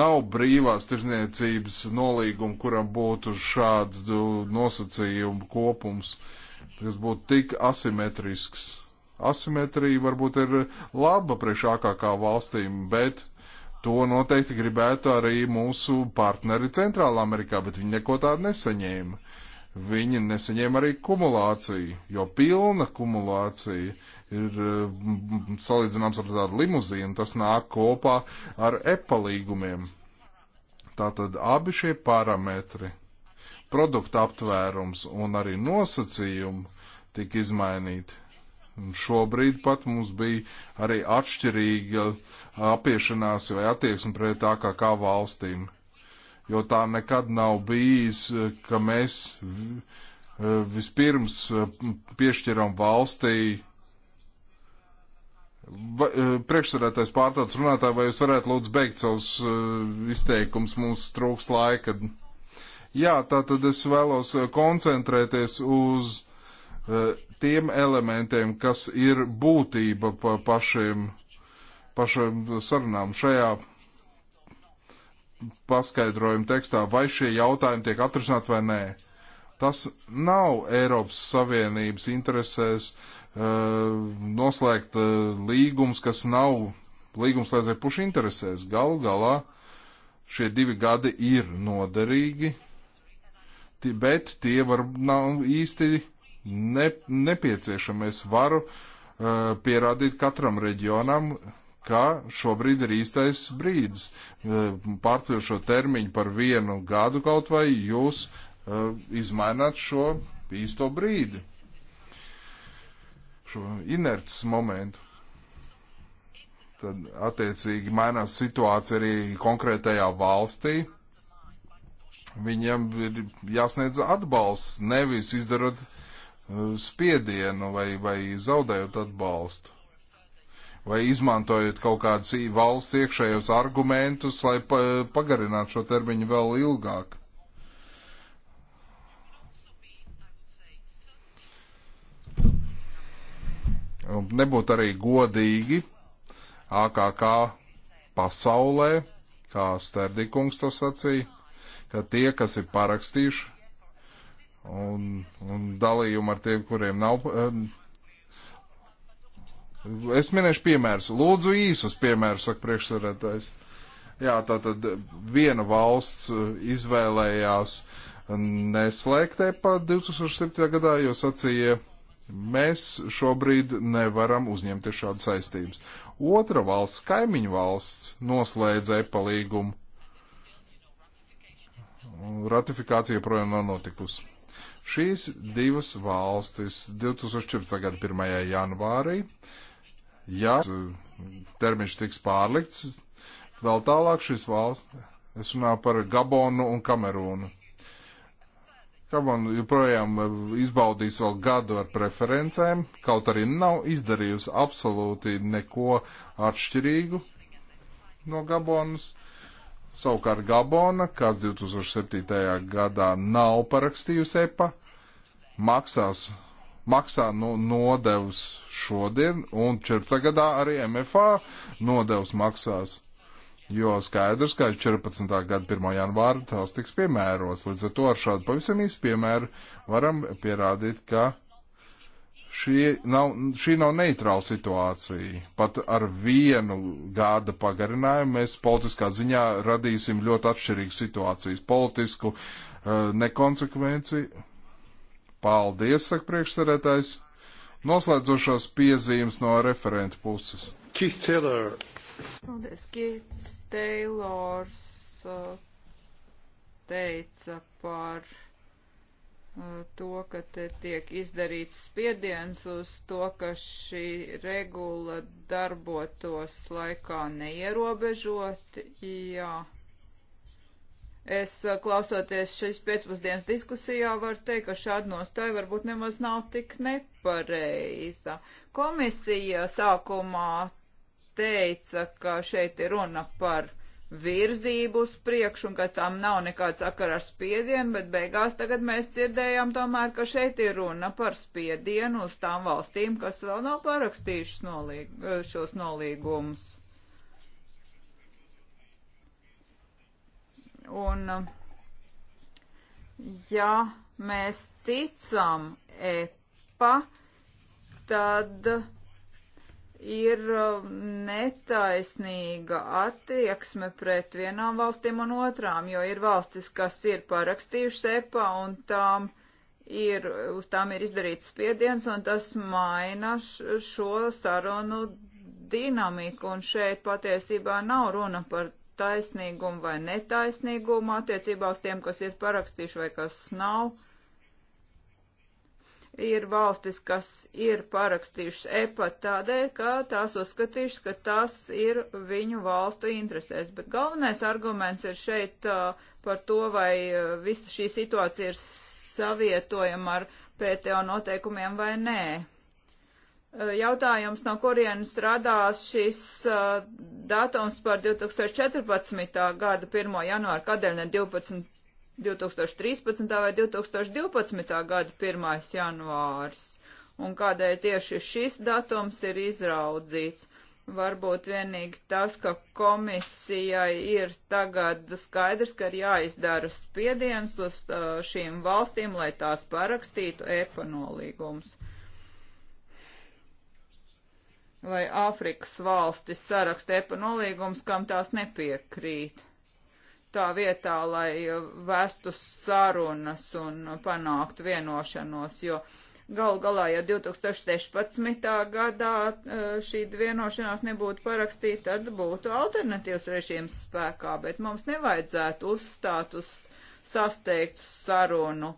Nav brīvās tirzniecības nolīguma, kuram būtu šāds nosacījumu kopums, kas būtu tik asimetrisks. Asimetrija varbūt ir laba priekš AKK valstīm, bet to noteikti gribētu arī mūsu partneri Centrālā Amerikā, bet viņi neko tādu nesaņēma viņi nesaņēma arī kumulāciju, jo pilna kumulācija ir eh, salīdzināms ar tādu limuzīnu, tas nāk kopā ar EPA līgumiem. Tātad abi šie parametri, produkta aptvērums un arī nosacījumi tika izmainīti. Un šobrīd pat mums bija arī atšķirīga apiešanās vai attieksme pret tā kā, kā valstīm. Jo tā nekad nav bijis, ka mēs eh, vispirms eh, piešķiram valstī E, priekšsēdētājs pārtrauc runātāju, vai jūs varētu lūdzu beigt savus e, izteikums, mums trūks laika. Jā, tātad es vēlos e, koncentrēties uz tiem elementiem, kas ir būtība pa pašiem, pašiem sarunām šajā paskaidrojuma tekstā, vai šie jautājumi tiek atrisināti vai nē. Tas nav Eiropas Savienības interesēs Eh, noslēgt eh, līgums, kas nav līgumslēdzēju pušu interesēs. Galu galā šie divi gadi ir noderīgi, bet tie var nav īsti ne, nepieciešami. Es varu uh, pierādīt katram reģionam, ka šobrīd ir īstais brīdis. Uh, Pārceļot šo termiņu par vienu gadu kaut vai jūs uh, izmaināt šo īsto brīdi šo inerces momentu. Tad, attiecīgi, mainās situācija arī konkrētajā valstī. Viņam ir jāsniedz atbalsts, nevis izdarot uh, spiedienu vai, vai zaudējot atbalstu. Vai izmantojot kaut kādus valsts iekšējos argumentus, lai pagarinātu šo termiņu vēl ilgāk. Nebūtu arī godīgi AKK pasaulē, kā Sterdikungs to sacīja, ka tie, kas ir parakstījuši un, un dalījumu ar tiem, kuriem nav. Eh, es minēšu piemērus. Lūdzu īsus piemērus, saka priekšsarētājs. Jā, tātad viena valsts eh, izvēlējās neslēgt EPA 2007. gadā, jo sacīja, Mēs šobrīd nevaram uzņemties šādas saistības. Otra valsts, kaimiņu valsts, noslēdz EPA līgumu. Ratifikācija joprojām nav notikusi. Šīs divas valstis 2014. gada 1. janvārī, ja termiņš tiks pārlikts, vēl tālāk šīs valsts, es runāju par Gabonu un Kamerūnu ka man joprojām eh, izbaudīs vēl gadu ar preferencēm, kaut arī nav izdarījusi absolūti neko atšķirīgu no Gabonas. Savukārt Gabona, kas 2007. gadā nav parakstījusi EPA, maksās, maksā no, nodevs šodien, un 14. gadā arī MFA nodevs maksās jo skaidrs, ka 14. gada 1. janvāra tās tiks piemērots. Līdz ar to ar šādu pavisam īstu piemēru varam pierādīt, ka šī nav, šī nav neitrāla situācija. Pat ar vienu gada pagarinājumu mēs politiskā ziņā radīsim ļoti atšķirīgas situācijas. Politisku eh, nekonsekvenci. Paldies, saka priekšsarētājs. Noslēdzošās piezīmes no referenta puses. Keith Taylor Paldies, Kits Teilors uh, teica par uh, to, ka te tiek izdarīts spiediens uz to, ka šī regula darbotos laikā neierobežot. Jā. Es uh, klausoties šīs pēcpusdienas diskusijā varu teikt, ka šāda nostāja varbūt nemaz nav tik nepareiza. Komisija sākumā teica, ka šeit ir runa par virzību uz priekšu un ka tam nav nekāds sakara ar spiedienu, bet beigās tagad mēs dzirdējām tomēr, ka šeit ir runa par spiedienu uz tām valstīm, kas vēl nav parakstījušas nolīg šos nolīgumus. Un, ja mēs ticam EPA, tad uh, ir um, netaisnīga attieksme pret vienām valstīm un otrām, jo ir valstis, kas ir parakstījušas EPA un tām ir, uz tām ir izdarīts spiediens un tas maina šo sarunu dinamiku un šeit patiesībā nav runa par taisnīgumu vai netaisnīgumu attiecībā uz tiem, kas ir parakstījuši vai kas nav ir valstis, kas ir parakstījušas EPA tādēļ, ka tās uzskatījušas, ka tas ir viņu valstu interesēs. Bet galvenais arguments ir šeit uh, par to, vai uh, visa šī situācija ir savietojama ar PTO noteikumiem vai nē. Uh, jautājums, no kurienes radās šis uh, datums par 2014. gada 1. janvāru, kādēļ ne 12. 2013. vai 2012. gada 1. janvārs. Un kādēļ tieši šis datums ir izraudzīts? Varbūt vienīgi tas, ka komisijai ir tagad skaidrs, ka ir jāizdara spiediens uz šīm valstīm, lai tās parakstītu EPA nolīgums lai Āfrikas valstis saraksta EPA nolīgums, kam tās nepiekrīt tā vietā, lai uh, vestu sarunas un panāktu vienošanos, jo galu galā, ja 2016. gadā uh, šī vienošanās nebūtu parakstīta, tad būtu alternatīvs režīms spēkā, bet mums nevajadzētu uzstāt uz sasteigtu sarunu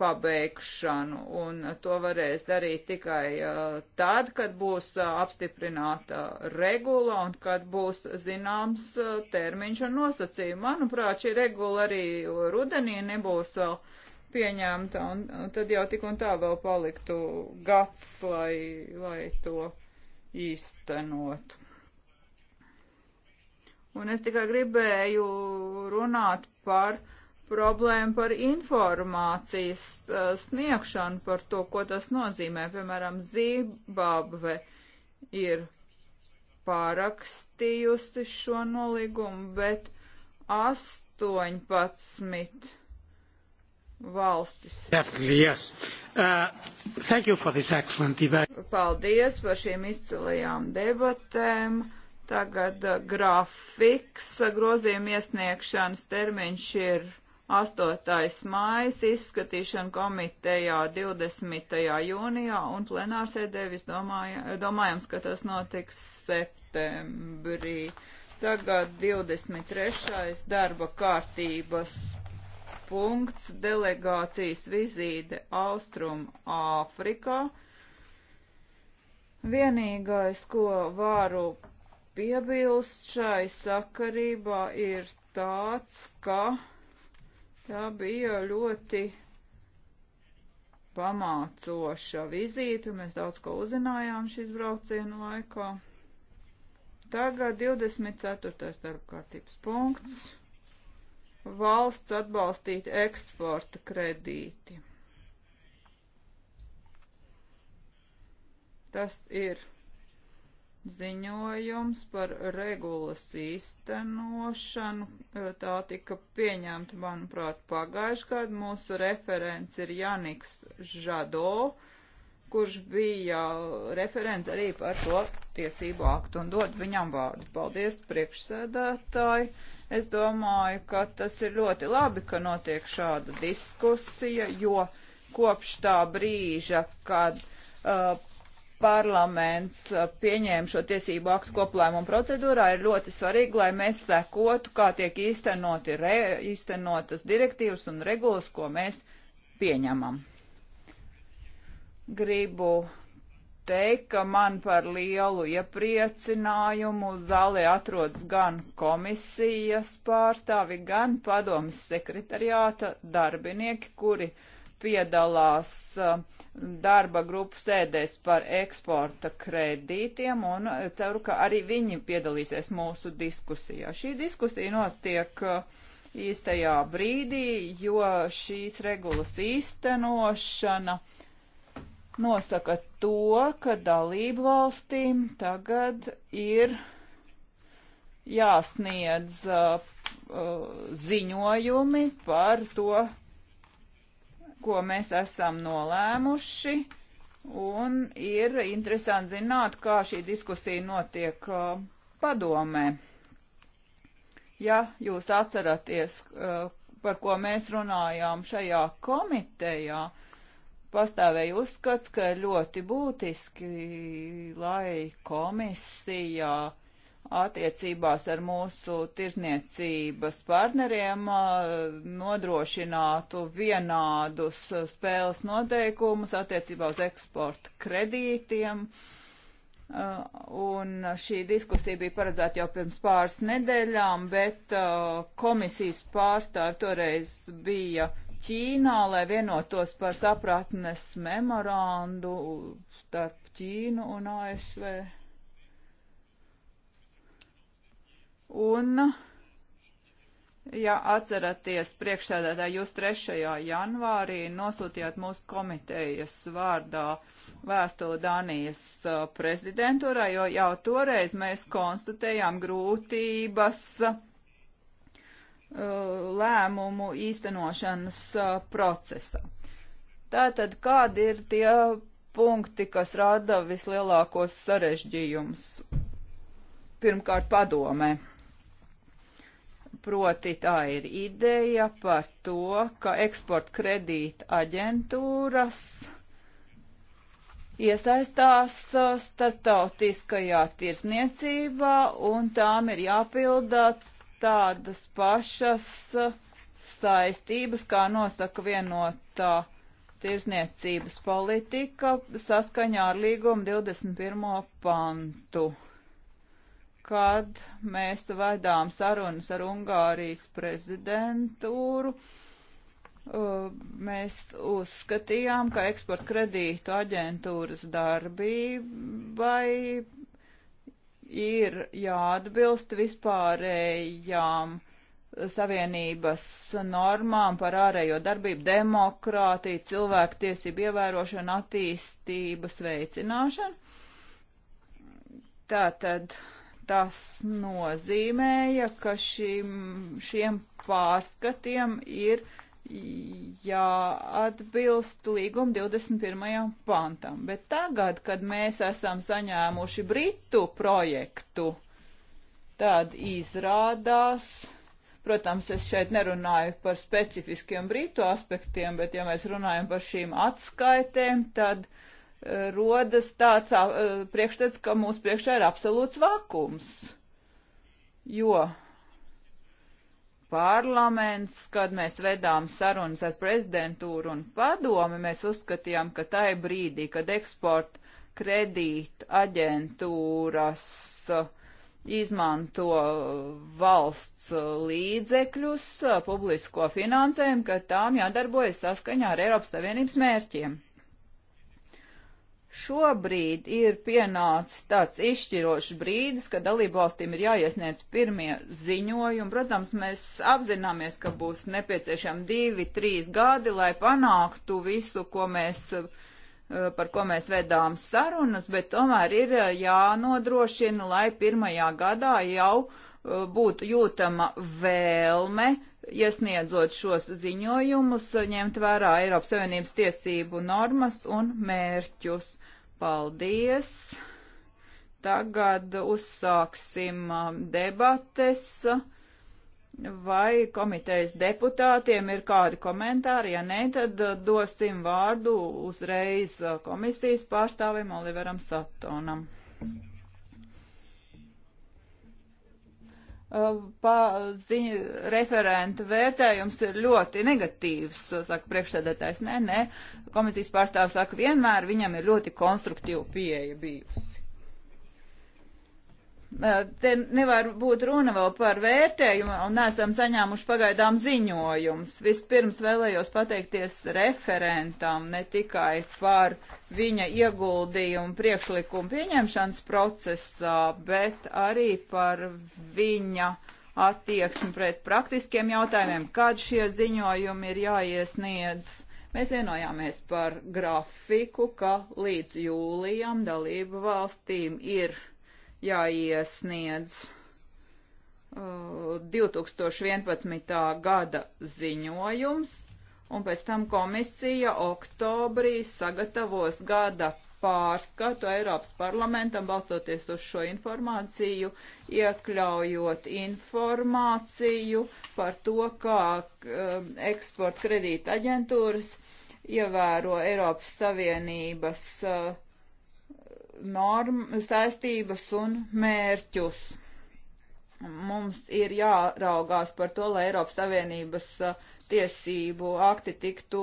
pabeigšanu, un to varēs darīt tikai uh, tad, kad būs uh, apstiprināta regula un kad būs zināms uh, termiņš un nosacījumi. Manuprāt, šī regula arī rudenī nebūs vēl pieņemta, un, un tad jau tik un tā vēl paliktu gads, lai, lai to īstenotu. Un es tikai gribēju runāt par uh, problēma par informācijas uh, sniegšanu, par to, ko tas nozīmē. Piemēram, Zimbabve ir pārakstījusi šo nolīgumu, bet 18 valstis. Yes. Uh, Paldies par šīm izcilajām debatēm. Tagad uh, grafiks, uh, grozījuma iesniegšanas termiņš ir 8. mājas izskatīšana komitejā 20. jūnijā un plenārsēdē visdomājams, ka tas notiks septembrī. Tagad 23. darba kārtības punkts delegācijas vizīte Austrum Āfrikā. Vienīgais, ko varu piebilst šai sakarībā, ir tāds, ka Tā bija ļoti pamācoša vizīte, mēs daudz ko uzzinājām šīs braucienu laikā. Tagad 24. darba kārtības punkts - valsts atbalstīt eksporta kredīti. Tas ir ziņojums par regulas īstenošanu. Tā tika pieņemta, manuprāt, pagājuši gadu. Mūsu referents ir Janiks Žado, kurš bija referents arī par šo tiesību aktu un dod viņam vārdu. Paldies, priekšsēdētāji. Es domāju, ka tas ir ļoti labi, ka notiek šāda diskusija, jo kopš tā brīža, kad uh, parlaments eh, pieņēma šo tiesību aktu koplēmumu procedūrā, ir ļoti svarīgi, lai mēs sekotu, kā tiek īstenoti re, īstenotas direktīvas un regulas, ko mēs pieņemam. Gribu teikt, ka man par lielu iepriecinājumu zālē atrodas gan komisijas pārstāvi, gan padomas sekretariāta darbinieki, kuri piedalās uh, darba grupu sēdēs par eksporta kredītiem un ceru, ka arī viņi piedalīsies mūsu diskusijā. Šī diskusija notiek uh, īstajā brīdī, jo šīs regulas īstenošana nosaka to, ka dalību valstīm tagad ir jāsniedz uh, uh ziņojumi par to, ko mēs esam nolēmuši. Un ir interesanti zināt, kā šī diskusija notiek uh, padomē. Ja jūs atceraties, uh, par ko mēs runājām šajā komitejā, pastāvēja uzskats, ka ļoti būtiski, lai komisijā attiecībās ar mūsu tirzniecības partneriem nodrošinātu vienādus spēles noteikumus attiecībā uz eksporta kredītiem. Un šī diskusija bija paredzēta jau pirms pāris nedēļām, bet komisijas pārstāvi toreiz bija Ķīnā, lai vienotos par sapratnes memorandu starp Ķīnu un ASV. Un, ja atceraties, priekšsēdētā jūs 3. janvārī nosūtījāt mūsu komitejas vārdā vēstuli Danijas prezidentūrā, jo jau toreiz mēs konstatējām grūtības lēmumu īstenošanas procesā. Tātad, kādi ir tie punkti, kas rada vislielākos sarežģījumus? Pirmkārt, padomē. Proti tā ir ideja par to, ka eksporta kredīta aģentūras iesaistās uh, starptautiskajā tirsniecībā un tām ir jāpildā tādas pašas uh, saistības, kā nosaka vienotā tirsniecības politika saskaņā ar līgumu 21. pantu kad mēs vedām sarunas ar Ungārijas prezidentūru, uh, mēs uzskatījām, ka eksporta kredītu aģentūras darbībai ir jāatbilst vispārējām savienības normām par ārējo darbību, demokrātiju, cilvēku tiesību ievērošanu, attīstības veicināšanu. Tātad. tad tas nozīmēja, ka šim, šiem pārskatiem ir jāatbilst līguma 21. pantam. Bet tagad, kad mēs esam saņēmuši Britu projektu, tad izrādās, protams, es šeit nerunāju par specifiskiem Britu aspektiem, bet ja mēs runājam par šīm atskaitēm, tad uh, rodas tāds priekšstats, ka mūsu priekšā ir absolūts vakums. Jo parlaments, kad mēs vedām sarunas ar prezidentūru un padomi, mēs uzskatījām, ka tai brīdī, kad eksporta kredīta aģentūras izmanto valsts līdzekļus, publisko finansējumu, ka tām jādarbojas saskaņā ar Eiropas Savienības mērķiem. Šobrīd ir pienācis tāds izšķirošs brīdis, ka dalībvalstīm ir jāiesniedz pirmie ziņojumi. Protams, mēs apzināmies, ka būs nepieciešami divi, trīs gadi, lai panāktu visu, ko mēs, eh, par ko mēs vedām sarunas, bet tomēr ir eh, jānodrošina, lai pirmajā gadā jau eh, būtu jūtama vēlme iesniedzot šos ziņojumus, ņemt vērā Eiropas Savienības tiesību normas un mērķus. Paldies! Tagad uzsāksim um, debates. Vai komitejas deputātiem ir kādi komentāri? Ja nē, tad uh, dosim vārdu uzreiz uh, komisijas pārstāvim Oliveram Satonam. Mm -hmm. Pa, ziņu, referenta vērtējums ir ļoti negatīvs, saka priekšsēdētājs. Nē, nē, komisijas pārstāvs saka, vienmēr viņam ir ļoti konstruktīva pieeja bijusi. Eh, te nevar būt runa vēl par vērtējumu, un neesam saņēmuši pagaidām ziņojums. Vispirms vēlējos pateikties referentam ne tikai par viņa ieguldījumu priekšlikumu pieņemšanas procesā, bet arī par viņa attieksmi pret praktiskiem jautājumiem, kad šie ziņojumi ir jāiesniedz. Mēs vienojāmies par grafiku, ka līdz jūlijam dalību valstīm ir jāiesniedz uh, 2011. gada ziņojums, un pēc tam komisija oktobrī sagatavos gada pārskatu Eiropas parlamentam, balstoties uz šo informāciju, iekļaujot informāciju par to, kā um, eksporta kredīta aģentūras ievēro Eiropas Savienības uh, norm, saistības un mērķus. Mums ir jāraugās par to, lai Eiropas Savienības tiesību akti tiktu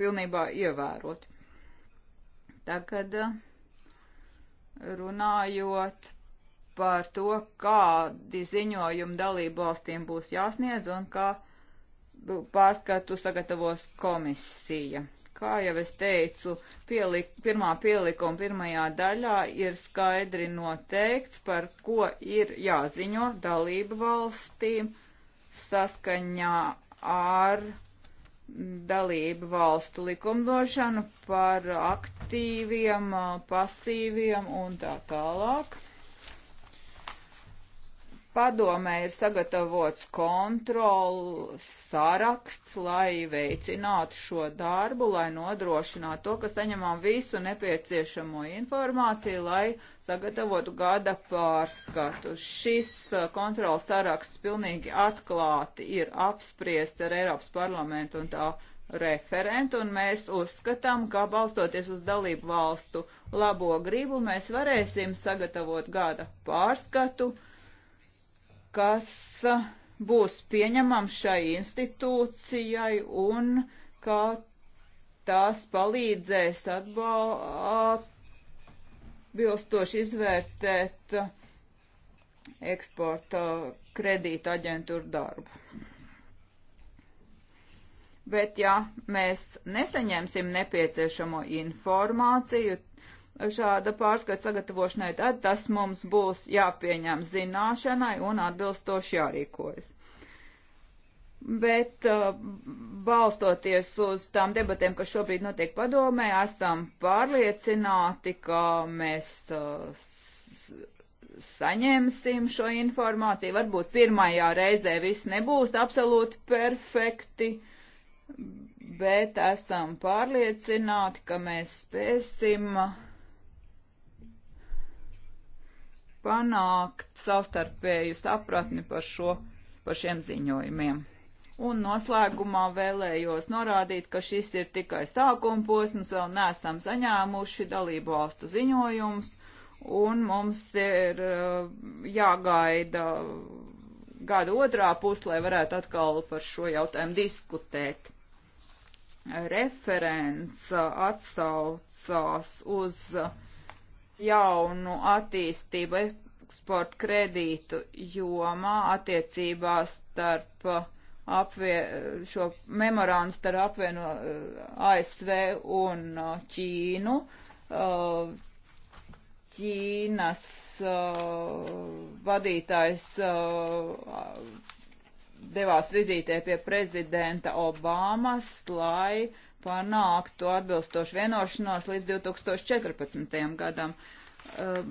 pilnībā ievēroti. Tagad runājot par to, kādi ziņojumi dalību valstīm būs jāsniedz un kā nu, pārskatu sagatavos komisija kā jau es teicu, pielik, pirmā pielikuma pirmajā daļā ir skaidri noteikts, par ko ir jāziņo dalību valstīm saskaņā ar dalību valstu likumdošanu par aktīviem, pasīviem un tā tālāk. Padomē ir sagatavots kontrols saraksts, lai veicinātu šo darbu, lai nodrošinātu to, ka saņemam visu nepieciešamo informāciju, lai sagatavotu gada pārskatu. Šis uh, kontrols saraksts pilnīgi atklāti ir apspriests ar Eiropas parlamentu un tā referentu, un mēs uzskatām, ka balstoties uz dalību valstu labo gribu, mēs varēsim sagatavot gada pārskatu kas uh, būs pieņemams šai institūcijai un kā tās palīdzēs atbilstoši izvērtēt uh, eksporta kredīta aģentūra darbu. Bet ja mēs nesaņemsim nepieciešamo informāciju, šāda pārskata sagatavošanai, tad tas mums būs jāpieņem zināšanai un atbilstoši jārīkojas. Bet uh, balstoties uz tām debatēm, kas šobrīd notiek padomē, esam pārliecināti, ka mēs uh, saņemsim šo informāciju. Varbūt pirmajā reizē viss nebūs absolūti perfekti, bet esam pārliecināti, ka mēs spēsim uh, panākt savstarpēju sapratni par, šo, par šiem ziņojumiem. Un noslēgumā vēlējos norādīt, ka šis ir tikai sākuma posms, vēl neesam saņēmuši dalību valstu ziņojumus, un mums ir uh, jāgaida gada otrā puslē, lai varētu atkal par šo jautājumu diskutēt referents uh, atsaucās uz uh, jaunu attīstību eksporta kredītu jomā attiecībās starp apvie, šo memorandu starp apvieno eh, ASV un eh, Ķīnu. Eh, Ķīnas vadītājs devās vizītē pie prezidenta Obamas, lai uh, panāktu atbilstošu vienošanos līdz 2014. gadam. Ehm,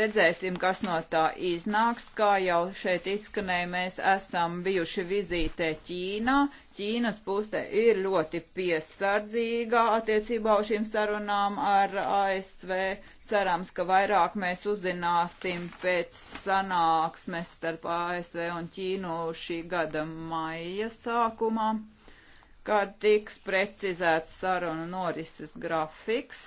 redzēsim, kas no tā iznāks. Kā jau šeit izskanēja, mēs esam bijuši vizītē Ķīnā. Ķīnas puse ir ļoti piesardzīga attiecībā uz šīm sarunām ar ASV. Cerams, ka vairāk mēs uzzināsim pēc sanāksmes starp ASV un Ķīnu šī gada maija sākumā kad tiks precizēts sarunu norises grafiks,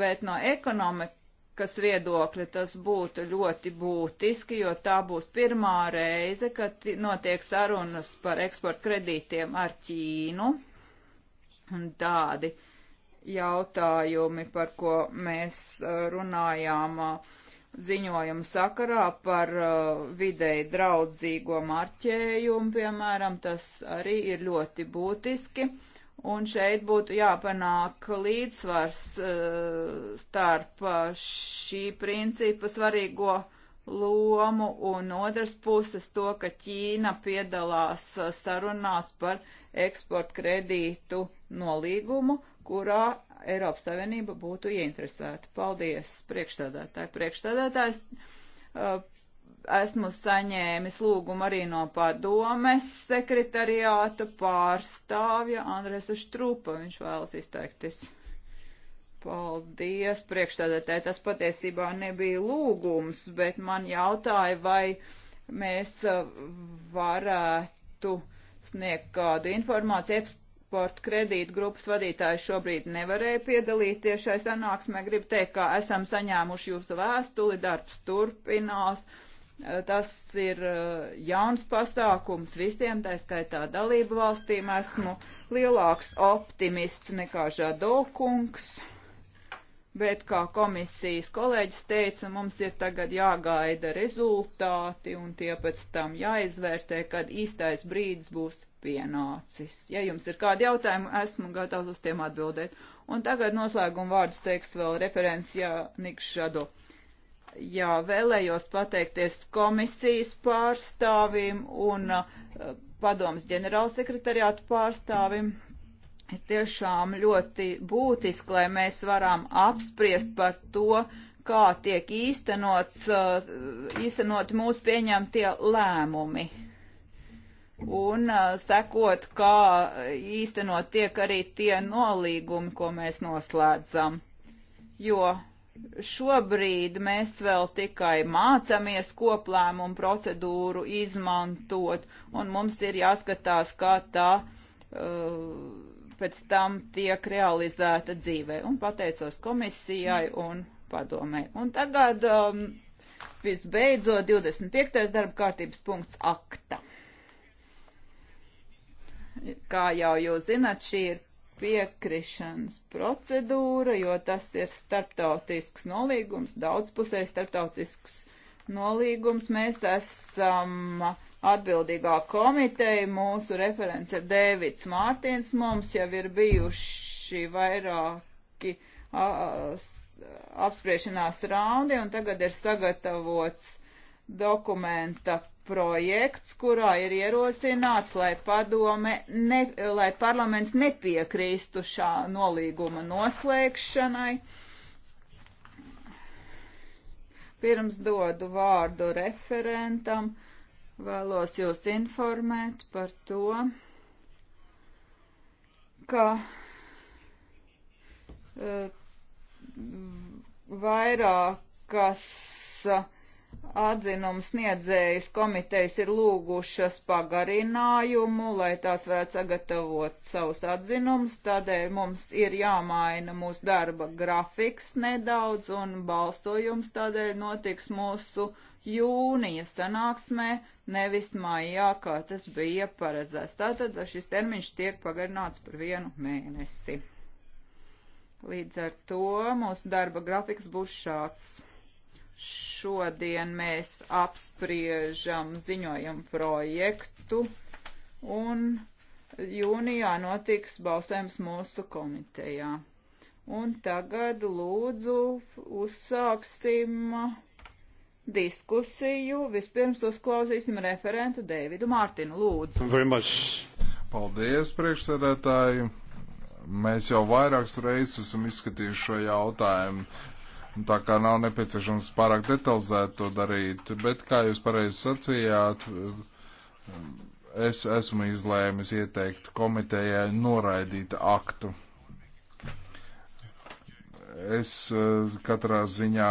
bet no ekonomikas viedokļa tas būtu ļoti būtiski, jo tā būs pirmā reize, kad notiek sarunas par eksporta kredītiem ar Ķīnu. Un tādi jautājumi, par ko mēs eh, runājām. Uh, ziņojumu sakarā par uh, videi draudzīgo marķējumu, piemēram, tas arī ir ļoti būtiski. Un šeit būtu jāpanāk līdzsvars uh, starp uh, šī principa svarīgo lomu un otras puses to, ka Ķīna piedalās uh, sarunās par eksporta kredītu nolīgumu, kurā Eiropas Savienība būtu ieinteresēta. Paldies, priekšsēdētāji. Priekšsēdētājs uh, esmu saņēmis lūgumu arī no padomes sekretariāta pārstāvja Andresa Štrupa. Viņš vēlas izteikties. Paldies, priekšsēdētāji. Tas patiesībā nebija lūgums, bet man jautāja, vai mēs uh, varētu sniegt kādu informāciju eksporta kredītu grupas vadītājs šobrīd nevarēja piedalīties šai sanāksmē. Gribu teikt, ka esam saņēmuši jūsu vēstuli, darbs turpinās. Eh, tas ir eh, jauns pasākums visiem, tā skaitā dalību valstīm. Esmu lielāks optimists nekā Žadokungs, bet, kā komisijas kolēģis teica, mums ir tagad jāgaida rezultāti un tie pēc tam jāizvērtē, kad īstais brīdis būs pienācis. Ja jums ir kādi jautājumi, esmu gatavs uz tiem atbildēt. Un tagad noslēguma vārdus teiks vēl referents Jāniks Šado. Jā, vēlējos pateikties komisijas pārstāvim un uh, padomas ģenerālsekretariātu pārstāvim. Ir tiešām ļoti būtiski, lai mēs varam apspriest par to, kā tiek īstenots, uh, eh, īstenot mūsu pieņemtie lēmumi un sekot, kā īstenot tiek arī tie nolīgumi, ko mēs noslēdzam. Jo šobrīd mēs vēl tikai mācamies koplēmumu procedūru izmantot, un mums ir jāskatās, kā tā uh, pēc tam tiek realizēta dzīvē. Un pateicos komisijai un padomē. Un tagad um, visbeidzot 25. darba kārtības punkts akta. Kā jau jūs zināt, šī ir piekrišanas procedūra, jo tas ir starptautisks nolīgums, daudzpusējs starptautisks nolīgums. Mēs esam atbildīgā komiteja, mūsu referents ir Dēvids Mārtiens, mums jau ir bijuši vairāki a, apspriešanās raundi, un tagad ir sagatavots dokumenta projekts, kurā ir ierosināts, lai, padome, ne, lai parlaments nepiekrīstu šā nolīguma noslēgšanai. Pirms dodu vārdu referentam, vēlos jūs informēt par to, ka eh, vairākas uh, atzinums sniedzējas komitejas ir lūgušas pagarinājumu, lai tās varētu sagatavot savus atzinumus, tādēļ mums ir jāmaina mūsu darba grafiks nedaudz un balsojums tādēļ notiks mūsu jūnija sanāksmē, nevis maijā, kā tas bija paredzēts. Tātad šis termiņš tiek pagarināts par vienu mēnesi. Līdz ar to mūsu darba grafiks būs šāds. Šodien mēs apspriežam ziņojumu projektu un jūnijā notiks balsojums mūsu komitejā. Un tagad lūdzu uzsāksim diskusiju. Vispirms uzklausīsim referentu Dēvidu Mārtinu. Lūdzu. Paldies, priekšsēdētāji. Mēs jau vairākas reizes esam izskatījuši šo jautājumu tā kā nav nepieciešams pārāk detalizēt to darīt, bet, kā jūs pareizi sacījāt, es esmu izlēmis ieteikt komitejai noraidīt aktu. Es eh, katrā ziņā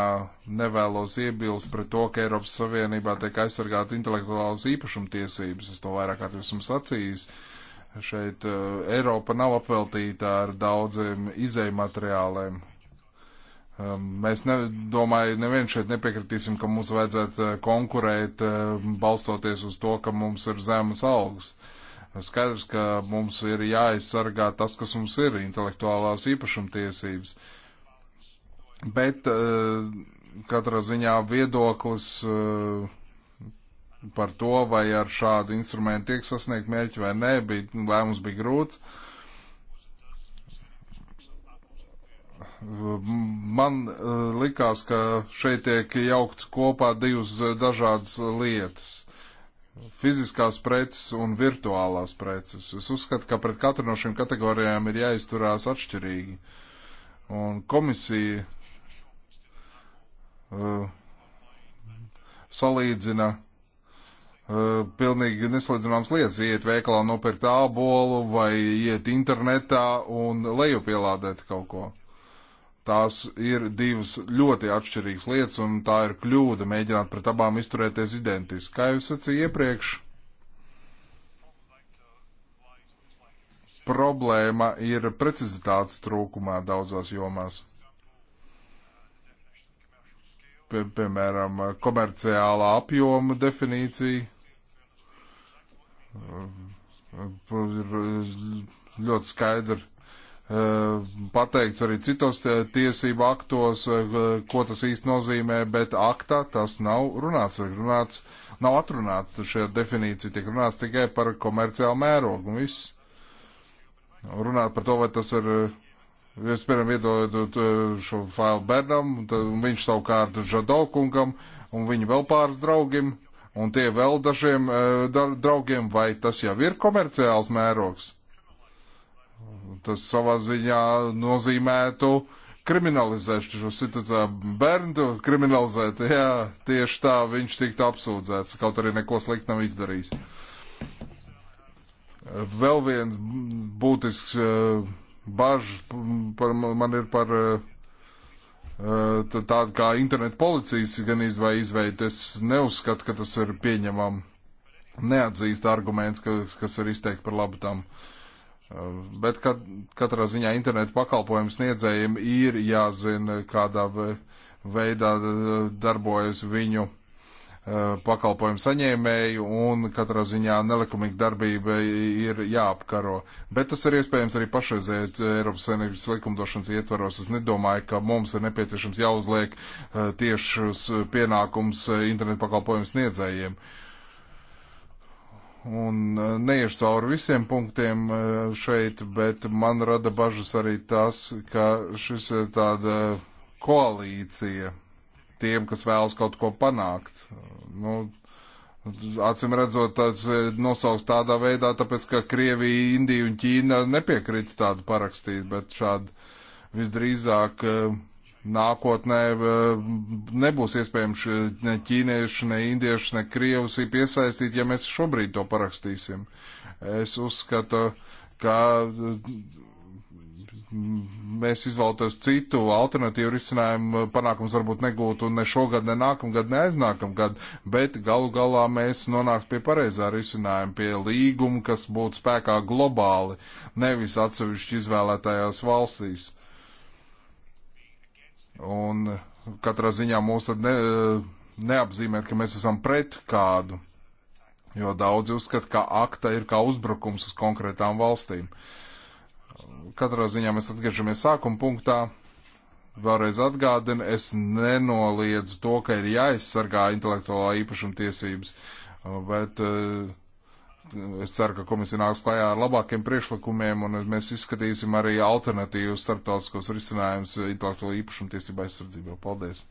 nevēlos iebilst pret to, ka Eiropas Savienībā tiek aizsargāta intelektuālās īpašumtiesības. Es to vairāk kārt esmu sacījis. Šeit eh, Eiropa nav apveltīta ar daudziem izējumateriāliem, Um, mēs ne, domāju, neviens šeit nepiekritīsim, ka mums vajadzētu uh, konkurēt uh, balstoties uz to, ka mums ir zemas algas. Skaidrs, ka mums ir jāaizsargā tas, kas mums ir, intelektuālās īpašumtiesības. Bet uh, katrā ziņā viedoklis par to, vai ar šādu instrumentu tiek sasniegt mērķi vai nē, bija, lēmums bija grūts. Uh, man eh, likās, ka šeit tiek jaukts kopā divas dažādas lietas - fiziskās preces un virtuālās preces. Es uzskatu, ka pret katru no šīm kategorijām ir jāizturās atšķirīgi. Un komisija uh, salīdzina Uh, pilnīgi nesalīdzināmas lietas. Iet veikalā nopirkt ābolu vai iet internetā un lejupielādēt kaut ko. Tās ir divas ļoti atšķirīgas lietas, un tā ir kļūda mēģināt pret abām izturēties identiski. Kā jau sacīju iepriekš, problēma ir precizitātes trūkumā daudzās jomās. Pie, piemēram, komerciālā apjoma definīcija uh, uh, ir ļoti skaidra Eh, pateikts arī citos tiesību aktos, eh, ko tas īsti nozīmē, bet aktā tas nav runāts. runāts nav atrunāts šajā definīcija, tiek runāts tikai par komerciālu mērogu un viss. Runāt par to, vai tas ir, eh, es piemēram iedodot šo failu bērnam, un viņš savukārt Žadokungam, un viņu vēl pāris draugiem, un tie vēl dažiem draugiem, vai tas jau ir komerciāls mērogs? Tas savā ziņā nozīmētu kriminalizēt šo situāciju. Bērnu kriminalizēt, jā, tieši tā viņš tiktu apsūdzēts, kaut arī neko sliktu nav izdarījis. Vēl viens būtisks uh, eh, bažas par, man ir par uh, tādu kā internetu policijas gan izvai izveidu. Es neuzskatu, ka tas ir pieņemam. Neatzīst arguments, kas, kas ir izteikti par labu tam. Uh, Ehm, bet kad, katrā ziņā internetu pakalpojumu sniedzējiem ir jāzina, kādā veidā e, darbojas viņu e, pakalpojumu saņēmēju, un katrā ziņā nelikumīga darbība ir jāapkaro. Bet tas ir iespējams arī pašreizējais Eiropas Savienības likumdošanas ietvaros. Es nedomāju, ka mums ir nepieciešams jāuzliek e, tiešus pienākums internetu pakalpojumu sniedzējiem. Uh, un e, neiešu cauri visiem punktiem e, šeit, bet man rada bažas arī tas, ka šis ir tāda koalīcija tiem, kas vēlas kaut ko panākt. Nu, Acim redzot, tāds nosauks tādā veidā, tāpēc, ka Krievija, Indija un Ķīna nepiekrita tādu parakstīt, bet šādi visdrīzāk uh, nākotnē eh, nebūs iespējams ne ķīnieši, ne indieši, ne krievis piesaistīt, ja mēs šobrīd to parakstīsim. Es uzskatu, ka mm, mēs izvēlētos citu alternatīvu risinājumu, panākums varbūt negūtu ne šogad, ne nākamgad, ne aiznākamgad, bet galu galā mēs nonāktu pie pareizā risinājuma, pie līguma, kas būtu spēkā globāli, nevis atsevišķi izvēlētajās valstīs Un katrā ziņā mūs tad ne, eh, neapzīmē, ka mēs esam pret kādu, jo daudzi uzskata, ka akta ir kā uzbrukums uz konkrētām valstīm. Katrā ziņā mēs atgriežamies sākuma punktā. Vēlreiz atgādinu, es nenoliedzu to, ka ir jāaizsargā intelektuālā īpašuma tiesības, bet uh, Es ceru, ka komisija nāks klajā ar labākiem priekšlikumiem, un mēs izskatīsim arī alternatīvas starptautiskos risinājumus intelektuālo īpašumu tiesību aizsardzībā. Paldies!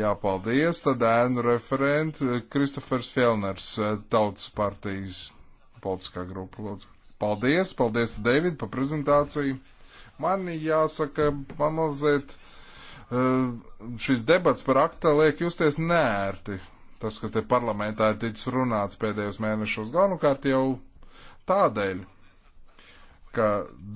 Jā, paldies. Tad ēnu referenti Kristofers Fjellners, Tautas partijas politiskā grupa. Lūdzu. Paldies, paldies, David, par prezentāciju. Man jāsaka, man mazliet Ehm, šīs debats par akta liek justies nērti. Tas, kas te parlamentā ir ticis runāts pēdējos mēnešos, galvenokārt jau tādēļ, ka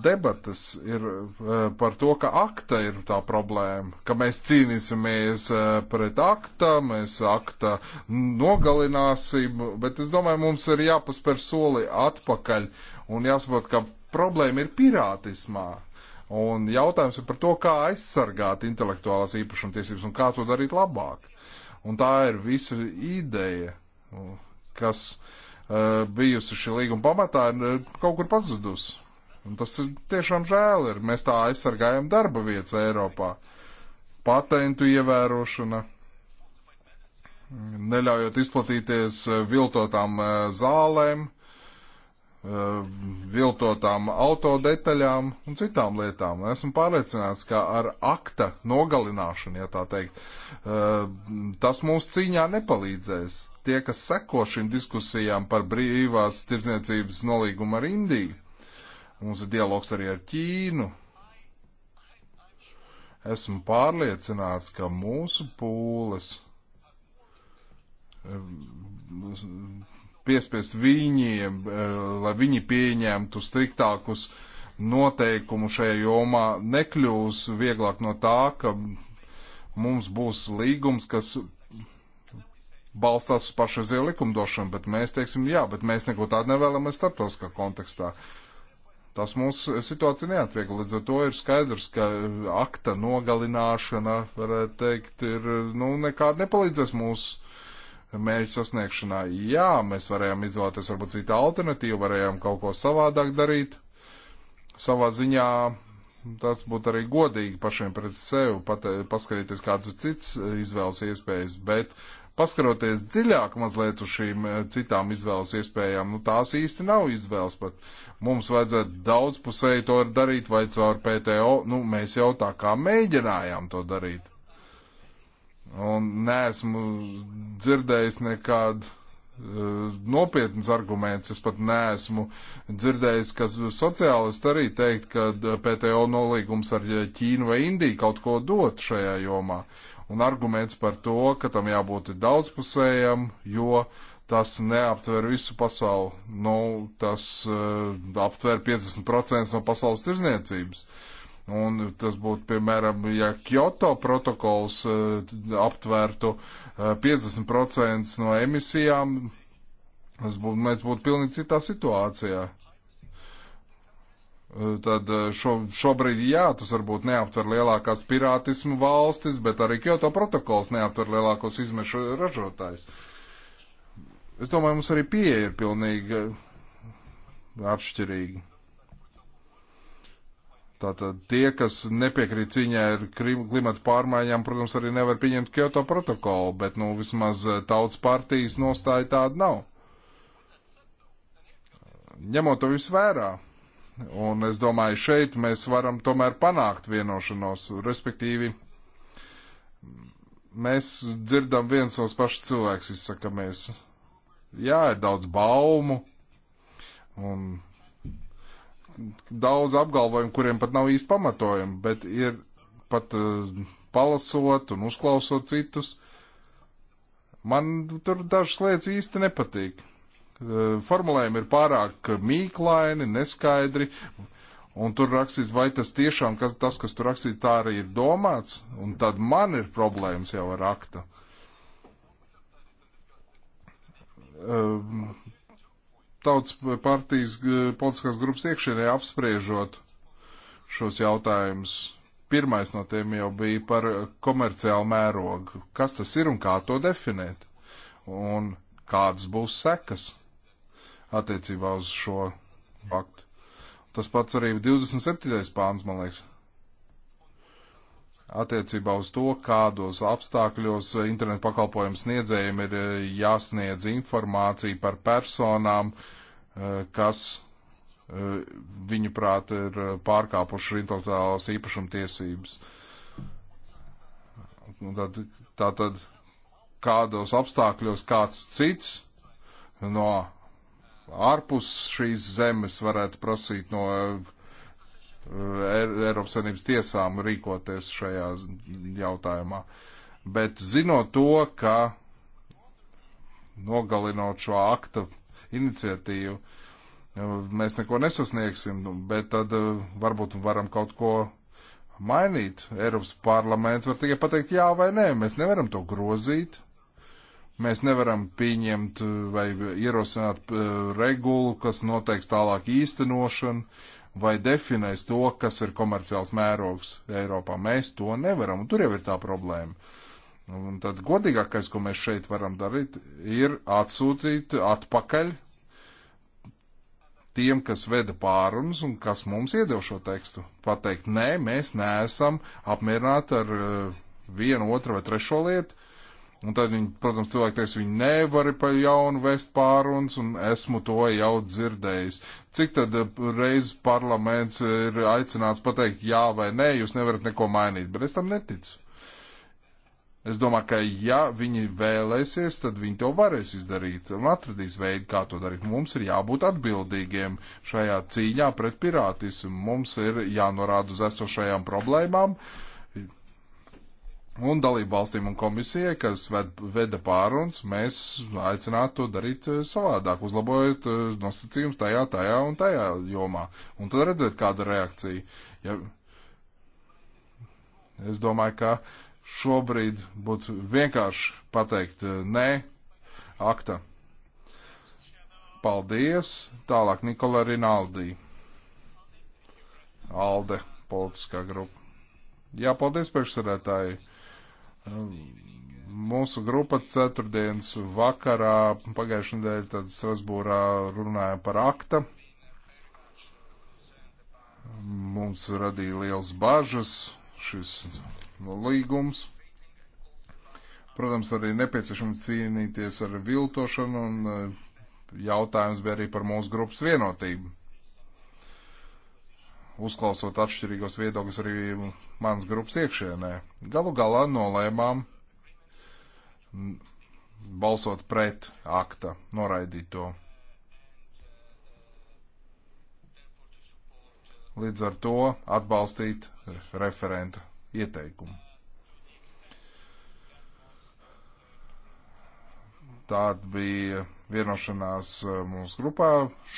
debatas ir e, par to, ka akta ir tā problēma, ka mēs cīnīsimies e, pret akta, mēs akta nogalināsim, bet es domāju, mums ir jāpaspēr soli atpakaļ un jāsaprot, ka problēma ir pirātismā, Un jautājums ir par to, kā aizsargāt intelektuālās īpašumtiesības un kā to darīt labāk. Un tā ir visa ideja, kas uh, bijusi šī līguma pamatā, ir eh, kaut kur pazudusi. Un tas ir tiešām žēl, ir mēs tā aizsargājam darba vietas Eiropā. Patentu ievērošana, neļaujot izplatīties eh, viltotām zālēm, Uh, viltotām autodetaļām un citām lietām. Esmu pārliecināts, ka ar akta nogalināšanu, ja tā teikt, uh, tas mūsu cīņā nepalīdzēs. Tie, kas seko šīm diskusijām par brīvās tirdzniecības nolīgumu ar Indiju, mums ir dialogs arī ar Ķīnu. Esmu pārliecināts, ka mūsu pūles uh, piespiest viņiem, eh, lai viņi pieņemtu striktākus noteikumu šajā jomā, nekļūs vieglāk no tā, ka mums būs līgums, kas balstās uz pašreizēju likumdošanu, bet mēs teiksim, jā, bet mēs neko tādu nevēlamies starptautiskā kontekstā. Tas mūsu situāciju neatviegli, līdz ar to ir skaidrs, ka akta nogalināšana, varētu teikt, ir, nu, nekāda nepalīdzēs mūsu mērķu sasniegšanā. Jā, mēs varējām izvēlēties varbūt citu alternatīvu, varējām kaut ko savādāk darīt. Savā ziņā tas būtu arī godīgi pašiem pret sevi, pat, eh, paskatīties kāds cits izvēles iespējas, bet paskaroties dziļāk mazliet uz šīm eh, citām izvēles iespējām, nu tās īsti nav izvēles, bet mums vajadzētu daudzpusēji to darīt vai caur PTO, nu mēs jau tā kā mēģinājām to darīt. Un neesmu dzirdējis nekādu uh, nopietnas arguments. Es pat neesmu dzirdējis, ka sociālisti arī teikt, ka e, PTO nolīgums ar Ķīnu vai Indiju kaut ko dot šajā jomā. Un arguments par to, ka tam jābūt daudzpusējam, jo tas neaptver visu pasauli. Nu, tas uh, aptver 50% no pasaules tirzniecības. Uh, Un tas būtu, piemēram, ja Kyoto protokols eh, aptvērtu 50% eh, no emisijām, tas būtu, mēs būtu pilnīgi citā situācijā. Eh, tad šo, šobrīd, jā, tas varbūt neaptver lielākās pirātismu valstis, bet arī Kyoto protokols neaptver lielākos izmešu ražotājs. Es domāju, mums arī pieeja ir pilnīgi atšķirīga. Tātad tie, kas nepiekrīt cīņai ar klimatu pārmaiņām, protams, arī nevar pieņemt Kyoto protokolu, bet, nu, vismaz eh, tautas partijas nostāja tāda nav. Ņemot to visu vērā, un es domāju, šeit mēs varam tomēr panākt vienošanos, respektīvi, mēs dzirdam viens tos pašus cilvēkus izsakamies. Jā, ir daudz baumu, un daudz apgalvojumu, kuriem pat nav īsti pamatojumi, bet ir pat uh, palasot un uzklausot citus. Man tur dažas lietas īsti nepatīk. Uh, formulējumi ir pārāk mīklaini, neskaidri, un tur rakstīts, vai tas tiešām, kas, tas, kas tur rakstīts, tā arī ir domāts, un tad man ir problēmas jau ar aktu. Uh, eh, tautas partijas politiskās grupas iekšienē apspriežot šos jautājumus. Pirmais no tiem jau bija par komerciālu mērogu. Kas tas ir un kā to definēt? Un kādas būs sekas attiecībā uz šo faktu? Tas pats arī 27. pāns, man liekas attiecībā uz to, kādos apstākļos internetu pakalpojumu sniedzējiem ir eh, jāsniedz informācija par personām, eh, kas eh, viņuprāt ir pārkāpuši intelektuālās īpašuma tiesības. Tad, tātad kādos apstākļos kāds cits no ārpus šīs zemes varētu prasīt no uh, Eiropas Savienības tiesām rīkoties šajā jautājumā. Bet zinot to, ka nogalinot šo akta iniciatīvu, mēs neko nesasniegsim, bet tad eh, varbūt varam kaut ko mainīt. Eiropas parlaments var tikai pateikt jā vai nē. Mēs nevaram to grozīt. Mēs nevaram pieņemt vai ierosināt eh, regulu, kas noteiks tālāk īstenošanu vai definēs to, kas ir komerciāls mērogs Eiropā. Mēs to nevaram, un tur jau ir tā problēma. Un tad godīgākais, ko mēs šeit varam darīt, ir atsūtīt atpakaļ tiem, kas veda pārunas un kas mums iedeva šo tekstu. Pateikt, nē, mēs neesam apmierināti ar eh, vienu, otru vai trešo lietu, Un tad, viņi, protams, cilvēki teiks, viņi nevar pa jaunu vest pārunas, un esmu to jau dzirdējis. Cik tad eh, reizes parlaments ir aicināts pateikt jā vai nē, jūs nevarat neko mainīt, bet es tam neticu. Es domāju, ka ja viņi vēlēsies, tad viņi to varēs izdarīt un atradīs veidu, kā to darīt. Mums ir jābūt atbildīgiem šajā cīņā pret pirātismu. Mums ir jānorāda uz esošajām problēmām. Uh, un dalību valstīm un komisijai, kas ved, veda pāruns, mēs aicinātu to darīt eh, savādāk, uzlabojot eh, nosacījums tajā, tajā un tajā jomā. Un tad redzēt, kāda reakcija. Ja... Es domāju, ka šobrīd būtu vienkārši pateikt eh, nē, akta. Paldies. Tālāk Nikola Rinaldī. Alde, politiskā grupa. Jā, paldies priekšsarētāji Mūsu grupa ceturtdienas vakarā pagājušajā nedēļā tad Strasbūrā runāja par akta. Mums radīja liels bažas šis līgums. Protams, arī nepieciešams cīnīties ar viltošanu un eh, jautājums bija arī par mūsu grupas vienotību uzklausot atšķirīgos viedokļus arī mans grupas iekšienē. Galu galā nolēmām balsot pret akta, noraidīt to. Līdz ar to atbalstīt referenta ieteikumu. Tāda bija vienošanās eh, mūsu grupā.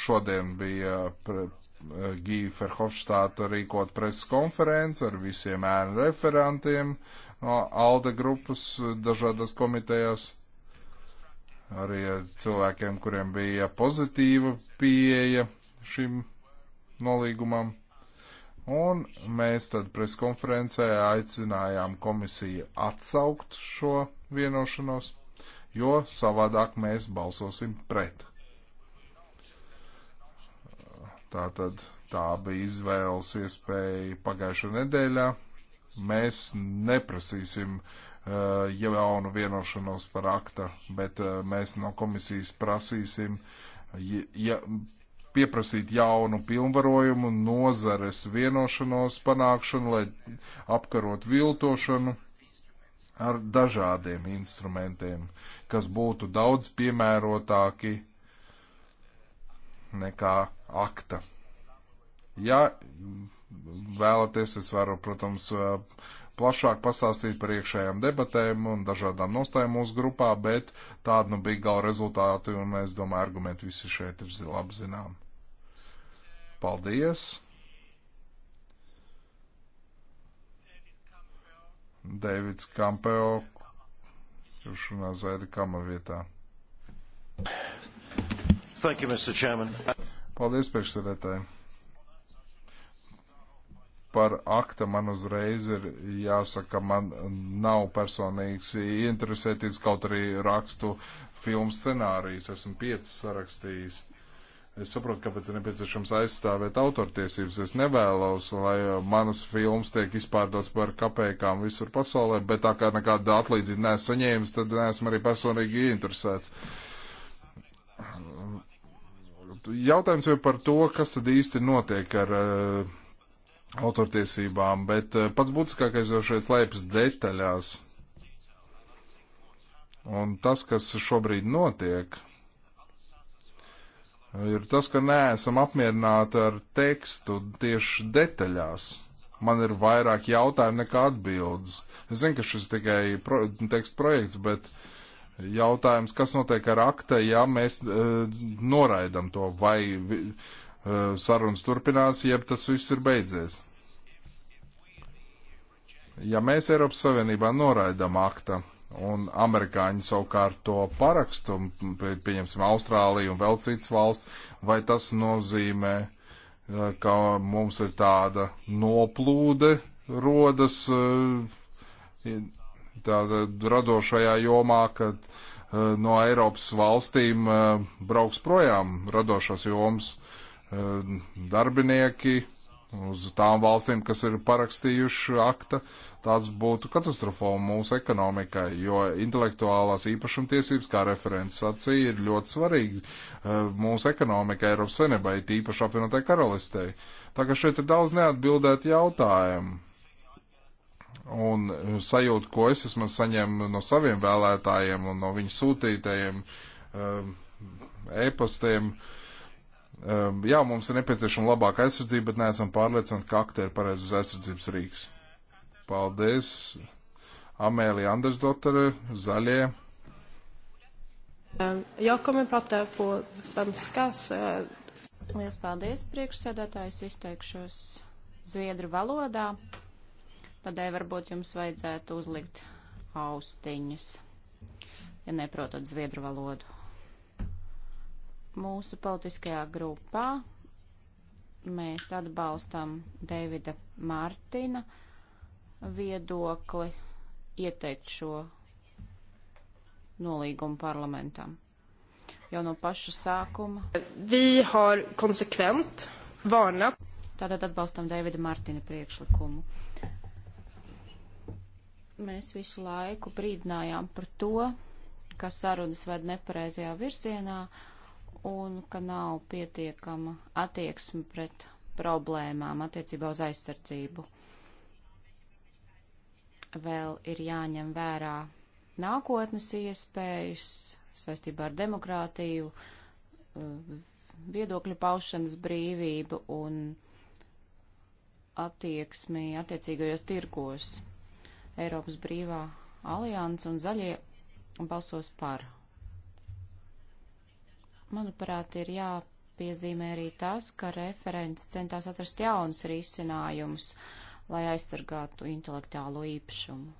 Šodien bija pre Eh, Gīja Ferhofštāta rīkot preses konferenci ar visiem ēnu referentiem no ALDE grupas eh, dažādas komitejas, arī ar cilvēkiem, kuriem bija pozitīva pieeja šim nolīgumam. Un mēs tad preskonferencē aicinājām komisiju atsaukt šo vienošanos, jo savādāk mēs balsosim pret. Tātad tā bija izvēles iespēja pagājušā nedēļā. Mēs neprasīsim uh, jaunu vienošanos par akta, bet uh, mēs no komisijas prasīsim ja, ja, pieprasīt jaunu pilnvarojumu, nozares vienošanos panākšanu, lai apkarot viltošanu ar dažādiem instrumentiem, kas būtu daudz piemērotāki nekā akta. Ja vēlaties, es varu, protams, plašāk pastāstīt par iekšējām debatēm un dažādām nostājām mūsu grupā, bet tāda nu bija gala rezultāti, un es domāju, argumenti visi šeit ir labi zinām. Paldies! Deivids Kampeo, kurš runā Zaida Kama vietā. Thank you, Mr. Chairman. Uh... Paldies, priekšsēdētāji. Par akta man uzreiz ir jāsaka, man nav personīgs interesētības, kaut arī rakstu filmu scenārijas, esmu piecas sarakstījis. Es saprotu, kāpēc ir nepieciešams aizstāvēt autortiesības. Es nevēlos, lai manas filmas tiek izpārdotas par kapēkām visur pasaulē, bet tā kā nekāda atlīdzība neesmu saņēmis, tad neesmu arī personīgi interesēts jautājums jau par to, kas tad īsti notiek ar uh, autortiesībām, bet uh, pats būtiskākais jau šeit slēpjas detaļās. Un tas, kas šobrīd notiek, ir tas, ka neesam apmierināti ar tekstu tieši detaļās. Man ir vairāk jautājumu nekā atbildes. Es zinu, ka šis tikai pro teksta projekts, bet uh, jautājums, kas notiek ar akta, ja mēs uh, noraidam to, vai uh, sarunas turpinās, jeb tas viss ir beidzies. Ja mēs Eiropas Savienībā noraidam akta un amerikāņi savukārt to parakstu, pieņemsim Austrāliju un vēl citas valsts, vai tas nozīmē, uh, ka mums ir tāda noplūde rodas uh, tādā radošajā jomā, kad uh, no Eiropas valstīm uh, brauks projām radošās jomas uh, darbinieki uz tām valstīm, kas ir parakstījuši akta. Tāds būtu katastrofa mūsu ekonomikai, jo intelektuālās īpašumtiesības, kā referents sacīja, ir ļoti svarīgi mūsu ekonomikai, Eiropas senībai, tīpaši apvienotai karalistei. Tā ka šeit ir daudz neatbildēt jautājumu un sajūta, ko es esmu saņēmu no saviem vēlētājiem un no viņu sūtītajiem um, e-pastiem. Um, jā, mums ir nepieciešama labāka aizsardzība, bet neesam pārliecināti, ka akta ir pareizes aizsardzības rīks. Paldies! Amēlija Andersdotere, Zaļie. Um, jā, ko mēs prātā po svenskas. Uh, Liels paldies, priekšsēdētājs, izteikšos zviedru valodā. Tādēļ varbūt jums vajadzētu uzlikt austiņas, ja neprotat zviedru valodu. Mūsu politiskajā grupā mēs atbalstam Davida Mārtina viedokli ieteikt šo nolīgumu parlamentam. Jau no paša sākuma. Vi har konsekvent varnat. Tātad atbalstam Davida Martina priekšlikumu. Mēs visu laiku brīdinājām par to, ka sarunas ved nepareizajā virzienā un ka nav pietiekama attieksme pret problēmām attiecībā uz aizsardzību. Vēl ir jāņem vērā nākotnes iespējas saistībā ar demokrātiju, eh, viedokļu paušanas brīvību un attieksmi attiecīgajos tirgos. Eiropas brīvā alianse un zaļie balsos par. Manuprāt, ir jāpiezīmē arī tas, ka referents centās atrast jaunus risinājumus, lai aizsargātu intelektuālo īpašumu.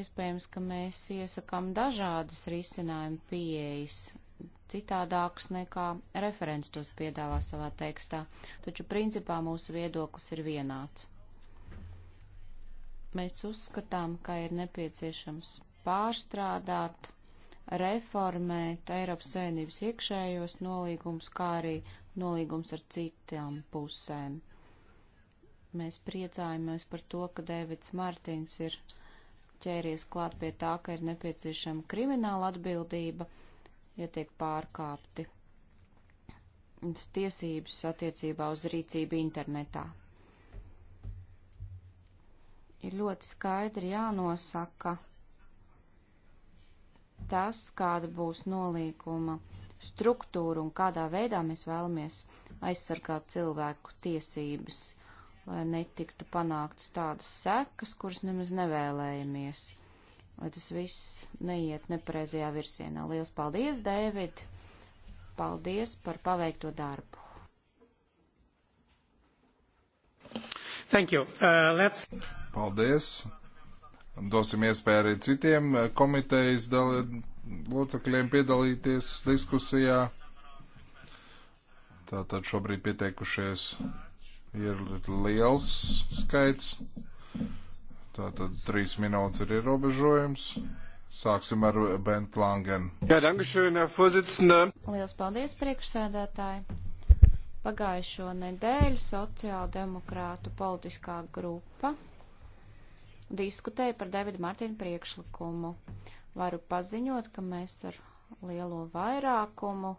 Iespējams, ka mēs iesakām dažādas risinājuma pieejas, citādākus nekā referents tos piedāvā savā tekstā, taču principā mūsu viedoklis ir vienāds. Mēs uzskatām, ka ir nepieciešams pārstrādāt, reformēt Eiropas Savienības iekšējos nolīgumus, kā arī nolīgums ar citām pusēm. Mēs priecājamies par to, ka Dēvids Martins ir ķēries klāt pie tā, ka ir nepieciešama krimināla atbildība ja tiek pārkāpti tiesības attiecībā uz rīcību internetā. Ir ļoti skaidri jānosaka tas, kāda būs nolīguma struktūra un kādā veidā mēs vēlamies aizsargāt cilvēku tiesības, lai netiktu panāktas tādas sekas, kuras nemaz nevēlējamies lai tas viss neiet nepareizajā virsienā. Liels paldies, Dēvid! Paldies par paveikto darbu! Thank you. Uh, let's... Paldies! Dosim iespēju arī citiem uh, komitejas locekļiem piedalīties diskusijā. Tātad šobrīd pieteikušies ir liels skaits. Tātad trīs minūtes ir ierobežojums. Sāksim ar Bent Langen. Jā, dankšēn, pozicinā. Lielas paldies, priekšsēdētāji. Pagājušo nedēļu sociāldemokrātu politiskā grupa diskutēja par Davida Martina priekšlikumu. Varu paziņot, ka mēs ar lielo vairākumu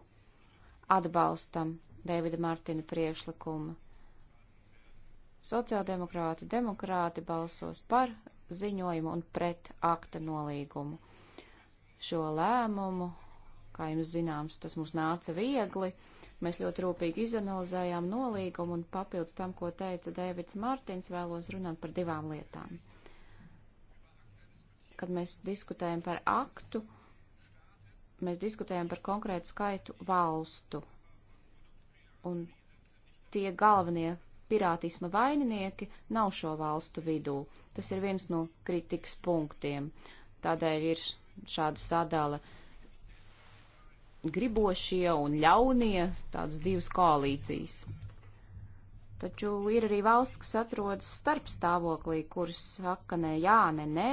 atbalstam Davida Martina priekšlikumu Sociāldemokrāti, demokrāti balsos par ziņojumu un pret akta nolīgumu. Šo lēmumu, kā jums zināms, tas mums nāca viegli. Mēs ļoti rūpīgi izanalizējām nolīgumu un papildus tam, ko teica Dēvids Mārtiņš, vēlos runāt par divām lietām. Kad mēs diskutējam par aktu, mēs diskutējam par konkrētu skaitu valstu. Un tie galvenie pirātisma vaininieki nav šo valstu vidū. Tas ir viens no kritikas punktiem. Tādēļ ir šāda sadala gribošie un ļaunie, tādas divas koalīcijas. Taču ir arī valsts, kas atrodas starp stāvoklī, kuras saka ne jā, ne nē,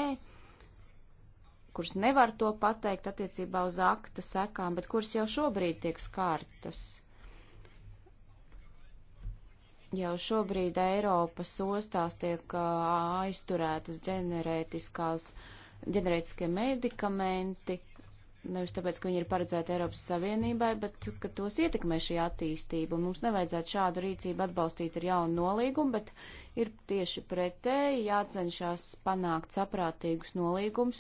kuras nevar to pateikt attiecībā uz akta sekām, bet kuras jau šobrīd tiek skārtas. Jau šobrīd Eiropas ostās tiek aizturētas ģenerētiskās, ģenerētiskie medikamenti, nevis tāpēc, ka viņi ir paredzēti Eiropas Savienībai, bet ka tos ietekmē šī attīstība. Un mums nevajadzētu šādu rīcību atbalstīt ar jaunu nolīgumu, bet ir tieši pretēji jācenšas panākt saprātīgus nolīgumus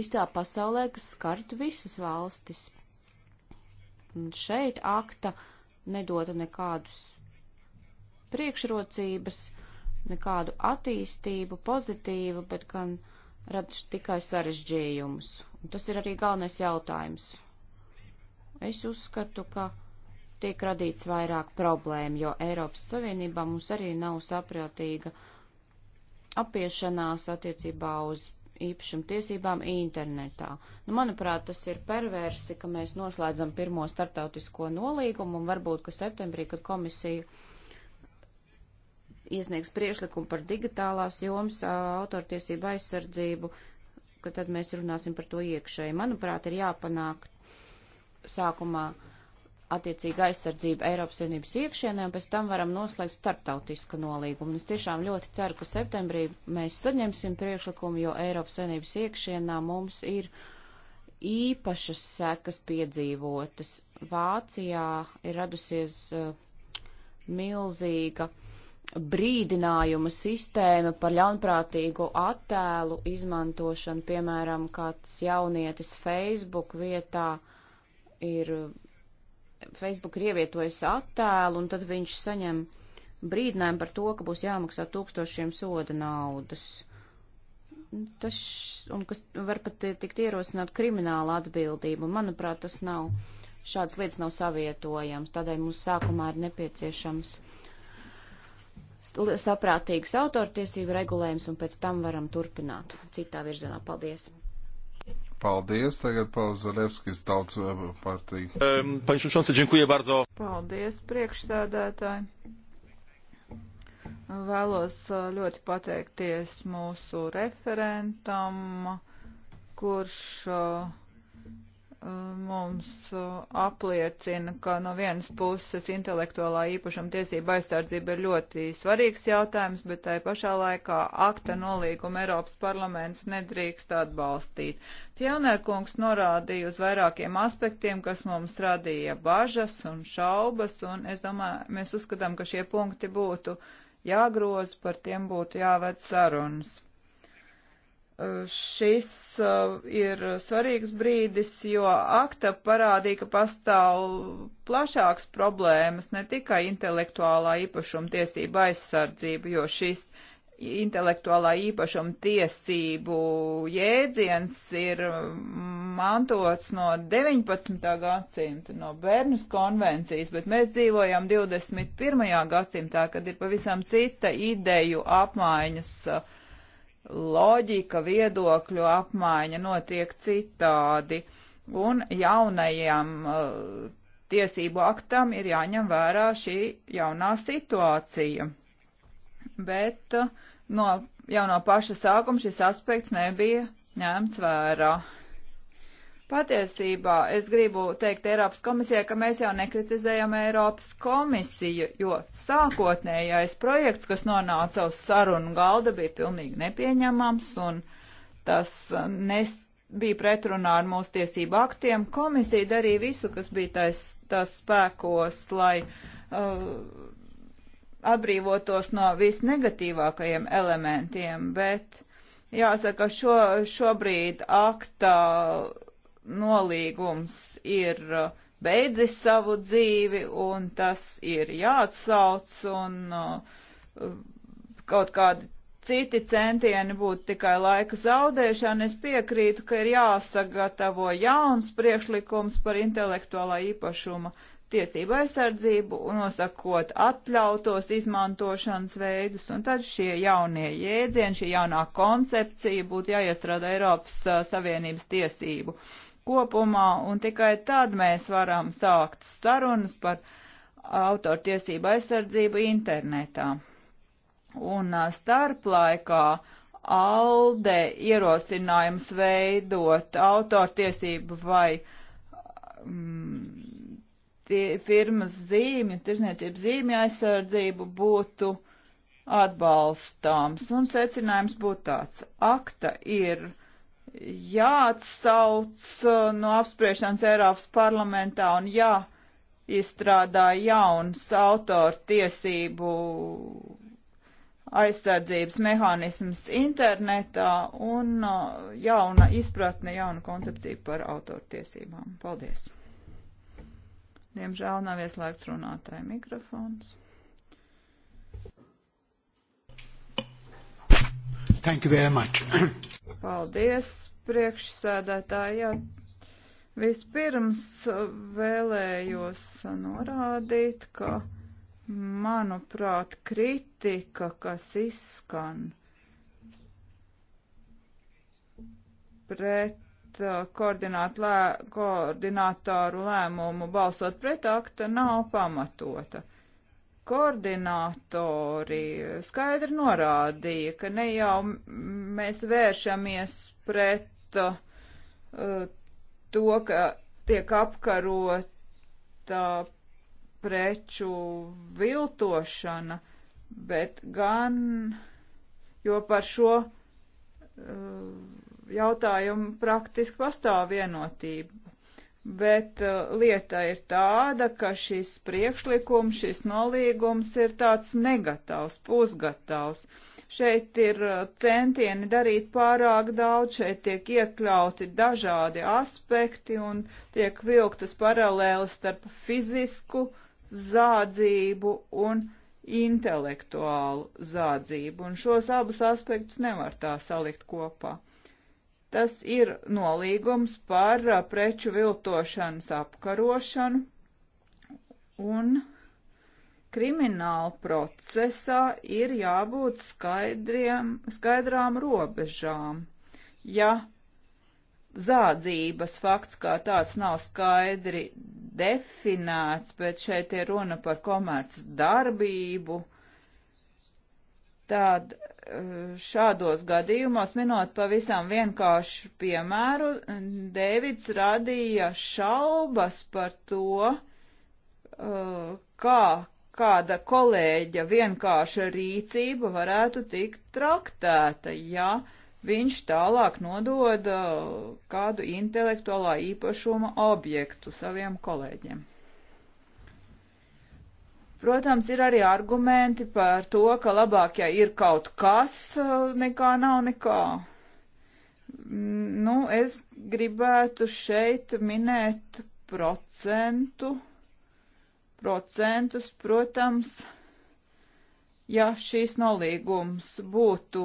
visā pasaulē, kas skartu visas valstis. Un šeit akta nedota nekādus priekšrocības, nekādu attīstību, pozitīvu, bet gan rada tikai sarežģījumus. Un tas ir arī galvenais jautājums. Es uzskatu, ka tiek radīts vairāk problēmu, jo Eiropas Savienībā mums arī nav saprātīga apiešanās attiecībā uz īpašuma tiesībām internetā. Nu, manuprāt, tas ir perversi, ka mēs noslēdzam pirmo startautisko nolīgumu un varbūt, ka septembrī, kad komisija iesniegs priešlikumu par digitālās jomas autortiesību aizsardzību, ka tad mēs runāsim par to iekšēji. Manuprāt, ir jāpanāk sākumā attiecīga aizsardzība Eiropas Savienības iekšienē, un pēc tam varam noslēgt starptautisku nolīgumu. Es tiešām ļoti ceru, ka septembrī mēs saņemsim priekšlikumu, jo Eiropas Savienības iekšienā mums ir īpašas sekas piedzīvotas. Vācijā ir radusies uh, milzīga brīdinājumu sistēma par ļaunprātīgu attēlu izmantošanu, piemēram, kāds jaunietis Facebook vietā ir, Facebook ir ievietojis attēlu, un tad viņš saņem brīdinājumu par to, ka būs jāmaksā tūkstošiem soda naudas. Tas, un kas var pat tikt ierosināt kriminālu atbildību, manuprāt, tas nav, šādas lietas nav savietojams, tādēļ mums sākumā ir nepieciešams saprātīgs autortiesību regulējums, un pēc tam varam turpināt citā virzienā. Paldies! Paldies, tagad Pāvils Zalewskis, Tautas partija. Pani Šušanci, dziękuję bardzo. Paldies, priekšstādētāji. Vēlos ļoti pateikties mūsu referentam, kurš uh, mums uh, apliecina, ka no vienas puses intelektuālā īpašuma tiesība aizsardzība ir ļoti svarīgs jautājums, bet tai pašā laikā akta nolīguma Eiropas parlaments nedrīkst atbalstīt. Pionērkungs norādīja uz vairākiem aspektiem, kas mums radīja bažas un šaubas, un es domāju, mēs uzskatām, ka šie punkti būtu jāgroza, par tiem būtu jāved sarunas šis uh, ir svarīgs brīdis, jo akta parādīja, ka pastāv plašāks problēmas, ne tikai intelektuālā īpašuma tiesība aizsardzība, jo šis intelektuālā īpašuma tiesību jēdziens ir mantots no 19. gadsimta, no Bērnas konvencijas, bet mēs dzīvojam 21. gadsimtā, kad ir pavisam cita ideju apmaiņas uh, loģika, viedokļu apmaiņa notiek citādi, un jaunajam uh, tiesību aktam ir jāņem vērā šī jaunā situācija. Bet uh, no, jau no paša sākuma šis aspekts nebija ņemts vērā. Patiesībā es gribu teikt Eiropas komisijai, ka mēs jau nekritizējam Eiropas komisiju, jo sākotnējais projekts, kas nonāca uz sarunu galda, bija pilnīgi nepieņemams un tas uh, nes, bija pretrunā ar mūsu tiesību aktiem. Komisija darīja visu, kas bija tais, tās spēkos, lai uh, atbrīvotos no visnegatīvākajiem elementiem, bet jāsaka, šo, šobrīd akta nolīgums ir uh, beidzis savu dzīvi un tas ir jāatsauc un uh, uh, kaut kādi citi centieni būtu tikai laika zaudēšana. Es piekrītu, ka ir jāsagatavo jauns priekšlikums par intelektuālā īpašuma tiesību aizsardzību un nosakot atļautos izmantošanas veidus, un tad šie jaunie jēdzieni, šī jaunā koncepcija būtu jāiestrādā Eiropas Savienības tiesību kopumā, un tikai tad mēs varam sākt sarunas par autortiesību aizsardzību internetā. Un starplaikā ALDE ierosinājums veidot autortiesību vai mm, tie, firmas zīmju, tirzniecības zīmju aizsardzību būtu atbalstāms. Un secinājums būtu tāds. Akta ir jāatsauc uh, no apspriešanas Eiropas parlamentā un jāizstrādā jauns autoru tiesību aizsardzības mehānisms internetā un uh, jauna izpratne, jauna koncepcija par autortiesībām. Paldies! Diemžēl nav ieslēgts runātāja mikrofons. Thank you very much. [CLEARS THROAT] Paldies, priekšsēdētāji. Vispirms vēlējos norādīt, ka, manuprāt, kritika, kas izskan pret uh, koordinātoru lēmumu balsot pret akta nav pamatota koordinātori skaidri norādīja, ka ne jau mēs vēršamies pret uh, to, ka tiek apkarota preču viltošana, bet gan, jo par šo uh, jautājumu praktiski pastāv vienotība. Bet uh, lieta ir tāda, ka šis priekšlikums, šis nolīgums ir tāds negatavs, pusgatavs. Šeit ir uh, centieni darīt pārāk daudz, šeit tiek iekļauti dažādi aspekti un tiek vilktas paralēles starp fizisku zādzību un intelektuālu zādzību, un šos abus aspektus nevar tā salikt kopā. Tas ir nolīgums par uh, preču viltošanas apkarošanu un krimināla procesā ir jābūt skaidriem, skaidrām robežām. Ja zādzības fakts kā tāds nav skaidri definēts, bet šeit ir runa par komerc darbību, tad šādos gadījumos, minot pavisam vienkāršu piemēru, Dēvids radīja šaubas par to, uh, kā kāda kolēģa vienkārša rīcība varētu tikt traktēta, ja viņš tālāk nodod uh, kādu intelektuālā īpašuma objektu saviem kolēģiem. Protams, ir arī argumenti par to, ka labāk, ja ir kaut kas, uh, nekā nav nekā. Nu, es gribētu šeit minēt procentu, procentus, protams, ja šīs nolīgums būtu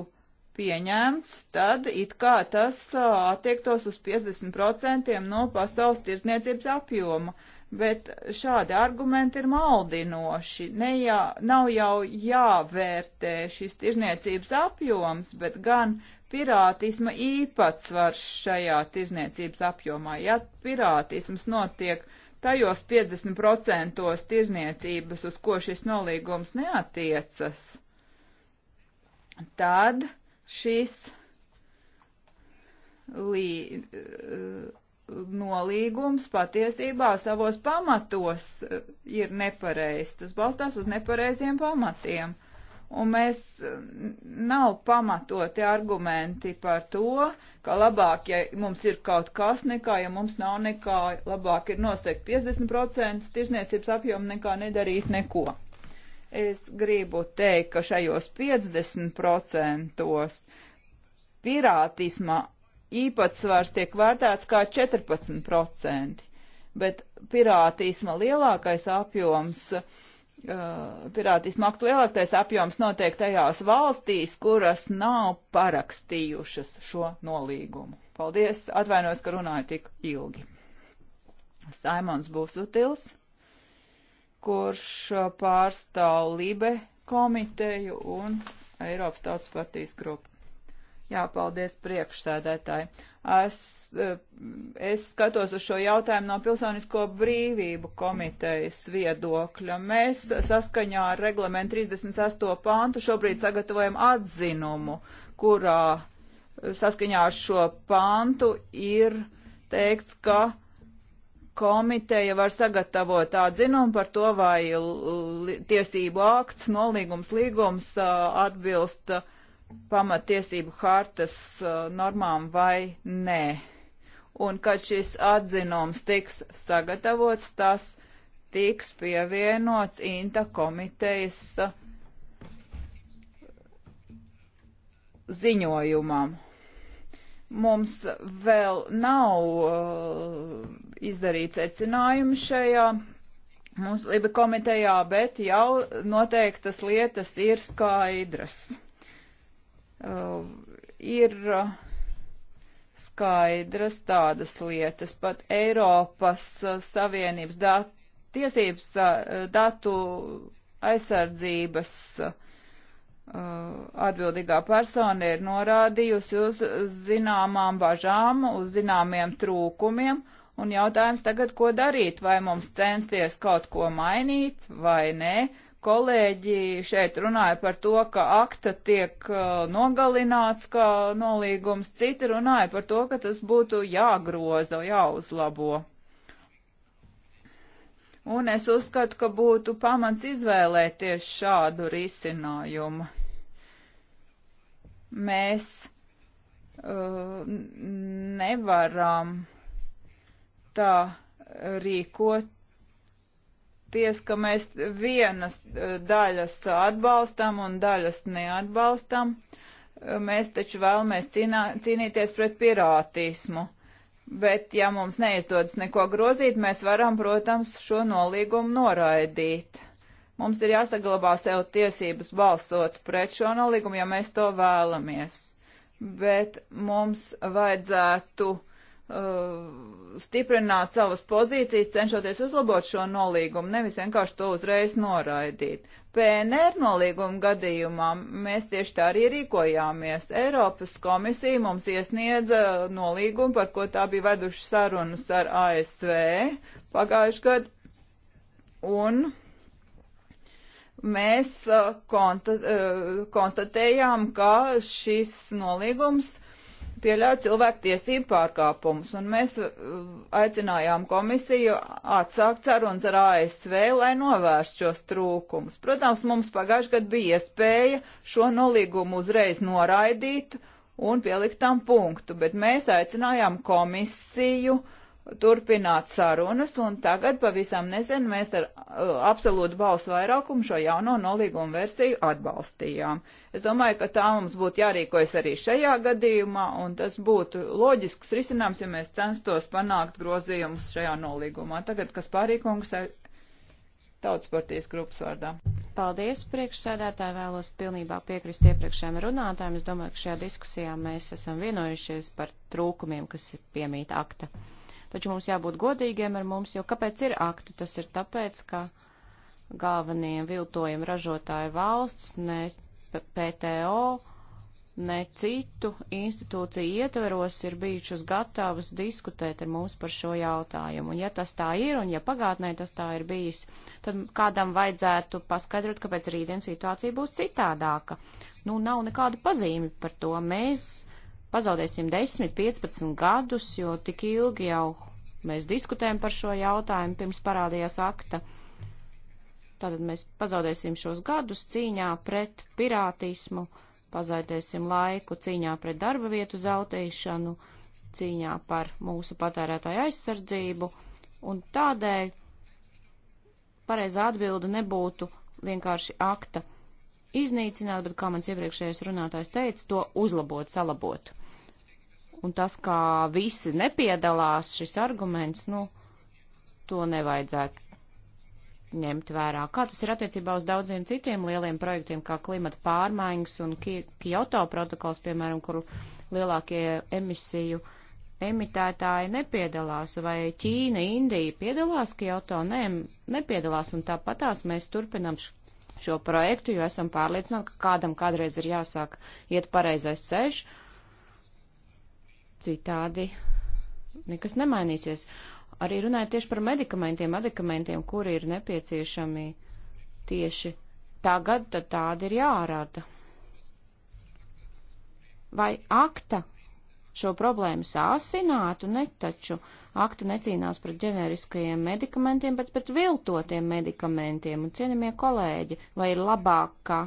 pieņemts, tad it kā tas uh, attiektos uz 50% no pasaules tirzniecības apjoma. Uh, bet šādi argumenti ir maldinoši. Ne jā, nav jau jāvērtē šis tirzniecības apjoms, bet gan pirātisma īpatsvars šajā tirzniecības apjomā. Ja pirātisms notiek tajos 50% tirzniecības, uz ko šis nolīgums neatiecas, tad šis lī, nolīgums patiesībā savos pamatos eh, ir nepareizs. Tas balstās uz nepareiziem pamatiem. Un mēs eh, nav pamatoti argumenti par to, ka labāk, ja mums ir kaut kas nekā, ja mums nav nekā, labāk ir nosteigt 50% tirsniecības apjomu nekā nedarīt neko. Es gribu teikt, ka šajos 50% pirātisma īpatsvars tiek vērtēts kā 14%, bet pirātisma lielākais apjoms, uh, pirātisma aktu lielākais apjoms notiek tajās valstīs, kuras nav parakstījušas šo nolīgumu. Paldies, atvainojos, ka runāju tik ilgi. Saimons Busutils, kurš pārstāv Libe komiteju un Eiropas Tautas partijas grupu. Jāpaldies priekšsēdētāji. Es, eh, es skatos uz šo jautājumu no Pilsonisko brīvību komitejas viedokļa. Mēs saskaņā ar reglamentu 38 pāntu šobrīd sagatavojam atzinumu, kurā eh, saskaņā ar šo pāntu ir teikts, ka komiteja var sagatavot atzinumu par to, vai tiesību akts, nolīgums, līgums eh, atbilst uh, pamatiesību hartas uh, normām vai nē. Un kad šis atzinums tiks sagatavots, tas tiks pievienots INTA komitejas uh, ziņojumam mums vēl nav uh, izdarīts secinājumi šajā mums Liba komitejā, bet jau noteiktas lietas ir skaidras. Uh, ir uh, skaidras tādas lietas, pat Eiropas uh, Savienības dat tiesības datu aizsardzības atbildīgā persona ir norādījusi uz zināmām bažām, uz zināmiem trūkumiem, un jautājums tagad, ko darīt, vai mums censties kaut ko mainīt vai nē. Ne kolēģi šeit runāja par to, ka akta tiek uh, nogalināts, ka nolīgums citi runāja par to, ka tas būtu jāgroza, jāuzlabo. Un es uzskatu, ka būtu pamats izvēlēties šādu risinājumu. Mēs uh, nevaram tā rīkot ties, ka mēs vienas eh, daļas atbalstam un daļas neatbalstam. Eh, mēs taču vēlamies cīnā, cīnīties pret pirātismu. Bet, ja mums neizdodas neko grozīt, mēs varam, protams, šo nolīgumu noraidīt. Mums ir jāsaglabā sev tiesības balsot pret šo nolīgumu, ja mēs to vēlamies. Bet mums vajadzētu uh, stiprināt savas pozīcijas, cenšoties uzlabot šo nolīgumu, nevis vienkārši to uzreiz noraidīt. PNR nolīguma gadījumā mēs tieši tā arī rīkojāmies. Eiropas komisija mums iesniedza nolīgumu, par ko tā bija veduši sarunas ar ASV pagājušajā gadā. Un mēs uh, konstat, uh, konstatējām, ka šis nolīgums pieļaut cilvēktiesību pārkāpumus, un mēs uh, aicinājām komisiju atsākt sarunas ar ASV, lai novērst šos trūkumus. Protams, mums pagājušajā gadā bija iespēja šo nolīgumu uzreiz noraidīt un pielikt tam punktu, bet mēs aicinājām komisiju uh, turpināt sarunas, un tagad pavisam nesen mēs ar uh, absolūtu balsu vairākumu šo jauno nolīgumu versiju atbalstījām. Es domāju, ka tā mums būtu jārīkojas arī šajā gadījumā, un tas būtu loģisks risinājums, ja mēs censtos panākt grozījumus šajā nolīgumā. Tagad, kas pārīkums eh, tautas partijas grupas vārdā. Paldies, priekšsēdētāji, vēlos pilnībā piekrist iepriekšējiem runātājiem. Es domāju, ka šajā diskusijā mēs esam vienojušies par trūkumiem, kas ir piemīta akta. Taču mums jābūt godīgiem ar mums, jo kāpēc ir akti? Tas ir tāpēc, ka galvenie viltojuma ražotāji valsts, ne PTO, ne citu institūciju ietveros ir bijušas gatavas diskutēt ar mums par šo jautājumu. Un ja tas tā ir, un ja pagātnē tas tā ir bijis, tad kādam vajadzētu paskaidrot, kāpēc rītdien situācija būs citādāka. Nu, nav nekādu pazīmi par to. Mēs pazaudēsim 10, 15 gadus, jo tik ilgi jau mēs diskutējam par šo jautājumu pirms parādījās akta. Tātad mēs pazaudēsim šos gadus cīņā pret pirātismu, pazaudēsim laiku cīņā pret darba vietu zaudēšanu, cīņā par mūsu patērētāju aizsardzību, un tādēļ pareizā atbilde nebūtu vienkārši akta iznīcināt, bet, kā mans iepriekšējais runātājs teica, to uzlabot, salabot un tas, kā visi nepiedalās šis arguments, nu, to nevajadzētu ņemt vērā. Kā tas ir attiecībā uz daudziem citiem lieliem projektiem, kā klimata pārmaiņas un Kyoto protokols, piemēram, kuru lielākie emisiju emitētāji nepiedalās, vai Ķīna, Indija piedalās Kyoto? Nē, nepiedalās, un tāpatās mēs turpinam šo projektu, jo esam pārliecināti, ka kādam kādreiz ir jāsāk iet pareizais ceļš, Citādi nekas nemainīsies. Arī runājot tieši par medikamentiem, medikamentiem, kuri ir nepieciešami tieši tagad, tad tādi ir jārada. Vai akta šo problēmu sāsinātu, ne taču akta necīnās pret ģeneriskajiem medikamentiem, bet pret viltotiem medikamentiem. Un cienījamie kolēģi, vai ir labāk, ka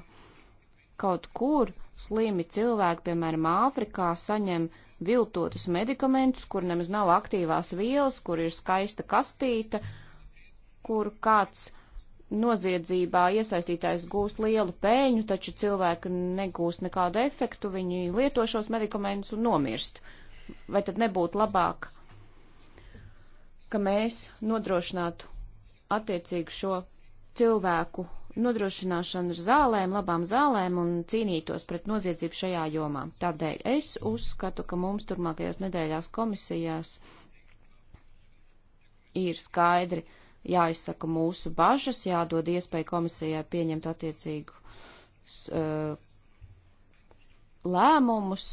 kaut kur slimi cilvēki, piemēram, Āfrikā saņem uh, viltotus medikamentus, kur nemaz nav aktīvās vielas, kur ir skaista kastīte, kur kāds noziedzībā iesaistītājs gūst lielu pēļņu, taču cilvēki negūst nekādu efektu, viņi lieto šos medikamentus un nomirst. Vai tad nebūtu labāk, ka mēs nodrošinātu attiecīgu šo cilvēku nodrošināšanu zālēm, labām zālēm un cīnītos pret noziedzību šajā jomā. Tādēļ es uzskatu, ka mums turmākajās nedēļās komisijās ir skaidri jāizsaka mūsu bažas, jādod iespēju komisijai pieņemt attiecīgu uh, lēmumus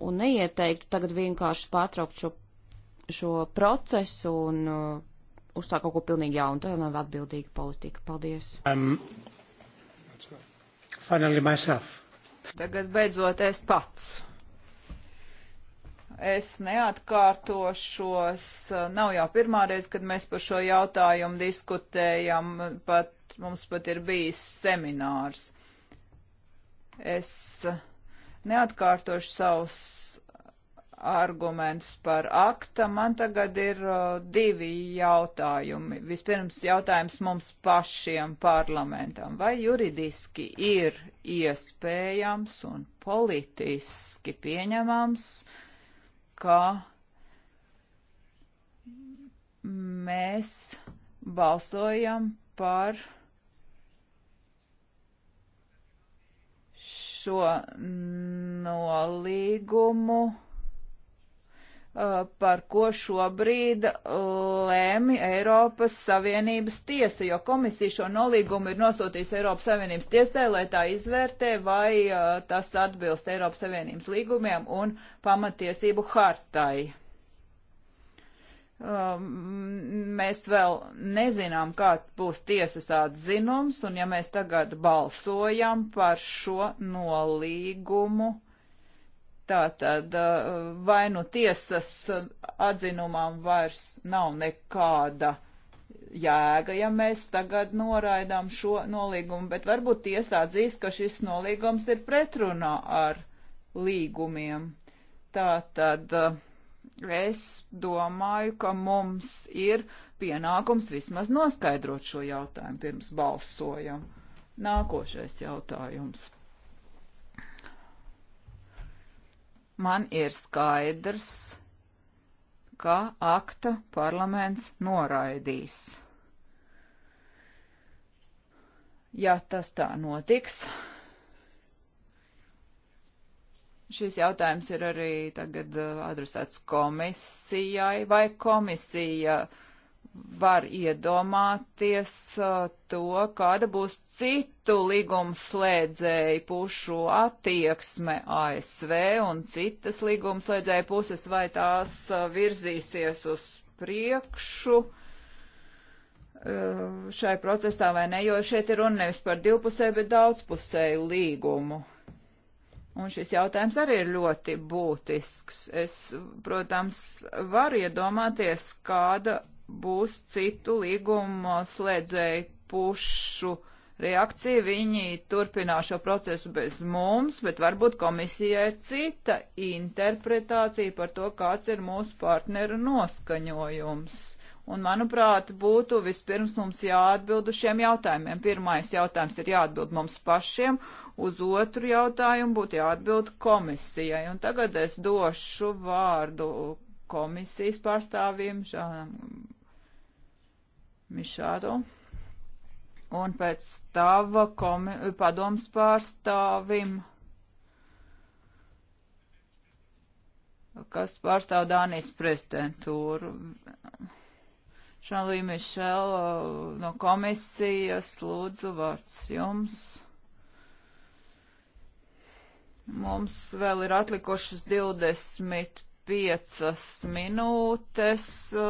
un neieteiktu tagad vienkārši pārtraukt šo, šo procesu un uh, uzsāk kaut ko pilnīgi jaunu. Tā ir lēma atbildīga politika. Paldies. Um, finally myself. Tagad beidzot es pats. Es neatkārtošos. Nav jau pirmā reize, kad mēs par šo jautājumu diskutējam, pat mums pat ir bijis seminārs. Es neatkārtošu savus argumentus par akta. Man tagad ir uh, divi jautājumi. Vispirms jautājums mums pašiem parlamentam. Vai juridiski ir iespējams un politiski pieņemams, ka mēs balsojam par šo nolīgumu? Uh, par ko šobrīd uh, lēmi Eiropas Savienības tiesa, jo komisija šo nolīgumu ir nosūtījusi Eiropas Savienības tiesai, lai tā izvērtē, vai uh, tas atbilst Eiropas Savienības līgumiem un pamatiesību hartai. Um, mēs vēl nezinām, kāds būs tiesas atzinums, un ja mēs tagad balsojam par šo nolīgumu, Tātad eh, vai nu tiesas atzinumam vairs nav nekāda jēga, ja mēs tagad noraidām šo nolīgumu, bet varbūt tiesā atzīst, ka šis nolīgums ir pretrunā ar līgumiem. Tātad eh, es domāju, ka mums ir pienākums vismaz noskaidrot šo jautājumu pirms balsojam. Nākošais jautājums. man ir skaidrs, ka akta parlaments noraidīs. Ja tas tā notiks, šis jautājums ir arī tagad uh, adresēts komisijai, vai komisija uh, var iedomāties uh, to, kāda būs citu līgumu slēdzēju pušu attieksme ASV un citas līgumu slēdzēju puses, vai tās uh, virzīsies uz priekšu uh, šai procesā vai ne, jo šeit ir runa nevis par divpusēju, bet daudzpusēju līgumu. Un šis jautājums arī ir ļoti būtisks. Es, protams, varu iedomāties, kāda būs citu līgumu slēdzēju pušu reakcija. Viņi turpinās šo procesu bez mums, bet varbūt komisijai ir cita interpretācija par to, kāds ir mūsu partneru noskaņojums. Un, manuprāt, būtu vispirms mums jāatbild uz šiem jautājumiem. Pirmais jautājums ir jāatbild mums pašiem, uz otru jautājumu būtu jāatbild komisijai. Un tagad es došu vārdu komisijas pārstāvjiem, Žanam Mišādo. Un pēc stāva komi, padoms pārstāvim, kas pārstāv Dānijas prezidentūru. Šanlī Mišel uh, no komisijas lūdzu vārds jums. Mums vēl ir atlikušas 25 minūtes. Uh,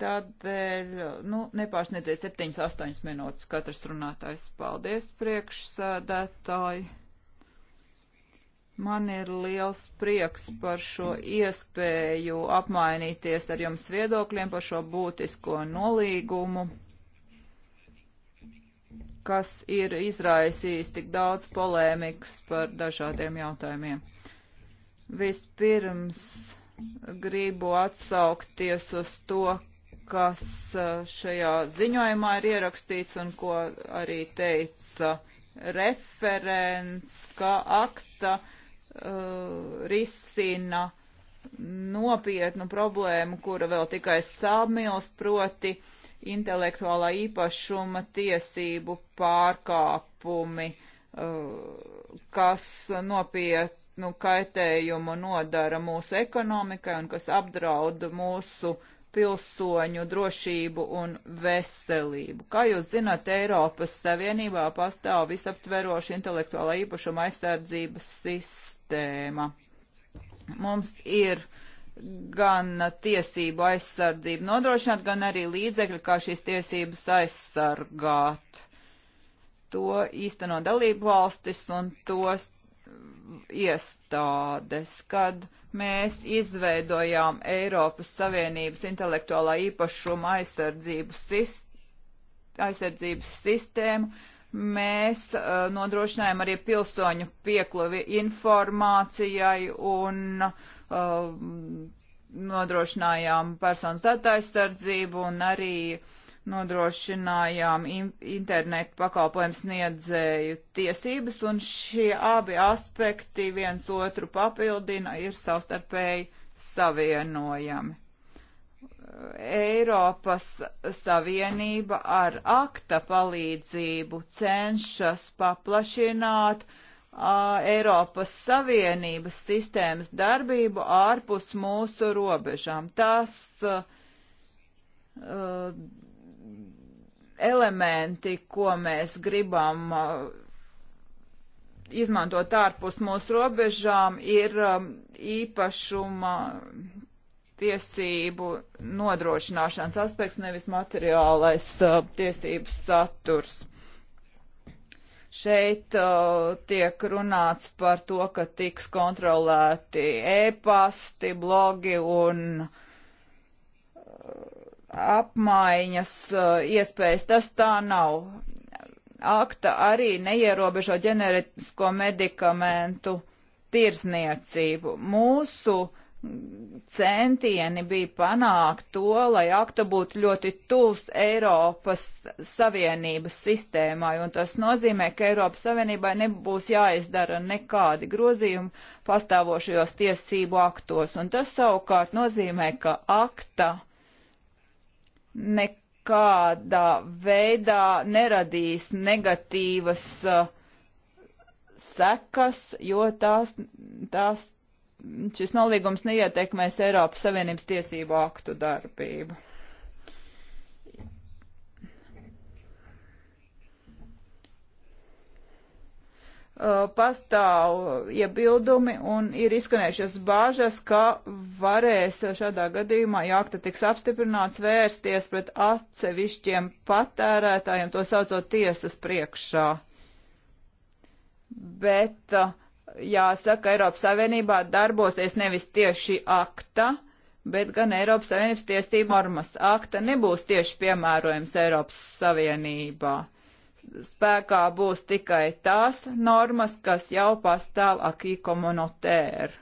Tādēļ, nu, nepārsniedziet 7-8 minūtes katrs runātājs. Paldies, priekšsēdētāji! Man ir liels prieks par šo iespēju apmainīties ar jums viedokļiem par šo būtisko nolīgumu, kas ir izraisījis tik daudz polēmikas par dažādiem jautājumiem. Vispirms gribu atsaukties uz to, kas šajā ziņojumā ir ierakstīts un ko arī teica referents, ka akta uh, risina nopietnu problēmu, kura vēl tikai samilst, proti intelektuālā īpašuma tiesību pārkāpumi, uh, kas nopietni nu, kaitējumu nodara mūsu ekonomikai un kas apdraud mūsu pilsoņu drošību un veselību. Kā jūs zināt, Eiropas Savienībā pastāv visaptveroša intelektuālā īpašuma aizsardzības sistēma. Mums ir gan tiesību aizsardzību nodrošināt, gan arī līdzekļi, kā šīs tiesības aizsargāt. To īsteno dalību valstis un tos iestādes, kad mēs izveidojām Eiropas Savienības intelektuālā īpašuma aizsardzības, sist aizsardzības sistēmu, mēs uh, nodrošinājām arī pilsoņu piekluvi informācijai un uh, nodrošinājām personas datu aizsardzību un arī uh, nodrošinājām internetu pakalpojumu sniedzēju tiesības, un šie abi aspekti viens otru papildina, ir savstarpēji savienojami. Eiropas Savienība ar akta palīdzību cenšas paplašināt a, Eiropas Savienības sistēmas darbību ārpus mūsu robežām. Tas uh, elementi, ko mēs gribam uh, izmantot ārpus mūsu robežām, ir um, īpašuma tiesību nodrošināšanas aspekts, nevis materiālais uh, tiesības saturs. Šeit uh, tiek runāts par to, ka tiks kontrolēti e-pasti, blogi un uh, apmaiņas eh, iespējas. Tas tā nav. Akta arī neierobežo ģenerisko medikamentu tirzniecību. Mūsu centieni bija panākt to, lai akta būtu ļoti tuvs Eiropas Savienības sistēmai, un tas nozīmē, ka Eiropas Savienībai nebūs jāizdara nekādi grozījumi pastāvošajos tiesību aktos, un tas savukārt nozīmē, ka akta nekādā veidā neradīs negatīvas uh, sekas, jo tās, tās, šis nolīgums neietekmēs Eiropas Savienības tiesību aktu darbību. Uh, pastāv iebildumi un ir izskanējušas bāžas, ka varēs šādā gadījumā, ja akta tiks apstiprināts, vērsties pret atsevišķiem patērētājiem, to saucot tiesas priekšā. Bet uh, jāsaka, Eiropas Savienībā darbosies nevis tieši akta, bet gan Eiropas Savienības tiesību normas. Akta nebūs tieši piemērojams Eiropas Savienībā spēkā būs tikai tās normas, kas jau pastāv akī komunotēr.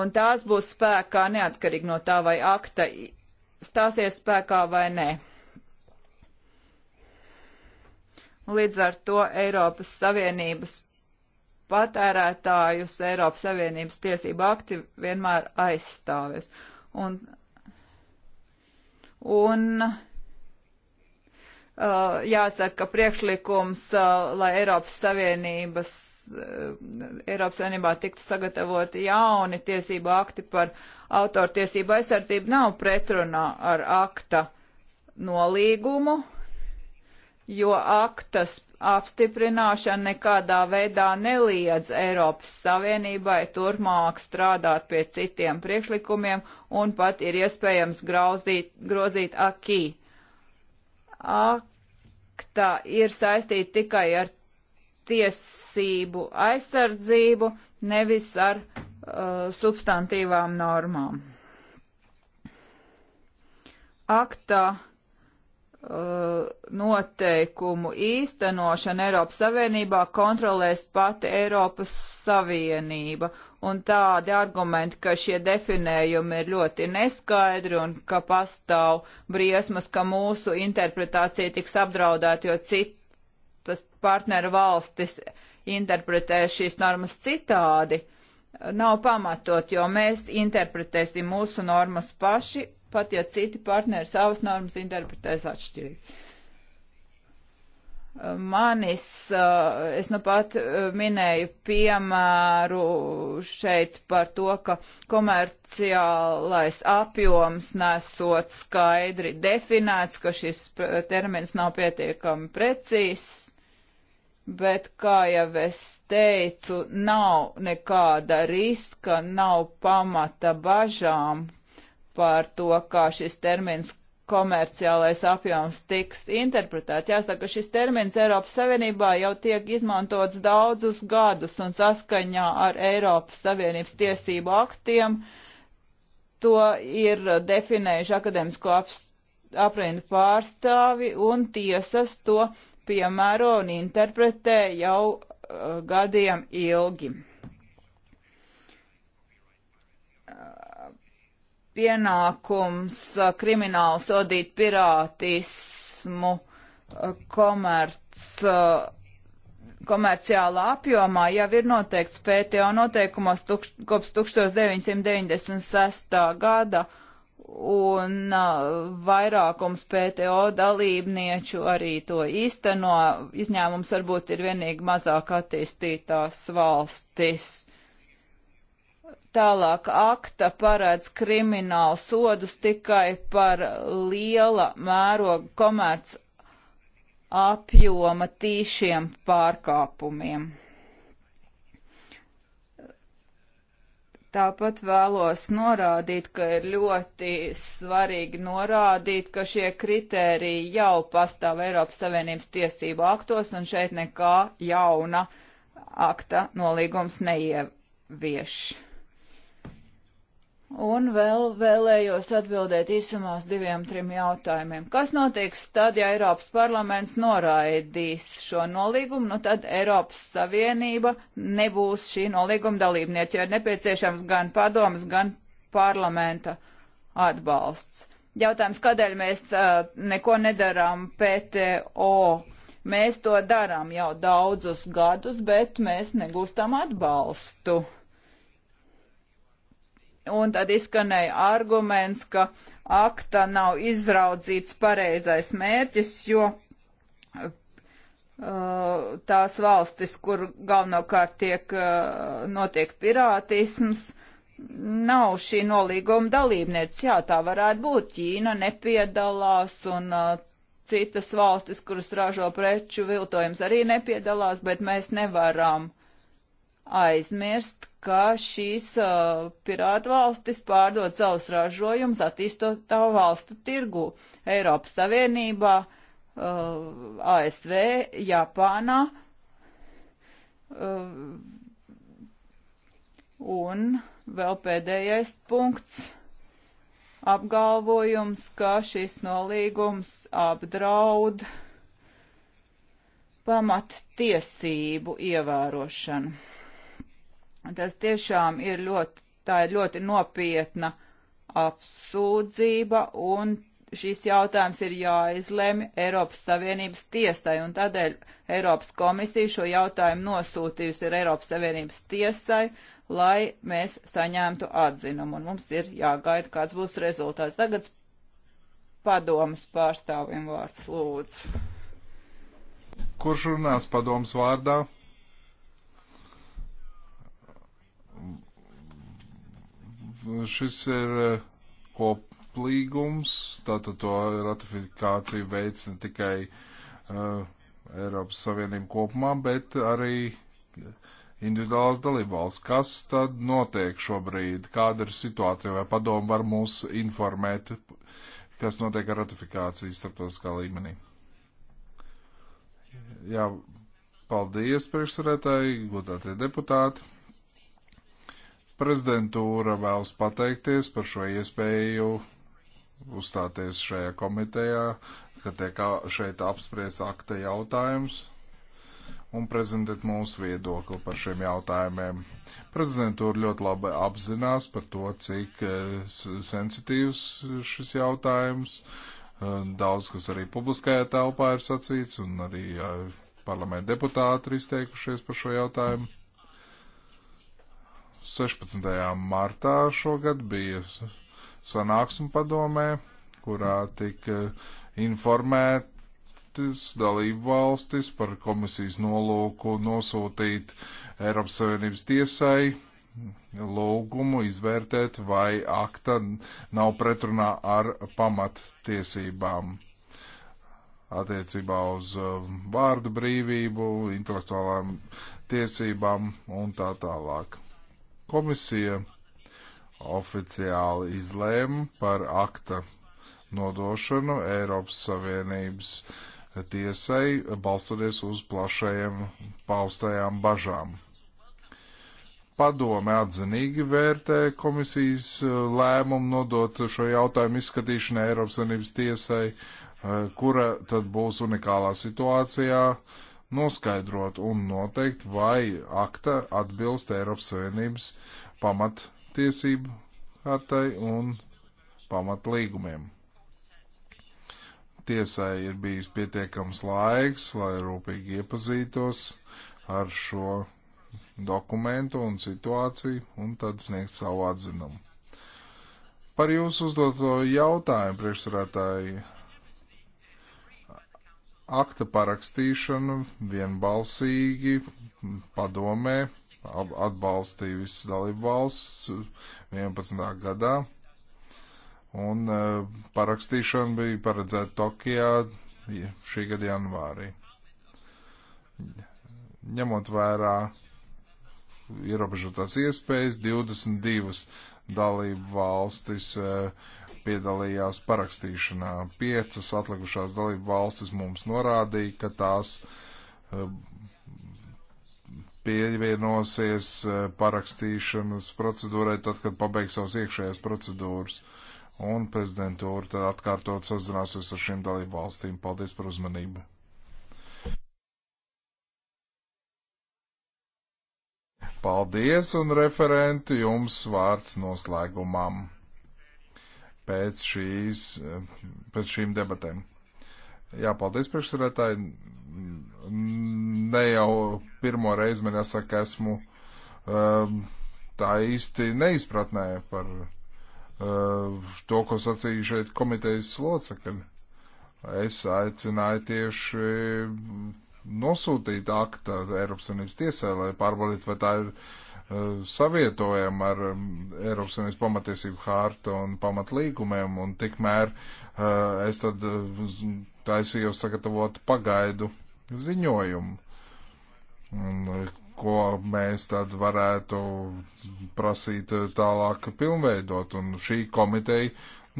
Un tās būs spēkā neatkarīgi no tā, vai akta stāsies spēkā vai nē. Līdz ar to Eiropas Savienības patērētājus Eiropas Savienības tiesība akti vienmēr aizstāvēs. Un, un Uh, jāsaka, ka priekšlikums, uh, lai Eiropas Savienības, uh, Eiropas Savienībā tiktu sagatavoti jauni tiesību akti par autortiesību aizsardzību, nav pretrunā ar akta nolīgumu, jo aktas apstiprināšana nekādā veidā neliedz Eiropas Savienībai turpmāk strādāt pie citiem priekšlikumiem un pat ir iespējams grauzīt, grozīt akī. Ak, aktā ir saistīti tikai ar tiesību aizsardzību, nevis ar uh, substantīvām normām. Aktā Uh, noteikumu īstenošanu Eiropas Savienībā kontrolēs pati Eiropas Savienība. Un tādi argumenti, ka šie definējumi ir ļoti neskaidri un ka pastāv briesmas, ka mūsu interpretācija tiks apdraudēta, jo citas partneru valstis interpretē šīs normas citādi, nav pamatot, jo mēs interpretēsim mūsu normas paši pat ja citi partneri savas normas interpretēs atšķirīgi. Manis, eh, es nu pat eh, minēju piemēru šeit par to, ka komerciālais apjoms nesot skaidri definēts, ka šis termins nav pietiekami precīzs, bet, kā jau es teicu, nav nekāda riska, nav pamata bažām, par to, kā šis termins komerciālais apjoms tiks interpretēts. Jāsaka, ka šis termins Eiropas Savienībā jau tiek izmantots daudzus gadus un saskaņā ar Eiropas Savienības tiesību aktiem. To ir definējuši akadēmisko aprindu pārstāvi un tiesas to piemēro un interpretē jau uh, gadiem ilgi. pienākums krimināli sodīt pirātismu komerc, komerciālā apjomā jau ir noteikts PTO noteikumos tukš, kopš 1996. gada, un vairākums PTO dalībnieču arī to īsteno. Izņēmums varbūt ir vienīgi mazāk attīstītās valstis Tālāk akta parāds kriminālu sodus tikai par liela mēroga komerc apjoma tīšiem pārkāpumiem. Tāpat vēlos norādīt, ka ir ļoti svarīgi norādīt, ka šie kritēriji jau pastāv Eiropas Savienības tiesību aktos, un šeit nekā jauna akta nolīgums neievieš. Un vēl vēlējos atbildēt īsumā uz diviem, trim jautājumiem. Kas notiks tad, ja Eiropas parlaments noraidīs šo nolīgumu? Nu tad Eiropas Savienība nebūs šī nolīguma dalībniece, jo ir nepieciešams gan padomas, gan parlamenta atbalsts. Jautājums, kādēļ mēs uh, neko nedarām PTO? Mēs to darām jau daudzus gadus, bet mēs negūstam atbalstu. Uh, un tad izskanēja arguments, ka akta nav izraudzīts pareizais mērķis, jo uh, tās valstis, kur galvenokārt tiek, uh, notiek pirātisms, nav šī nolīguma dalībniece. Jā, tā varētu būt. Ķīna nepiedalās un uh, citas valstis, kuras ražo preču viltojums, arī nepiedalās, bet mēs nevaram aizmirst, ka šīs uh, pirātu valstis pārdod savus ražojumus attīstotā valstu tirgu Eiropas Savienībā, uh, ASV, Japānā. Uh, un vēl pēdējais punkts - apgalvojums, ka šis nolīgums apdraud pamat tiesību ievērošanu. Tas tiešām ir ļoti, tā ir ļoti nopietna apsūdzība un šīs jautājums ir jāizlemj Eiropas Savienības tiesai, un tādēļ Eiropas komisija šo jautājumu nosūtījusi ir Eiropas Savienības tiesai, lai mēs saņemtu atzinumu, un mums ir jāgaida, kāds būs rezultāts. Tagad padomas pārstāvim vārds lūdzu. Kurš runās padomas vārdā? Šis ir eh, koplīgums, tātad to ratifikāciju veids ne tikai uh, Eiropas Savienība kopumā, bet arī individuālās dalībvalsts. Kas tad notiek šobrīd? Kāda ir situācija? Vai padomu var mūs informēt, kas notiek ar ratifikāciju starptautiskā līmenī? Jā, paldies priekšsarētāji, godātie deputāti. Prezidentūra vēlas pateikties par šo iespēju uzstāties šajā komitejā, ka tiek šeit apspriests akta jautājums un prezentēt mūsu viedokli par šiem jautājumiem. Prezidentūra ļoti labi apzinās par to, cik e, sensitīvs šis jautājums. E, daudz, kas arī publiskajā telpā ir sacīts, un arī e, parlamenta deputāti ir izteikušies par šo jautājumu. 16. martā šogad bija sanāksme padomē, kurā tika informētas dalību valstis par komisijas nolūku nosūtīt Eiropas Savienības tiesai lūgumu izvērtēt, vai akta nav pretrunā ar pamattiesībām attiecībā uz uh, vārdu brīvību, intelektuālām tiesībām un tā tālāk. Komisija oficiāli izlēma par akta nodošanu Eiropas Savienības tiesai, balstoties uz plašajiem paustajām bažām. Padome atzinīgi vērtē komisijas eh, lēmumu nodot šo jautājumu izskatīšanai Eiropas Savienības tiesai, eh, kura tad būs unikālā situācijā, uh, noskaidrot un noteikt, vai akta atbilst Eiropas Savienības pamattiesību hartai un pamatlīgumiem. Tiesai ir bijis pietiekams laiks, lai rūpīgi iepazītos ar šo dokumentu un situāciju un tad sniegt savu atzinumu. Par jūsu uzdoto jautājumu priekšsarētāji akta parakstīšanu vienbalsīgi padomē atbalstīja visas dalību valsts 11. gadā, un e, parakstīšana bija paredzēta Tokijā šī gada janvārī. Ņemot vērā ierobežotās iespējas, 22 dalību valstis uh, piedalījās parakstīšanā. Piecas atlikušās dalību valstis mums norādīja, ka tās eh, pievienosies eh, parakstīšanas procedūrai tad, kad pabeigs savus iekšējās procedūras. Un prezidentūra tad atkārtot sazināsies ar šīm dalību valstīm. Paldies par uzmanību! Paldies un referenti jums vārds noslēgumam! pēc, šīs, pēc šīm debatēm. Jā, paldies priekšsarētāji. Ne jau pirmo reizi man jāsaka, esmu um, tā īsti neizpratnē par uh, to, ko sacīja šeit komitejas locekļi. Es aicināju tieši nosūtīt akta Eiropas Savienības tiesē, lai pārbaudītu, vai tā ir uh, Eh, savietojam ar mm, Eiropas Savienības pamatiesību hārtu un pamatlīgumiem, un tikmēr eh, es tad eh, taisījos sagatavot pagaidu ziņojumu, ko mēs tad varētu prasīt tālāk pilnveidot, un šī komiteja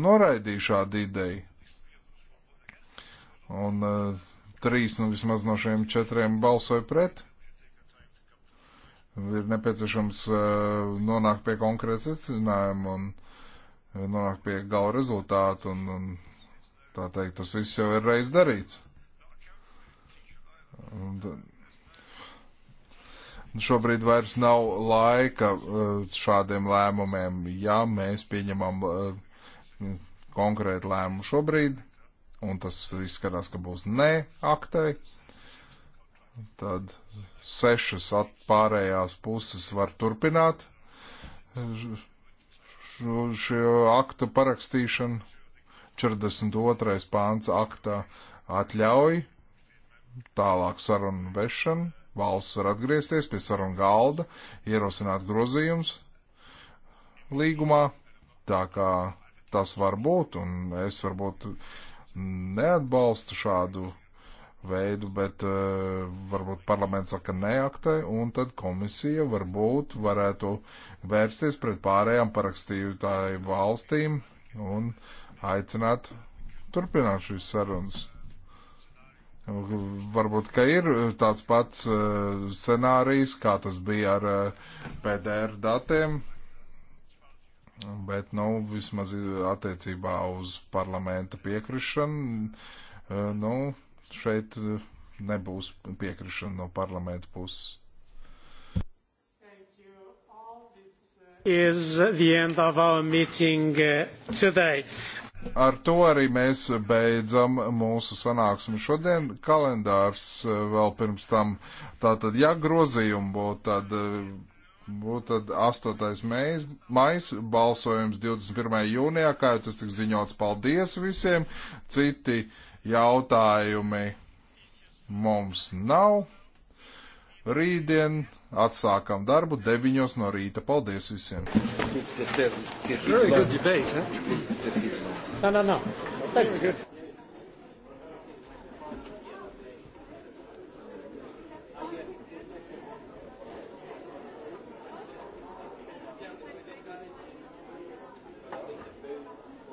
noraidīja šādu ideju. Un uh, trīs, nu vismaz no šiem četriem balsoja pret ir nepieciešams nonākt pie konkrēta secinājuma un nonākt pie gala rezultātu. Un, un, tā teikt, tas viss jau ir reiz darīts. Un, šobrīd vairs nav laika šādiem lēmumiem, ja mēs pieņemam konkrētu lēmumu šobrīd, un tas izskatās, ka būs ne aktai tad sešas pārējās puses var turpināt šo aktu parakstīšanu. 42. pāns aktā atļauj tālāk sarunu vešanu, valsts var atgriezties pie sarunu galda, ierosināt grozījums līgumā, tā kā tas var būt, un es varbūt neatbalstu šādu veidu, bet uh, varbūt parlaments saka neaktē, un tad komisija varbūt varētu vērsties pret pārējām parakstītāju valstīm un aicināt turpināt šīs sarunas. Varbūt, ka ir tāds pats uh, scenārijs, kā tas bija ar uh, eh, PDR datiem, bet, nu, vismaz attiecībā uz parlamenta piekrišanu, nu, šeit eh, nebūs piekrišana no parlamenta puses. Is the end of our meeting eh, today. Ar to arī mēs beidzam mūsu sanāksmi šodien. Kalendārs eh, vēl pirms tam, tātad, ja grozījumi būtu, tad būtu 8. Mēs, mais, balsojums 21. jūnijā, kā jau tas tika ziņots, paldies visiem. Citi. Uh, jautājumi mums nav. Rītdien atsākam darbu 9 no rīta. Paldies visiem! Very good debate, huh? No, no, no. Thanks. Good.